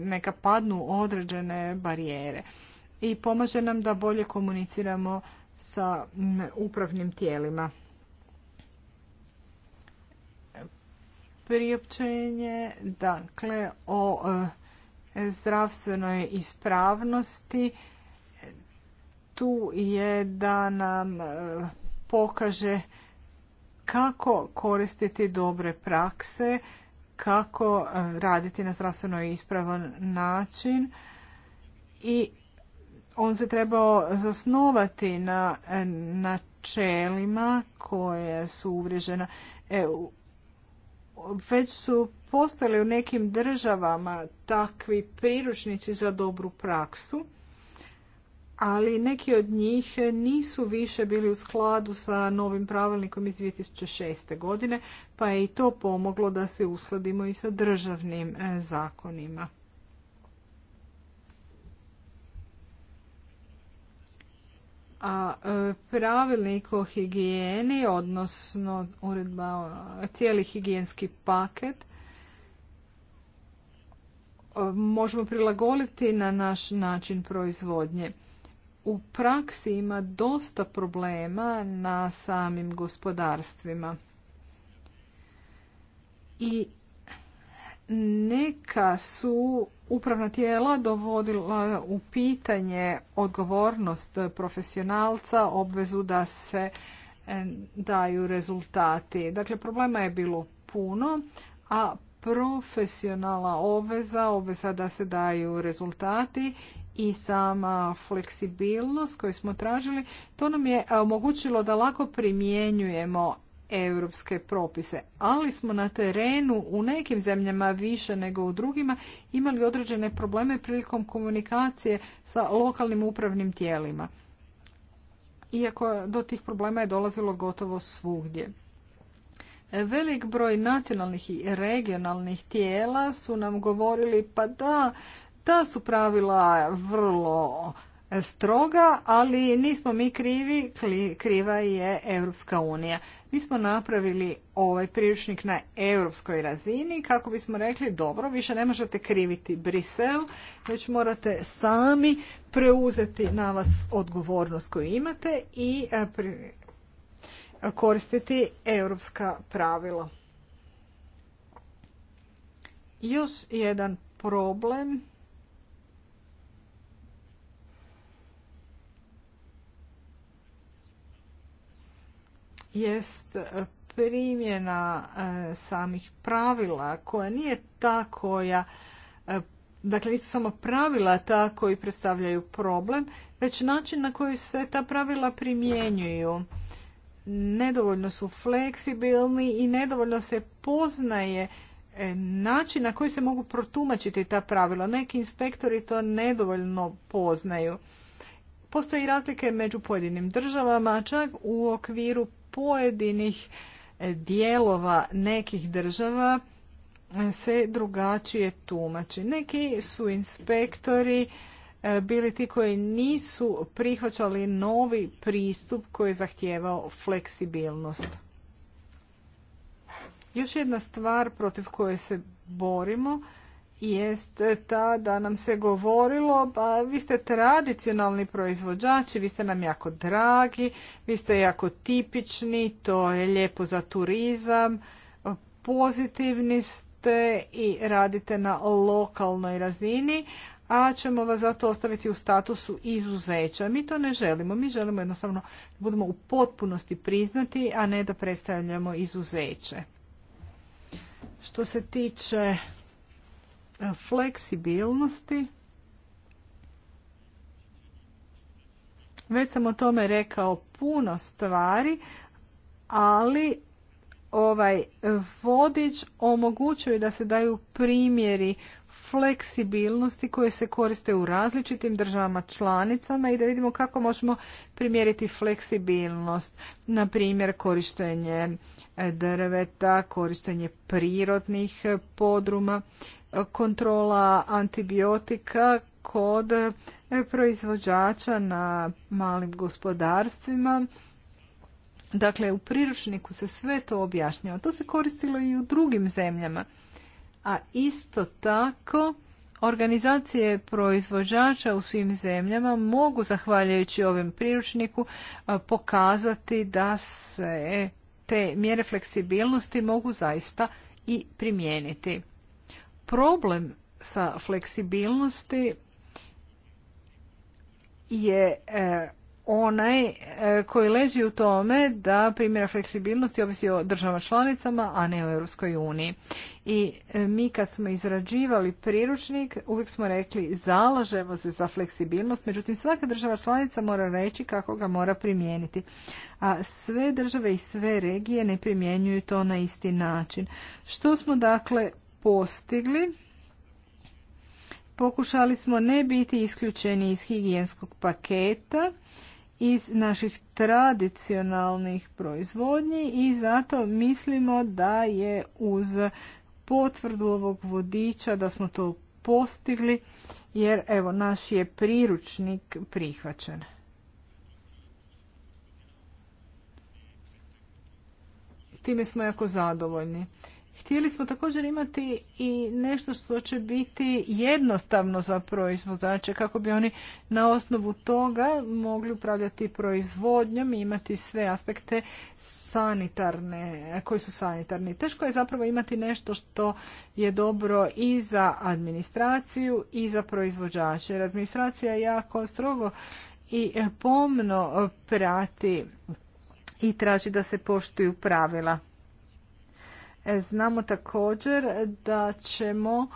neka padnu određene barijere i pomaže nam da bolje komuniciramo sa upravnim tijelima. Priopćenje dakle, o e, zdravstvenoj ispravnosti tu je da nam e, pokaže kako koristiti dobre prakse, kako e, raditi na zdravstveno ispravan način i on se trebao zasnovati na načelima koje su uvriježena. E, već su postali u nekim državama takvi priručnici za dobru praksu, ali neki od njih nisu više bili u skladu sa novim pravilnikom iz 2006. godine, pa je i to pomoglo da se uskladimo i sa državnim e, zakonima. a e, pravilnik o higijeni, odnosno uredba, cijeli higijenski paket, e, možemo prilagoditi na naš način proizvodnje. U praksi ima dosta problema na samim gospodarstvima. I neka su upravna tijela dovodila u pitanje odgovornost profesionalca, obvezu da se e, daju rezultati. Dakle, problema je bilo puno, a profesionalna obveza, obveza da se daju rezultati i sama fleksibilnost koju smo tražili, to nam je e, omogućilo da lako primjenjujemo europske propise, ali smo na terenu u nekim zemljama više nego u drugima imali određene probleme prilikom komunikacije sa lokalnim upravnim tijelima. Iako do tih problema je dolazilo gotovo svugdje. Velik broj nacionalnih i regionalnih tijela su nam govorili pa da, da su pravila vrlo stroga, ali nismo mi krivi, kriva je Europska unija. Mi smo napravili ovaj priručnik na europskoj razini kako bismo rekli dobro, više ne možete kriviti Brisel, već morate sami preuzeti na vas odgovornost koju imate i e, koristiti europska pravila. Još jedan problem jest e, primjena e, samih pravila koja nije ta koja e, dakle nisu samo pravila ta koji predstavljaju problem, već način na koji se ta pravila primjenjuju. Nedovoljno su fleksibilni i nedovoljno se poznaje način na koji se mogu protumačiti ta pravila. Neki inspektori to nedovoljno poznaju. Postoje razlike među pojedinim državama, čak u okviru pojedinih e, dijelova nekih država e, se drugačije tumači. Neki su inspektori e, bili ti koji nisu prihvaćali novi pristup koji je zahtijevao fleksibilnost. Još jedna stvar protiv koje se borimo jest ta da nam se govorilo pa vi ste tradicionalni proizvođači, vi ste nam jako dragi, vi ste jako tipični, to je lijepo za turizam, pozitivni ste i radite na lokalnoj razini, a ćemo vas zato ostaviti u statusu izuzeća. Mi to ne želimo, mi želimo jednostavno da budemo u potpunosti priznati, a ne da predstavljamo izuzeće. Što se tiče fleksibilnosti, već sam o tome rekao puno stvari, ali ovaj vodič omogućuje da se daju primjeri fleksibilnosti koje se koriste u različitim državama članicama i da vidimo kako možemo primjeriti fleksibilnost. Na primjer, korištenje drveta, korištenje prirodnih podruma kontrola antibiotika kod proizvođača na malim gospodarstvima. Dakle, u priručniku se sve to objašnjava. To se koristilo i u drugim zemljama. A isto tako, Organizacije proizvođača u svim zemljama mogu, zahvaljujući ovom priručniku, pokazati da se te mjere fleksibilnosti mogu zaista i primijeniti problem sa fleksibilnosti je e, onaj e, koji leži u tome da primjera fleksibilnosti ovisi o državama članicama, a ne o Europskoj uniji. I e, mi kad smo izrađivali priručnik, uvijek smo rekli zalažemo se za fleksibilnost, međutim svaka država članica mora reći kako ga mora primijeniti. A sve države i sve regije ne primjenjuju to na isti način. Što smo dakle postigli. Pokušali smo ne biti isključeni iz higijenskog paketa, iz naših tradicionalnih proizvodnji i zato mislimo da je uz potvrdu ovog vodiča da smo to postigli jer evo naš je priručnik prihvaćen. Time smo jako zadovoljni. Htjeli smo također imati i nešto što će biti jednostavno za proizvođače kako bi oni na osnovu toga mogli upravljati proizvodnjom i imati sve aspekte sanitarne, koji su sanitarni. Teško je zapravo imati nešto što je dobro i za administraciju i za proizvođače. Jer administracija jako strogo i pomno prati i traži da se poštuju pravila. E, znamo također da ćemo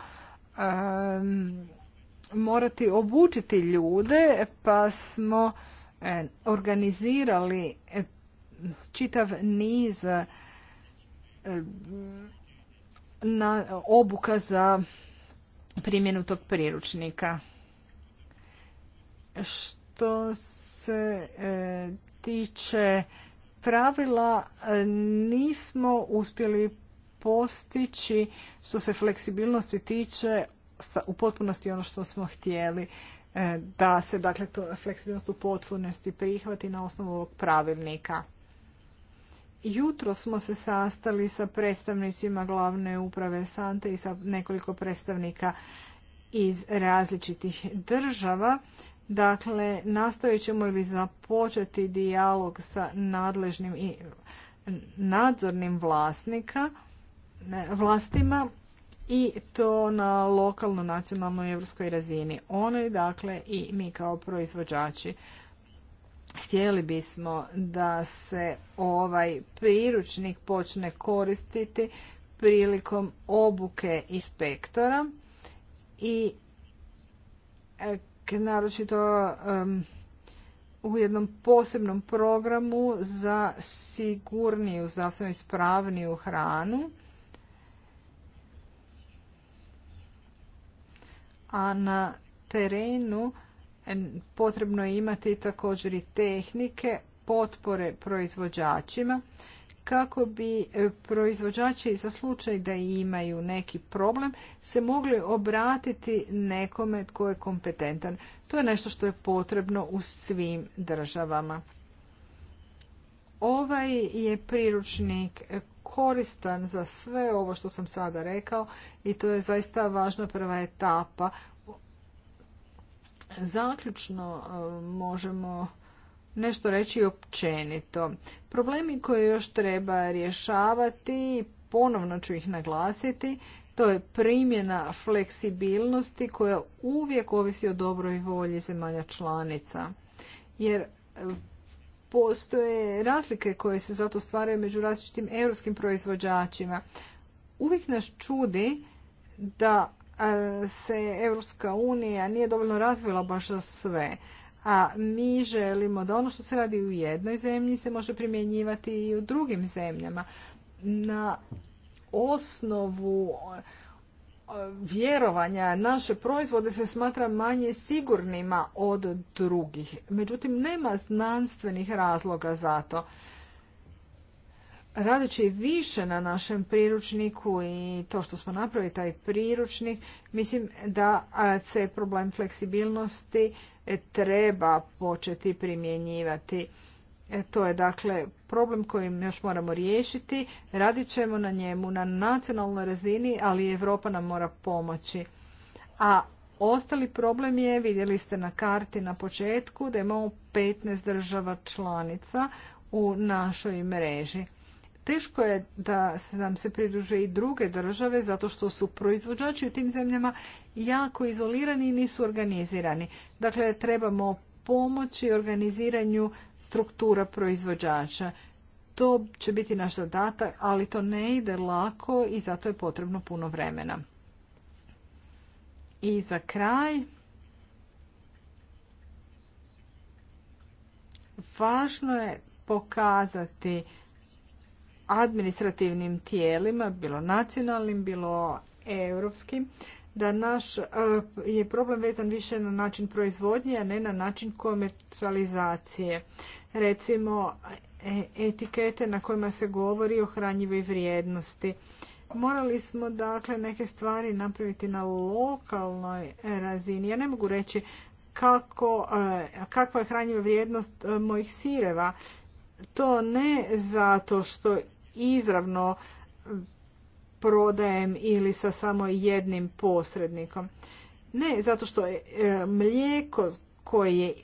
morati obučiti ljude pa smo organizirali e, čitav niz obuka za primjenu tog priručnika. Što se e, tiče pravila, nismo uspjeli postići što se fleksibilnosti tiče u potpunosti ono što smo htjeli e, da se dakle to fleksibilnost u potpunosti prihvati na osnovu ovog pravilnika. Jutro smo se sastali sa predstavnicima glavne uprave Sante i sa nekoliko predstavnika iz različitih država. Dakle, nastavit ćemo ili započeti dijalog sa nadležnim i nadzornim vlasnika vlastima i to na lokalno, nacionalnoj i evropskoj razini. Ono je dakle, i mi kao proizvođači. Htjeli bismo da se ovaj priručnik počne koristiti prilikom obuke inspektora i e, naročito u jednom posebnom programu za sigurniju, zdravstveno ispravniju hranu a na terenu potrebno je imati također i tehnike potpore proizvođačima kako bi e, proizvođači za slučaj da imaju neki problem se mogli obratiti nekome tko je kompetentan. To je nešto što je potrebno u svim državama. Ovaj je priručnik koristan za sve ovo što sam sada rekao i to je zaista važna prva etapa. Zaključno e, možemo nešto reći općenito. Problemi koje još treba rješavati, ponovno ću ih naglasiti, to je primjena fleksibilnosti koja uvijek ovisi o dobroj volji zemalja članica. Jer e, postoje razlike koje se zato stvaraju među različitim europskim proizvođačima. Uvijek nas čudi da e, se Europska unija nije dovoljno razvila baš za sve. A mi želimo da ono što se radi u jednoj zemlji se može primjenjivati i u drugim zemljama. Na osnovu vjerovanja naše proizvode se smatra manje sigurnima od drugih. Međutim, nema znanstvenih razloga za to. Radeći više na našem priručniku i to što smo napravili, taj priručnik, mislim da se problem fleksibilnosti treba početi primjenjivati. E, to je dakle problem kojim još moramo riješiti. Radit ćemo na njemu na nacionalnoj razini, ali Europa nam mora pomoći. A ostali problem je, vidjeli ste na karti na početku, da imamo 15 država članica u našoj mreži. Teško je da se nam se pridruže i druge države zato što su proizvođači u tim zemljama jako izolirani i nisu organizirani. Dakle, trebamo pomoći organiziranju struktura proizvođača. To će biti naš zadatak, ali to ne ide lako i zato je potrebno puno vremena. I za kraj, važno je pokazati administrativnim tijelima, bilo nacionalnim, bilo europskim, da naš e, je problem vezan više na način proizvodnje, a ne na način komercializacije. Recimo, e, etikete na kojima se govori o hranjivoj vrijednosti. Morali smo dakle neke stvari napraviti na lokalnoj razini. Ja ne mogu reći kako, e, kakva je hranjiva vrijednost mojih sireva. To ne zato što izravno prodajem ili sa samo jednim posrednikom. Ne, zato što je mlijeko koje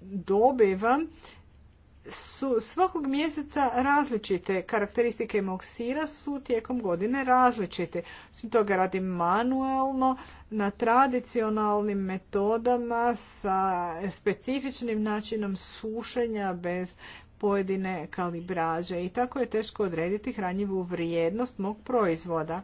dobivam su svakog mjeseca različite. Karakteristike mog sira su tijekom godine različite. Svi toga radim manualno, na tradicionalnim metodama, sa specifičnim načinom sušenja bez pojedine kalibraže i tako je teško odrediti hranjivu vrijednost mog proizvoda.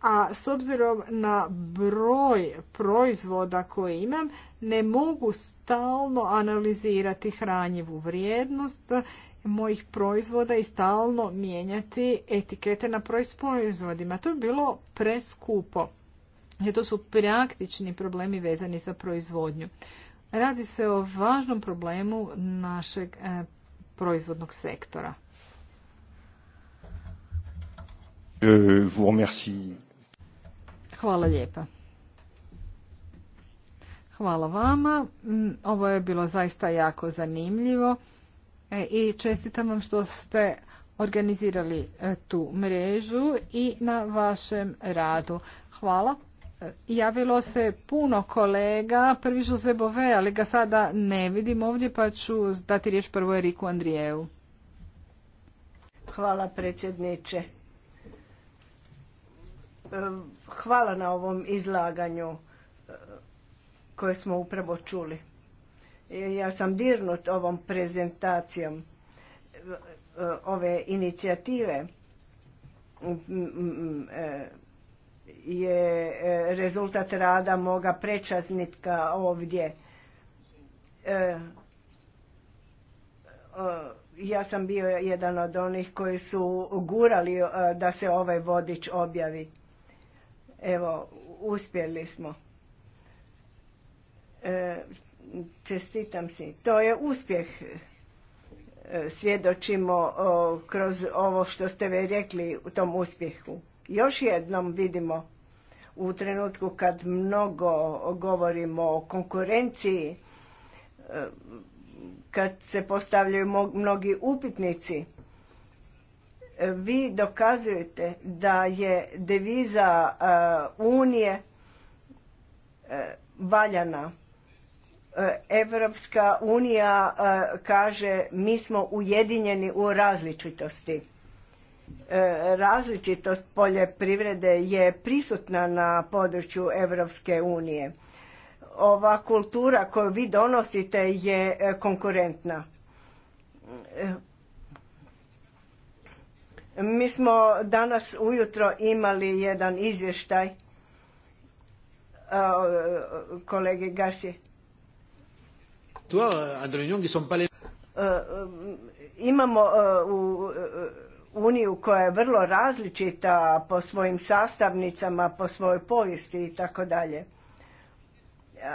A s obzirom na broj proizvoda koje imam, ne mogu stalno analizirati hranjivu vrijednost mojih proizvoda i stalno mijenjati etikete na proizvodima. To je bilo preskupo. Jer to su praktični problemi vezani za proizvodnju. Radi se o važnom problemu našeg e, proizvodnog sektora. E, Hvala lijepa. Hvala vama. Mm, ovo je bilo zaista jako zanimljivo e, i čestitam vam što ste organizirali tu mrežu i na vašem radu. Hvala. Javilo se puno kolega, prvi Jose Bove, ali ga sada ne vidim ovdje, pa ću dati riječ prvo Eriku Andrijevu. Hvala predsjedniče. Hvala na ovom izlaganju koje smo upravo čuli. Ja sam dirnut ovom prezentacijom ove inicijative je e, rezultat rada moga prečasnika ovdje. E, e, ja sam bio jedan od onih koji su gurali da se ovaj vodič objavi. Evo, uspjeli smo. Čestitam si. To je uspjeh svjedočimo kroz ovo što ste vi rekli u tom uspjehu. Još jednom vidimo u trenutku kad mnogo govorimo o konkurenciji, e, kad se postavljaju mnogi upitnici, e, vi dokazujete da je deviza e, Unije valjana. Evropska unija kaže mi smo ujedinjeni u različitosti. E, različitost poljoprivrede je prisutna na području Europske unije. Ova kultura koju vi donosite je e, konkurentna. E, mi smo danas ujutro imali jedan izvještaj kolege Gasije. Imamo u uniju koja je vrlo različita po svojim sastavnicama, po svojoj povijesti i tako dalje.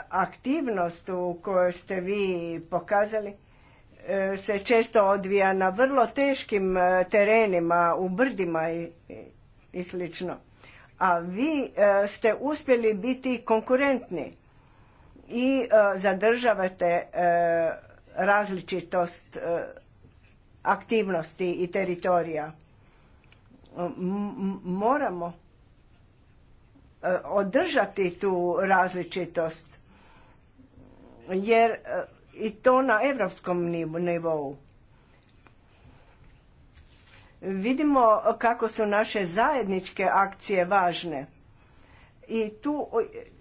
Aktivnost u kojoj ste vi pokazali e, se često odvija na vrlo teškim e, terenima, u brdima i, i slično. A vi e, ste uspjeli biti konkurentni i zadržavate različitost aktivnosti i teritorija. moramo e, održati tu različitost jer e, i to na evropskom nivou. Vidimo kako su naše zajedničke akcije važne i tu e,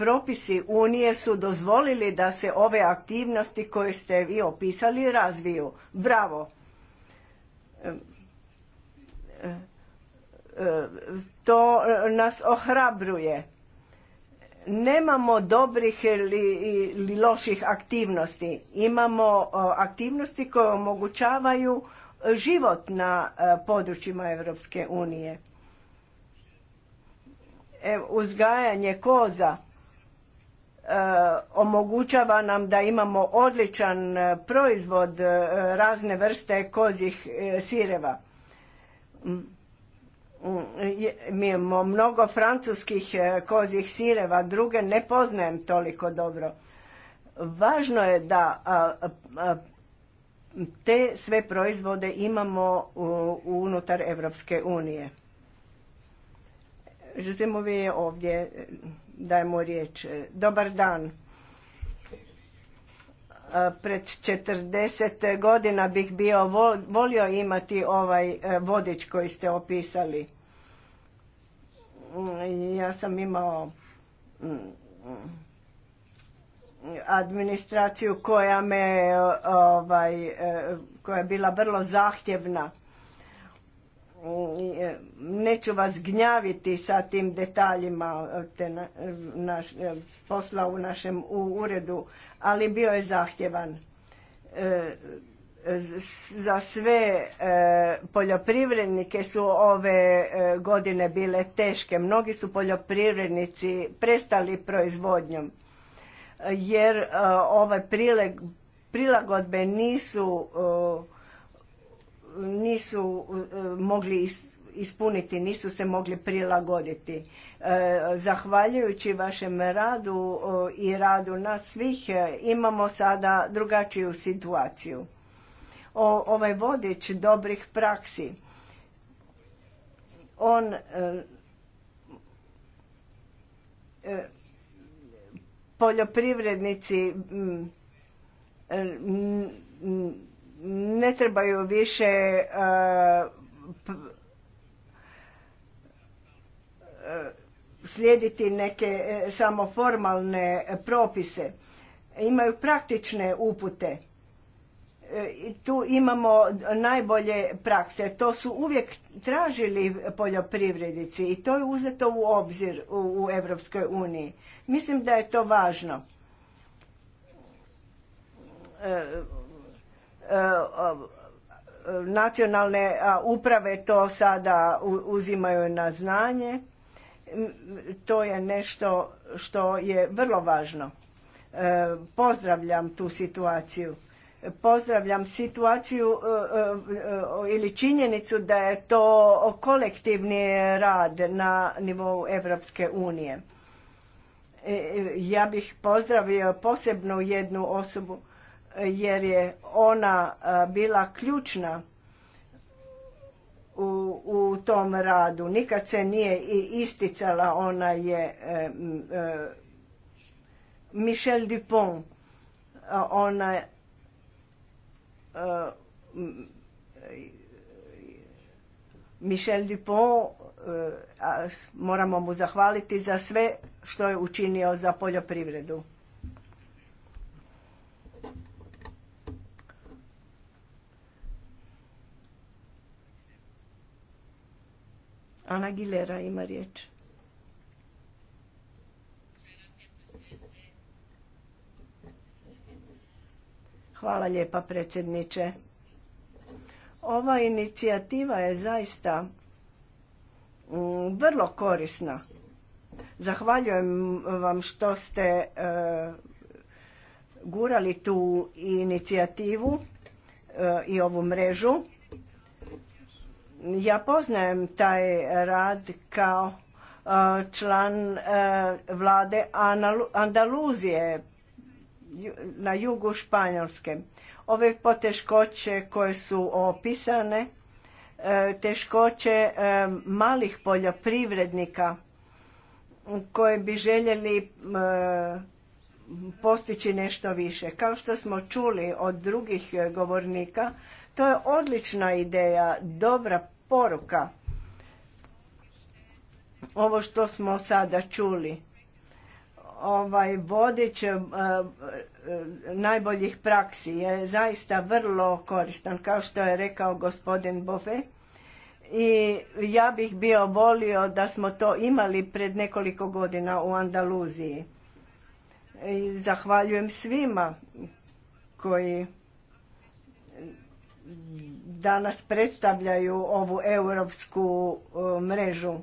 propisi Unije su dozvolili da se ove aktivnosti koje ste vi opisali razviju. Bravo! To nas ohrabruje. Nemamo dobrih ili loših aktivnosti. Imamo aktivnosti koje omogućavaju život na e, područjima Europske unije. Uzgajanje koza E, omogućava nam da imamo odličan e, proizvod e, razne vrste kozih sireva. Mm. Mm, mi imamo mnogo francuskih kozih sireva, druge ne poznajem toliko dobro. Važno je da te sve proizvode imamo unutar Evropske unije. Žezimovi je ovdje Dajmo riječ. E, dobar dan. E, pred 40 godina bih bio volio imati ovaj e, vodič koji ste opisali. Mm, ja sam imao mm, mm, administraciju koja me ovaj, koja je bila vrlo zahtjevna E, neću vas gnjaviti sa tim detaljima e, te e, naš, posla u našem u uredu, ali bio je zahtjevan. za sve poljoprivrednike su ove godine bile teške. Mnogi su poljoprivrednici prestali proizvodnjom jer ove prilagodbe nisu nisu e, mogli ispuniti, nisu se mogli prilagoditi. E, zahvaljujući vašem radu i radu nas svih e, imamo sada drugačiju situaciju. O, ovaj vodič dobrih praksi, on poljoprivrednici ne trebaju više eh, eh, slijediti neke eh, samo formalne propise. Imaju praktične upute. Tu imamo najbolje prakse. To su uvijek tražili poljoprivrednici i to je uzeto u obzir u, Evropskoj uniji. Mislim da je to važno. E, e, nacionalne uprave to sada uzimaju na znanje. To je nešto što je vrlo važno. E, pozdravljam tu situaciju. Pozdravljam situaciju ili činjenicu da je to kolektivni rad na nivou Evropske unije. Ja bih pozdravio posebno jednu osobu jer je ona e, bila ključna u, u tom radu. Nikad se nije i isticala, ona je e, Michel Dupont, ona e, Michel Dupont, e, moramo mu zahvaliti za sve što je učinio za poljoprivredu. Ana Gilera ima riječ. Hvala lijepa predsjedniče. Ova inicijativa je zaista mm, vrlo korisna. Zahvaljujem vam što ste e, gurali tu inicijativu e, i ovu mrežu. Ja poznajem taj rad kao e, član e, vlade Andaluzije na jugu Španjolske. Ove poteškoće koje su opisane, e, teškoće malih poljoprivrednika koje bi željeli postići nešto više. Kao što smo čuli od drugih govornika, to je odlična ideja, dobra poruka. Ovo što smo sada čuli. Ovaj vodič eh, eh, najboljih praksi je zaista vrlo koristan, kao što je rekao gospodin Bofe. I ja bih bio volio da smo to imali pred nekoliko godina u Andaluziji. I zahvaljujem svima koji danas predstavljaju ovu europsku e, mrežu.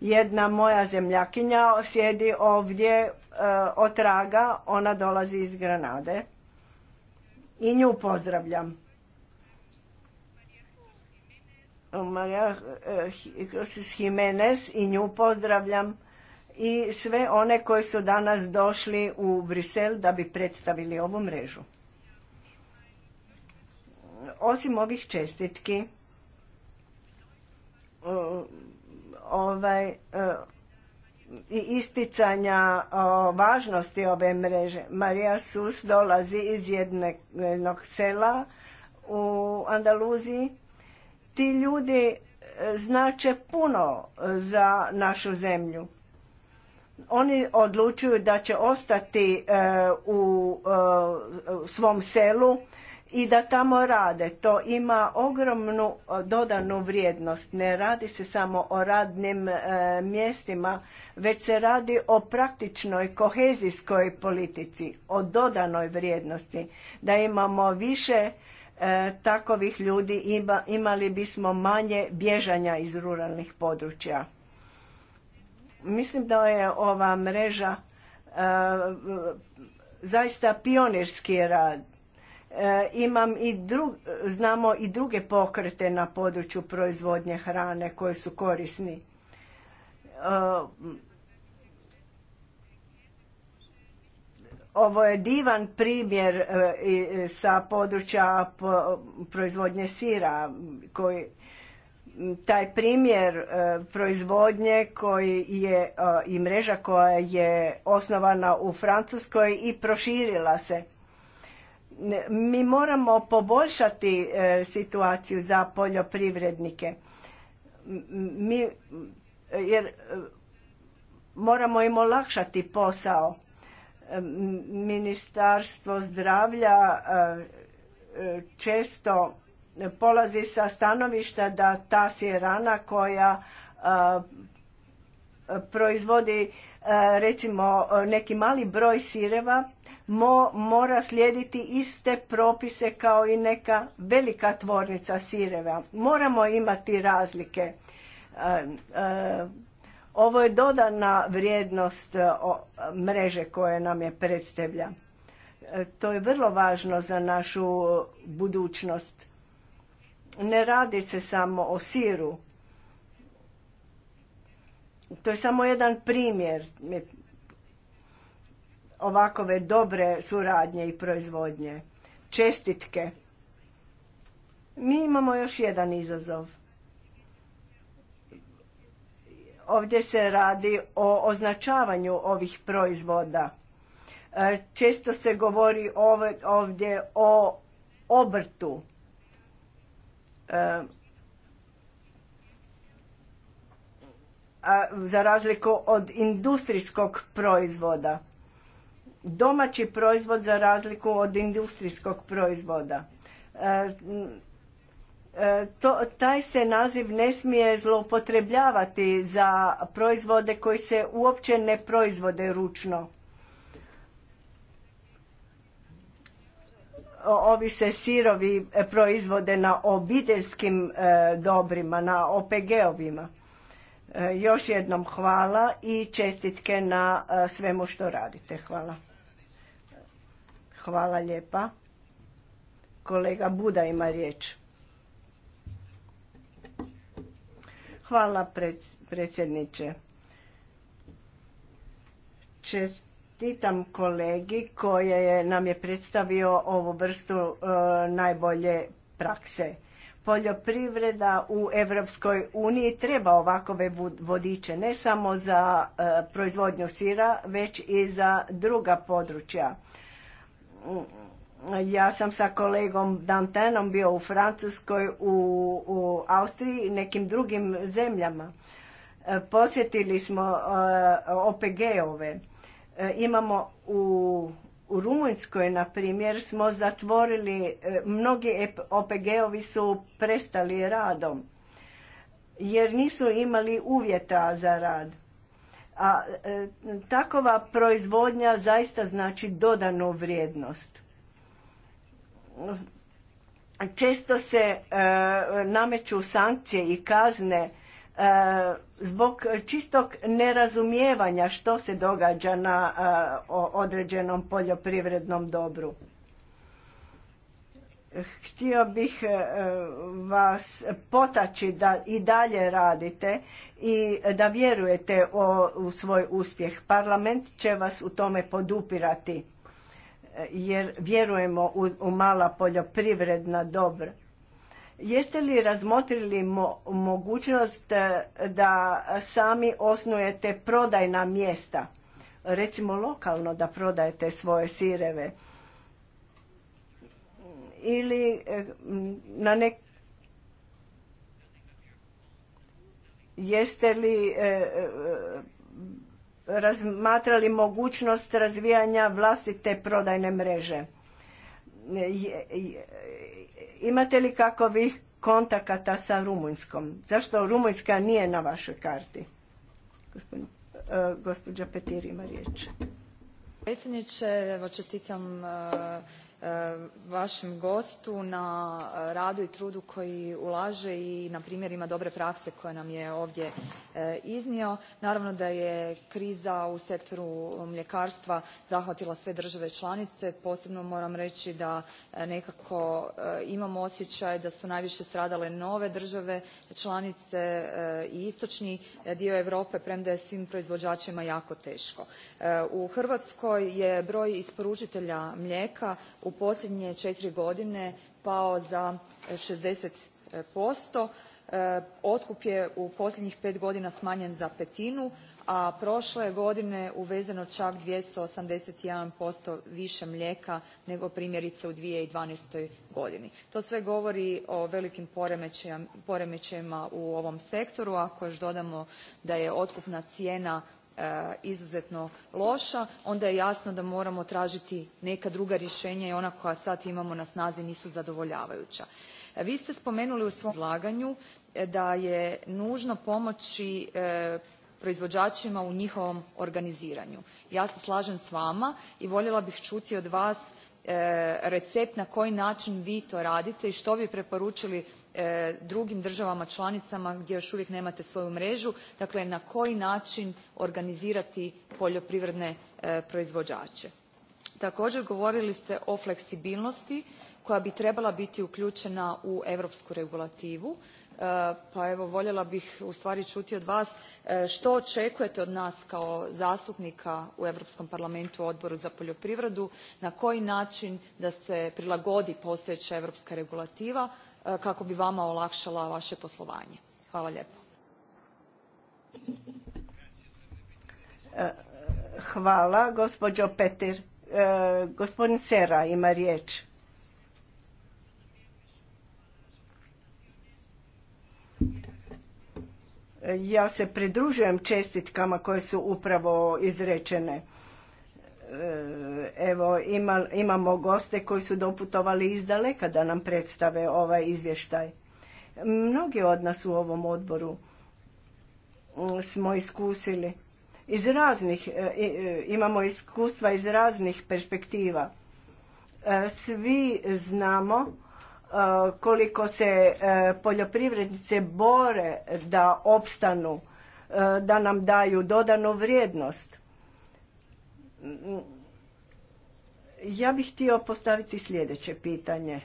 Jedna moja zemljakinja sjedi ovdje e, od traga, ona dolazi iz Granade i nju pozdravljam. Marija e, Jimenez i nju pozdravljam i sve one koji su danas došli u Brisel da bi predstavili ovu mrežu osim ovih čestitki ovaj i isticanja o važnosti ove mreže. Marija Sus dolazi iz jedne, jednog sela u Andaluziji. Ti ljudi e, znače puno za našu zemlju. Oni odlučuju da će ostati e, e, u svom selu i da tamo rade. To ima ogromnu dodanu vrijednost. Ne radi se samo o radnim e, mjestima, već se radi o praktičnoj kohezijskoj politici, o dodanoj vrijednosti. Da imamo više e, takovih ljudi, imali bismo manje bježanja iz ruralnih područja. Mislim da je ova mreža e, zaista pionirski rad E, imam i dru, znamo i druge pokrete na području proizvodnje hrane koji su korisni. E, ovo je divan primjer e, sa područja proizvodnje sira koji taj primjer proizvodnje koji je i mreža koja je osnovana u Francuskoj i proširila se mi moramo poboljšati e, situaciju za poljoprivrednike. Mi, jer e, moramo im olakšati posao. E, Ministarstvo zdravlja često polazi sa stanovišta da ta sirana koja proizvodi E, recimo e, neki mali broj sireva mora slijediti iste propise kao i neka velika tvornica sireva. Moramo imati razlike. E, ovo je dodana vrijednost mreže koje nam je predstavlja. to je vrlo važno za našu budućnost. Ne radi se samo o siru, to je samo jedan primjer ovakove dobre suradnje i proizvodnje. Čestitke. Mi imamo još jedan izazov. Ovdje se radi o označavanju ovih proizvoda. E, često se govori ovdje o obrtu. E, za razliku od industrijskog proizvoda. Domaći proizvod za razliku od industrijskog proizvoda. E, e, to, taj se naziv ne smije zloupotrebljavati za proizvode koji se uopće ne proizvode ručno. Ovi se sirovi e, proizvode na obiteljskim dobrima, na OPG-ovima. E, još jednom hvala i čestitke na e, svemu što radite. Hvala. Hvala lijepa. Kolega Buda ima riječ. Hvala predsjedniče. Čestitam kolegi koji nam je predstavio ovu vrstu e, najbolje prakse. Poljoprivreda u Europskoj uniji treba ovakove vodiče, ne samo za e, proizvodnju sira, već i za druga područja. Ja sam sa kolegom Dantenom bio u Francuskoj, u, Austriji i nekim drugim zemljama. E, posjetili smo e, OPG-ove. Imamo u u Rumunjskoj, na primjer, smo zatvorili, e, mnogi OPG-ovi su prestali radom jer nisu imali uvjeta za rad. A e, takova proizvodnja zaista znači dodanu vrijednost. Često se e, nameću sankcije i kazne E, zbog čistog nerazumijevanja što se događa na e, određenom poljoprivrednom dobru. Htio bih e, vas potaći da i dalje radite i da vjerujete u svoj uspjeh. Parlament će vas u tome podupirati jer vjerujemo u mala poljoprivredna dobra Jeste li razmotrili mogućnost e, da sami osnujete prodajna mjesta, recimo lokalno da prodajete svoje sireve ili e, na nek... Jeste li e, razmatrali mogućnost razvijanja vlastite prodajne mreže? imate li kakovih kontakata sa Rumunjskom? Zašto Rumunjska nije na vašoj karti? Gospodin, uh, gospođa Petir ima riječ. Predsjedniče, evo čestitam e, Eh, vašem gostu na eh, radu i trudu koji ulaže i na primjerima dobre prakse koje nam je ovdje eh, iznio. Naravno da je kriza u sektoru mljekarstva zahvatila sve države članice. Posebno moram reći da nekako imam osjećaj da su najviše stradale nove države članice i istočni dio Europe premda je svim proizvođačima jako teško. U Hrvatskoj je broj isporučitelja mlijeka u u posljednje četiri godine pao za 60%, e, otkup je u posljednjih pet godina smanjen za petinu, a prošle je godine uvezeno čak 281% više mlijeka nego primjerice u 2012. godini. To sve govori o velikim poremećajima u ovom sektoru. Ako još dodamo da je otkupna cijena E, izuzetno loša onda je jasno da moramo tražiti neka druga rješenja i ona koja sad imamo na snazi nisu zadovoljavajuća. E, vi ste spomenuli u svom izlaganju e, da je nužno pomoći proizvođačima u njihovom organiziranju. Ja se slažem s vama i voljela bih čuti od vas recept na koji način vi to radite i što bi preporučili E, drugim državama članicama gdje još uvijek nemate svoju mrežu, dakle na koji način organizirati poljoprivredne e, proizvođače. Također govorili ste o fleksibilnosti koja bi trebala biti uključena u europsku regulativu, e, pa evo voljela bih ustvari čuti od vas što očekujete od nas kao zastupnika u Europskom parlamentu u Odboru za poljoprivredu, na koji način da se prilagodi postojeća europska regulativa, E, kako bi vama olakšala vaše poslovanje. Hvala lijepo. E, hvala, gospođo Petir. E, gospodin Sera ima riječ. Ja se pridružujem čestitkama koje su upravo izrečene. E, evo imamo goste koji su doputovali iz daleka da nam predstave ovaj izvještaj. Mnogi od nas u ovom odboru mm, smo iskusili iz raznih, e, e, imamo iskustva iz raznih perspektiva. Svi znamo koliko se poljoprivrednice bore da opstanu, da nam daju dodanu vrijednost ja bih htio postaviti sljedeće pitanje.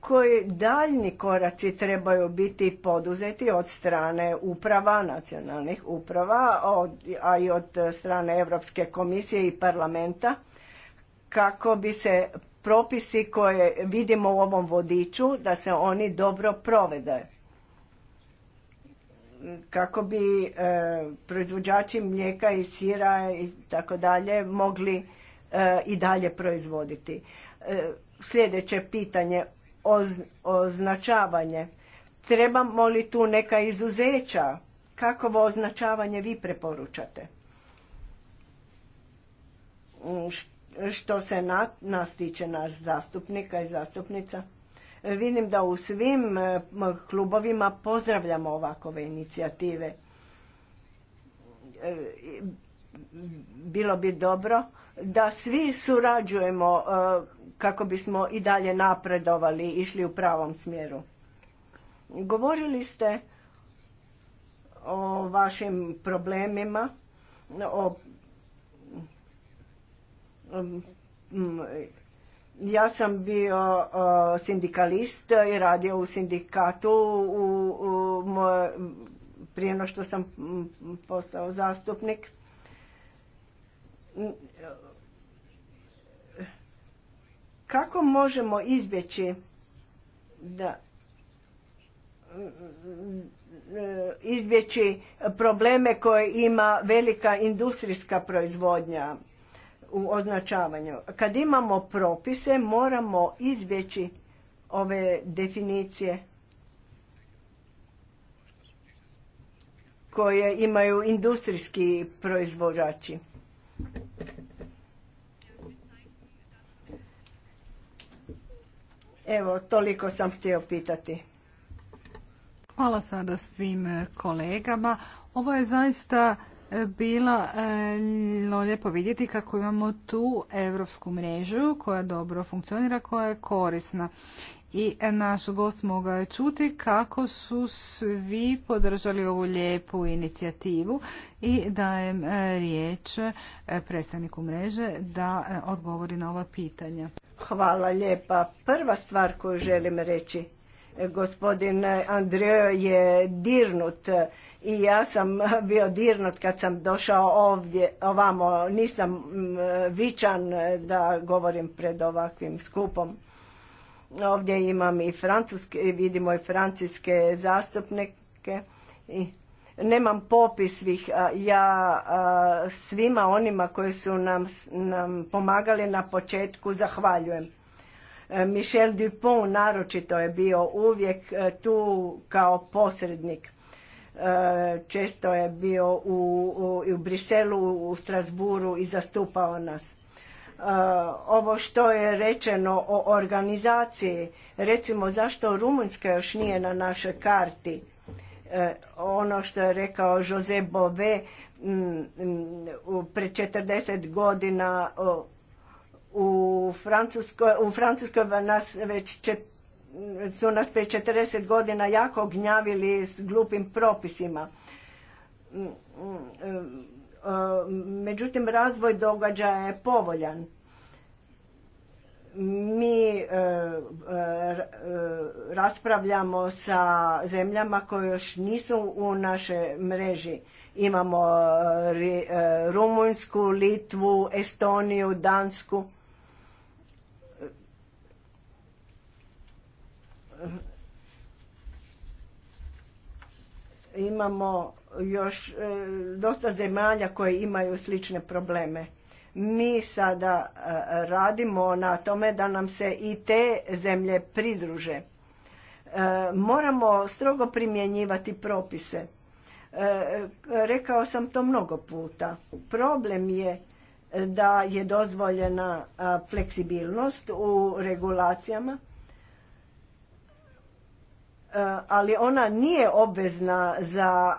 Koji daljni koraci trebaju biti poduzeti od strane uprava, nacionalnih uprava, a i od strane Europske komisije i parlamenta, kako bi se propisi koje vidimo u ovom vodiču, da se oni dobro provede kako bi e, proizvođači mlijeka i sira i tako dalje mogli e, i dalje proizvoditi. E, sljedeće pitanje označavanje. Trebamo li tu neka izuzeća? Kakovo označavanje vi preporučate? Mm, što se na, nas tiče, naš zastupnika i zastupnica? Vidim da u svim e, klubovima pozdravljamo ovakove inicijative. E, bilo bi dobro da svi surađujemo e, kako bismo i dalje napredovali, išli u pravom smjeru. Govorili ste o vašim problemima, o ja sam bio sindikalist i radio u sindikatu u, moj, prije no što sam postao zastupnik. Kako možemo izbjeći da izbjeći probleme koje ima velika industrijska proizvodnja u označavanju. Kad imamo propise moramo izbjeći ove definicije koje imaju industrijski proizvođači. Evo, toliko sam htio pitati. Hvala sada svim kolegama. Ovo je zaista bilo e, lijepo vidjeti kako imamo tu europsku mrežu koja dobro funkcionira, koja je korisna. I e, naš gost mogao je čuti kako su svi podržali ovu lijepu inicijativu i dajem e, riječ predstavniku mreže da odgovori na ova pitanja. Hvala lijepa. Prva stvar koju želim reći, gospodin Andreo je dirnut i ja sam *laughs* bio dirnut kad sam došao ovdje ovamo nisam mm, vičan e, da govorim pred ovakvim skupom ovdje imam i francuske vidimo i francuske zastupnike i nemam popis svih ja svima onima koji su nam, nam pomagali na početku zahvaljujem e, Michel Dupont naročito je bio uvijek e, tu kao posrednik često je bio u, u Briselu, u Strasburu i zastupao nas. E, ovo što je rečeno o organizaciji, recimo zašto Rumunjska još nije na našoj karti, e, ono što je rekao Jose Bove mm, mm, pred 40 godina u Francuskoj, u Francuskoj nas već su nas prije 40 godina jako gnjavili s glupim propisima. Međutim, razvoj događaja je povoljan. Mi e, e, raspravljamo sa zemljama koje još nisu u našoj mreži. Imamo e, Rumunjsku, Litvu, Estoniju, Dansku imamo još e, dosta zemalja koje imaju slične probleme. Mi sada e, radimo na tome da nam se i te zemlje pridruže. E, moramo strogo primjenjivati propise. Rekao sam to mnogo puta. Problem je da je dozvoljena fleksibilnost u regulacijama E, ali ona nije obvezna za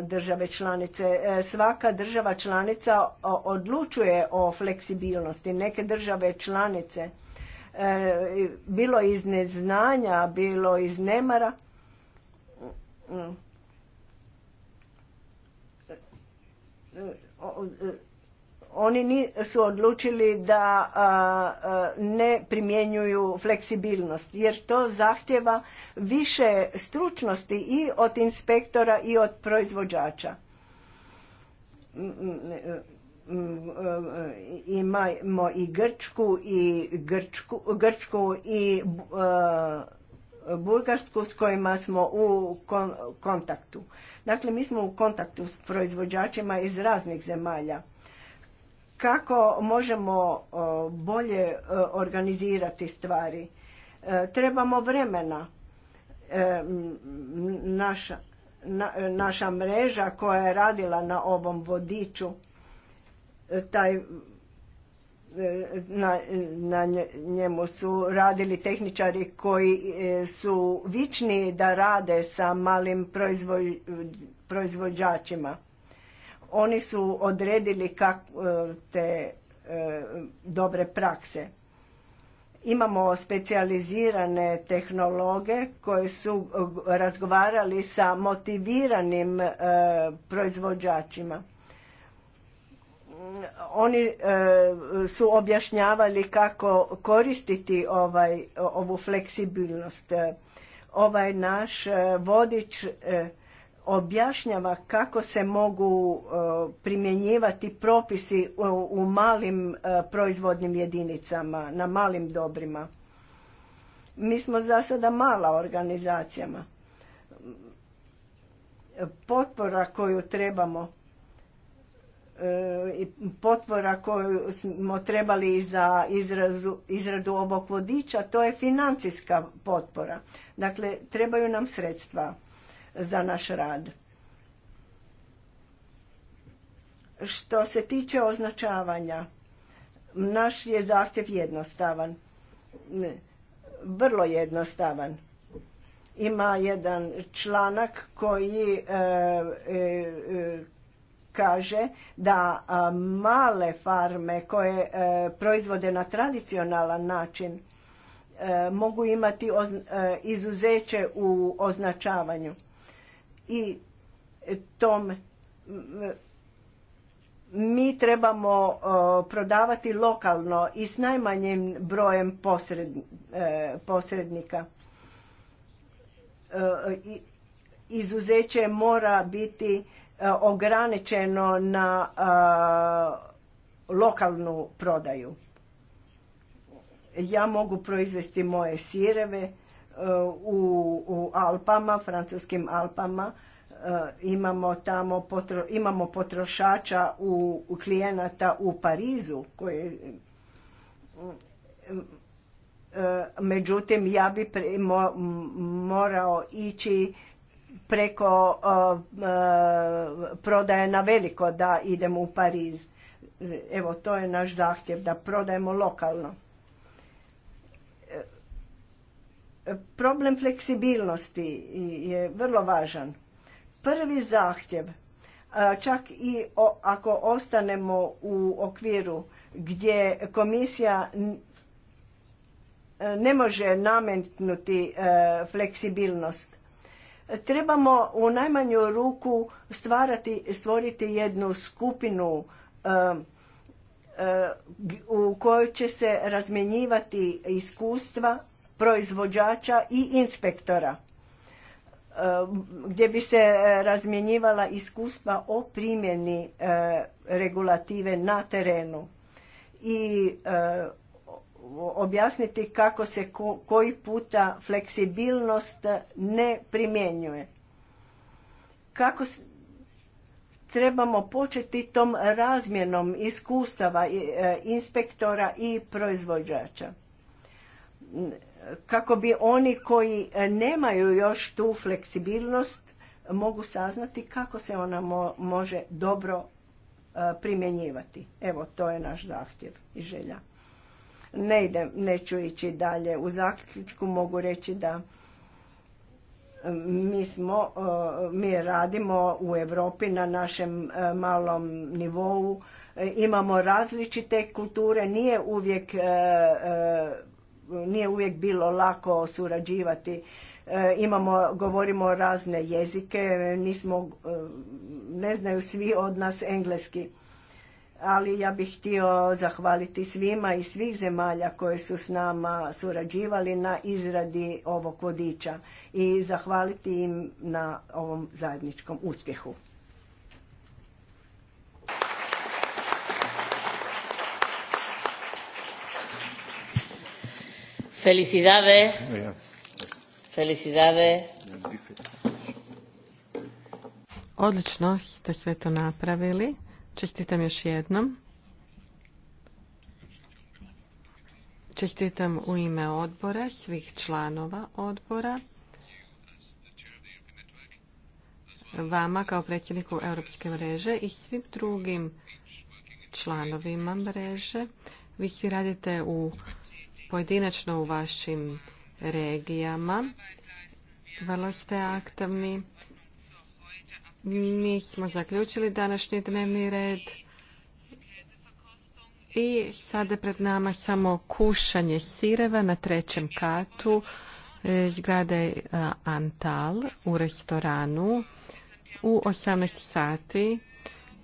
e, države članice. E, svaka država članica odlučuje o fleksibilnosti. Neke države članice, bilo iz neznanja, bilo iz nemara, mm, mm. Oni su odlučili da ne primjenjuju fleksibilnost jer to zahtjeva više stručnosti i od inspektora i od proizvođača. Imamo i Grčku i Grčku, Grčku i Bugarsku s kojima smo u kontaktu. Dakle, mi smo u kontaktu s proizvođačima iz raznih zemalja kako možemo bolje organizirati stvari. E, trebamo vremena. E, naša, naša mreža koja je radila na ovom vodiču, e, taj na, na njemu su radili tehničari koji su vični da rade sa malim proizvođačima oni su odredili e, te e, dobre prakse. Imamo specijalizirane tehnologe koji su razgovarali sa motiviranim e, proizvođačima oni su objašnjavali kako koristiti ovaj, ovu fleksibilnost. Ovaj naš vodič objašnjava kako se mogu e, primjenjivati propisi u malim e, proizvodnim jedinicama, na malim dobrima. Mi smo za sada mala organizacijama. Potpora koju trebamo e, i potpora koju smo trebali za izradu ovog vodiča, to je financijska potpora. Dakle, trebaju nam sredstva za naš rad. Što se tiče označavanja, naš je zahtjev jednostavan. Vrlo jednostavan. Ima jedan članak koji e, e, e, kaže da male farme koje proizvode na tradicionalan način mogu imati izuzeće u označavanju i tom mi trebamo prodavati lokalno i s najmanjim brojem e, posrednika. E, izuzeće mora biti e, ograničeno na lokalnu prodaju. Ja mogu proizvesti moje sireve u, u Alpama, francuskim Alpama, eh, imamo tamo imamo potrošača u, u klijenata u Parizu koji eh, međutim ja bi morao ići preko eh, prodaje na veliko da idemo u Pariz. Evo, to je naš zahtjev, da prodajemo lokalno. Problem fleksibilnosti je vrlo važan. Prvi zahtjev, čak i ako ostanemo u okviru gdje komisija e, ne može nametnuti e, fleksibilnost, trebamo u najmanju ruku stvarati, stvoriti jednu skupinu e, u kojoj će se razmjenjivati iskustva proizvođača i inspektora e, gdje bi se razmjenjivala iskustva o primjeni e, regulative na terenu i e, objasniti kako se koji puta fleksibilnost ne primjenjuje. Kako trebamo početi tom razmjenom iskustava inspektora i proizvođača kako bi oni koji e, nemaju još tu fleksibilnost mogu saznati kako se ona može dobro e, primjenjivati. Evo, to je naš zahtjev i želja. Ne idem, neću ići dalje. U zaključku mogu reći da e, mi smo, mi radimo u Europi na našem malom nivou. Imamo različite kulture, nije uvijek nije uvijek bilo lako surađivati. E, imamo, govorimo razne jezike, nismo, e, ne znaju svi od nas engleski. Ali ja bih htio zahvaliti svima i svih zemalja koje su s nama surađivali na izradi ovog vodiča i zahvaliti im na ovom zajedničkom uspjehu. Felicidades. Felicidades. Odlično ste sve to napravili. Čestitam još jednom. Čestitam u ime odbora, svih članova odbora. Vama kao predsjedniku Europske mreže i svim drugim članovima mreže. Vi svi radite u pojedinačno u vašim regijama. Vrlo ste aktivni. Mi smo zaključili današnji dnevni red. I sada pred nama samo kušanje sireva na trećem katu e, zgrade e, Antal u restoranu u 18 sati.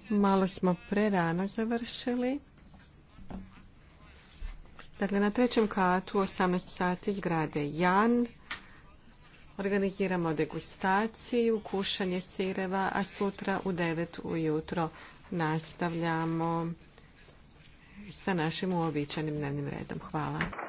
Malo smo prerano završili. Dakle, na trećem katu, 18 sati, zgrade Jan. Organiziramo degustaciju, kušanje sireva, a sutra u 9 ujutro nastavljamo sa našim uobičajenim dnevnim redom. Hvala.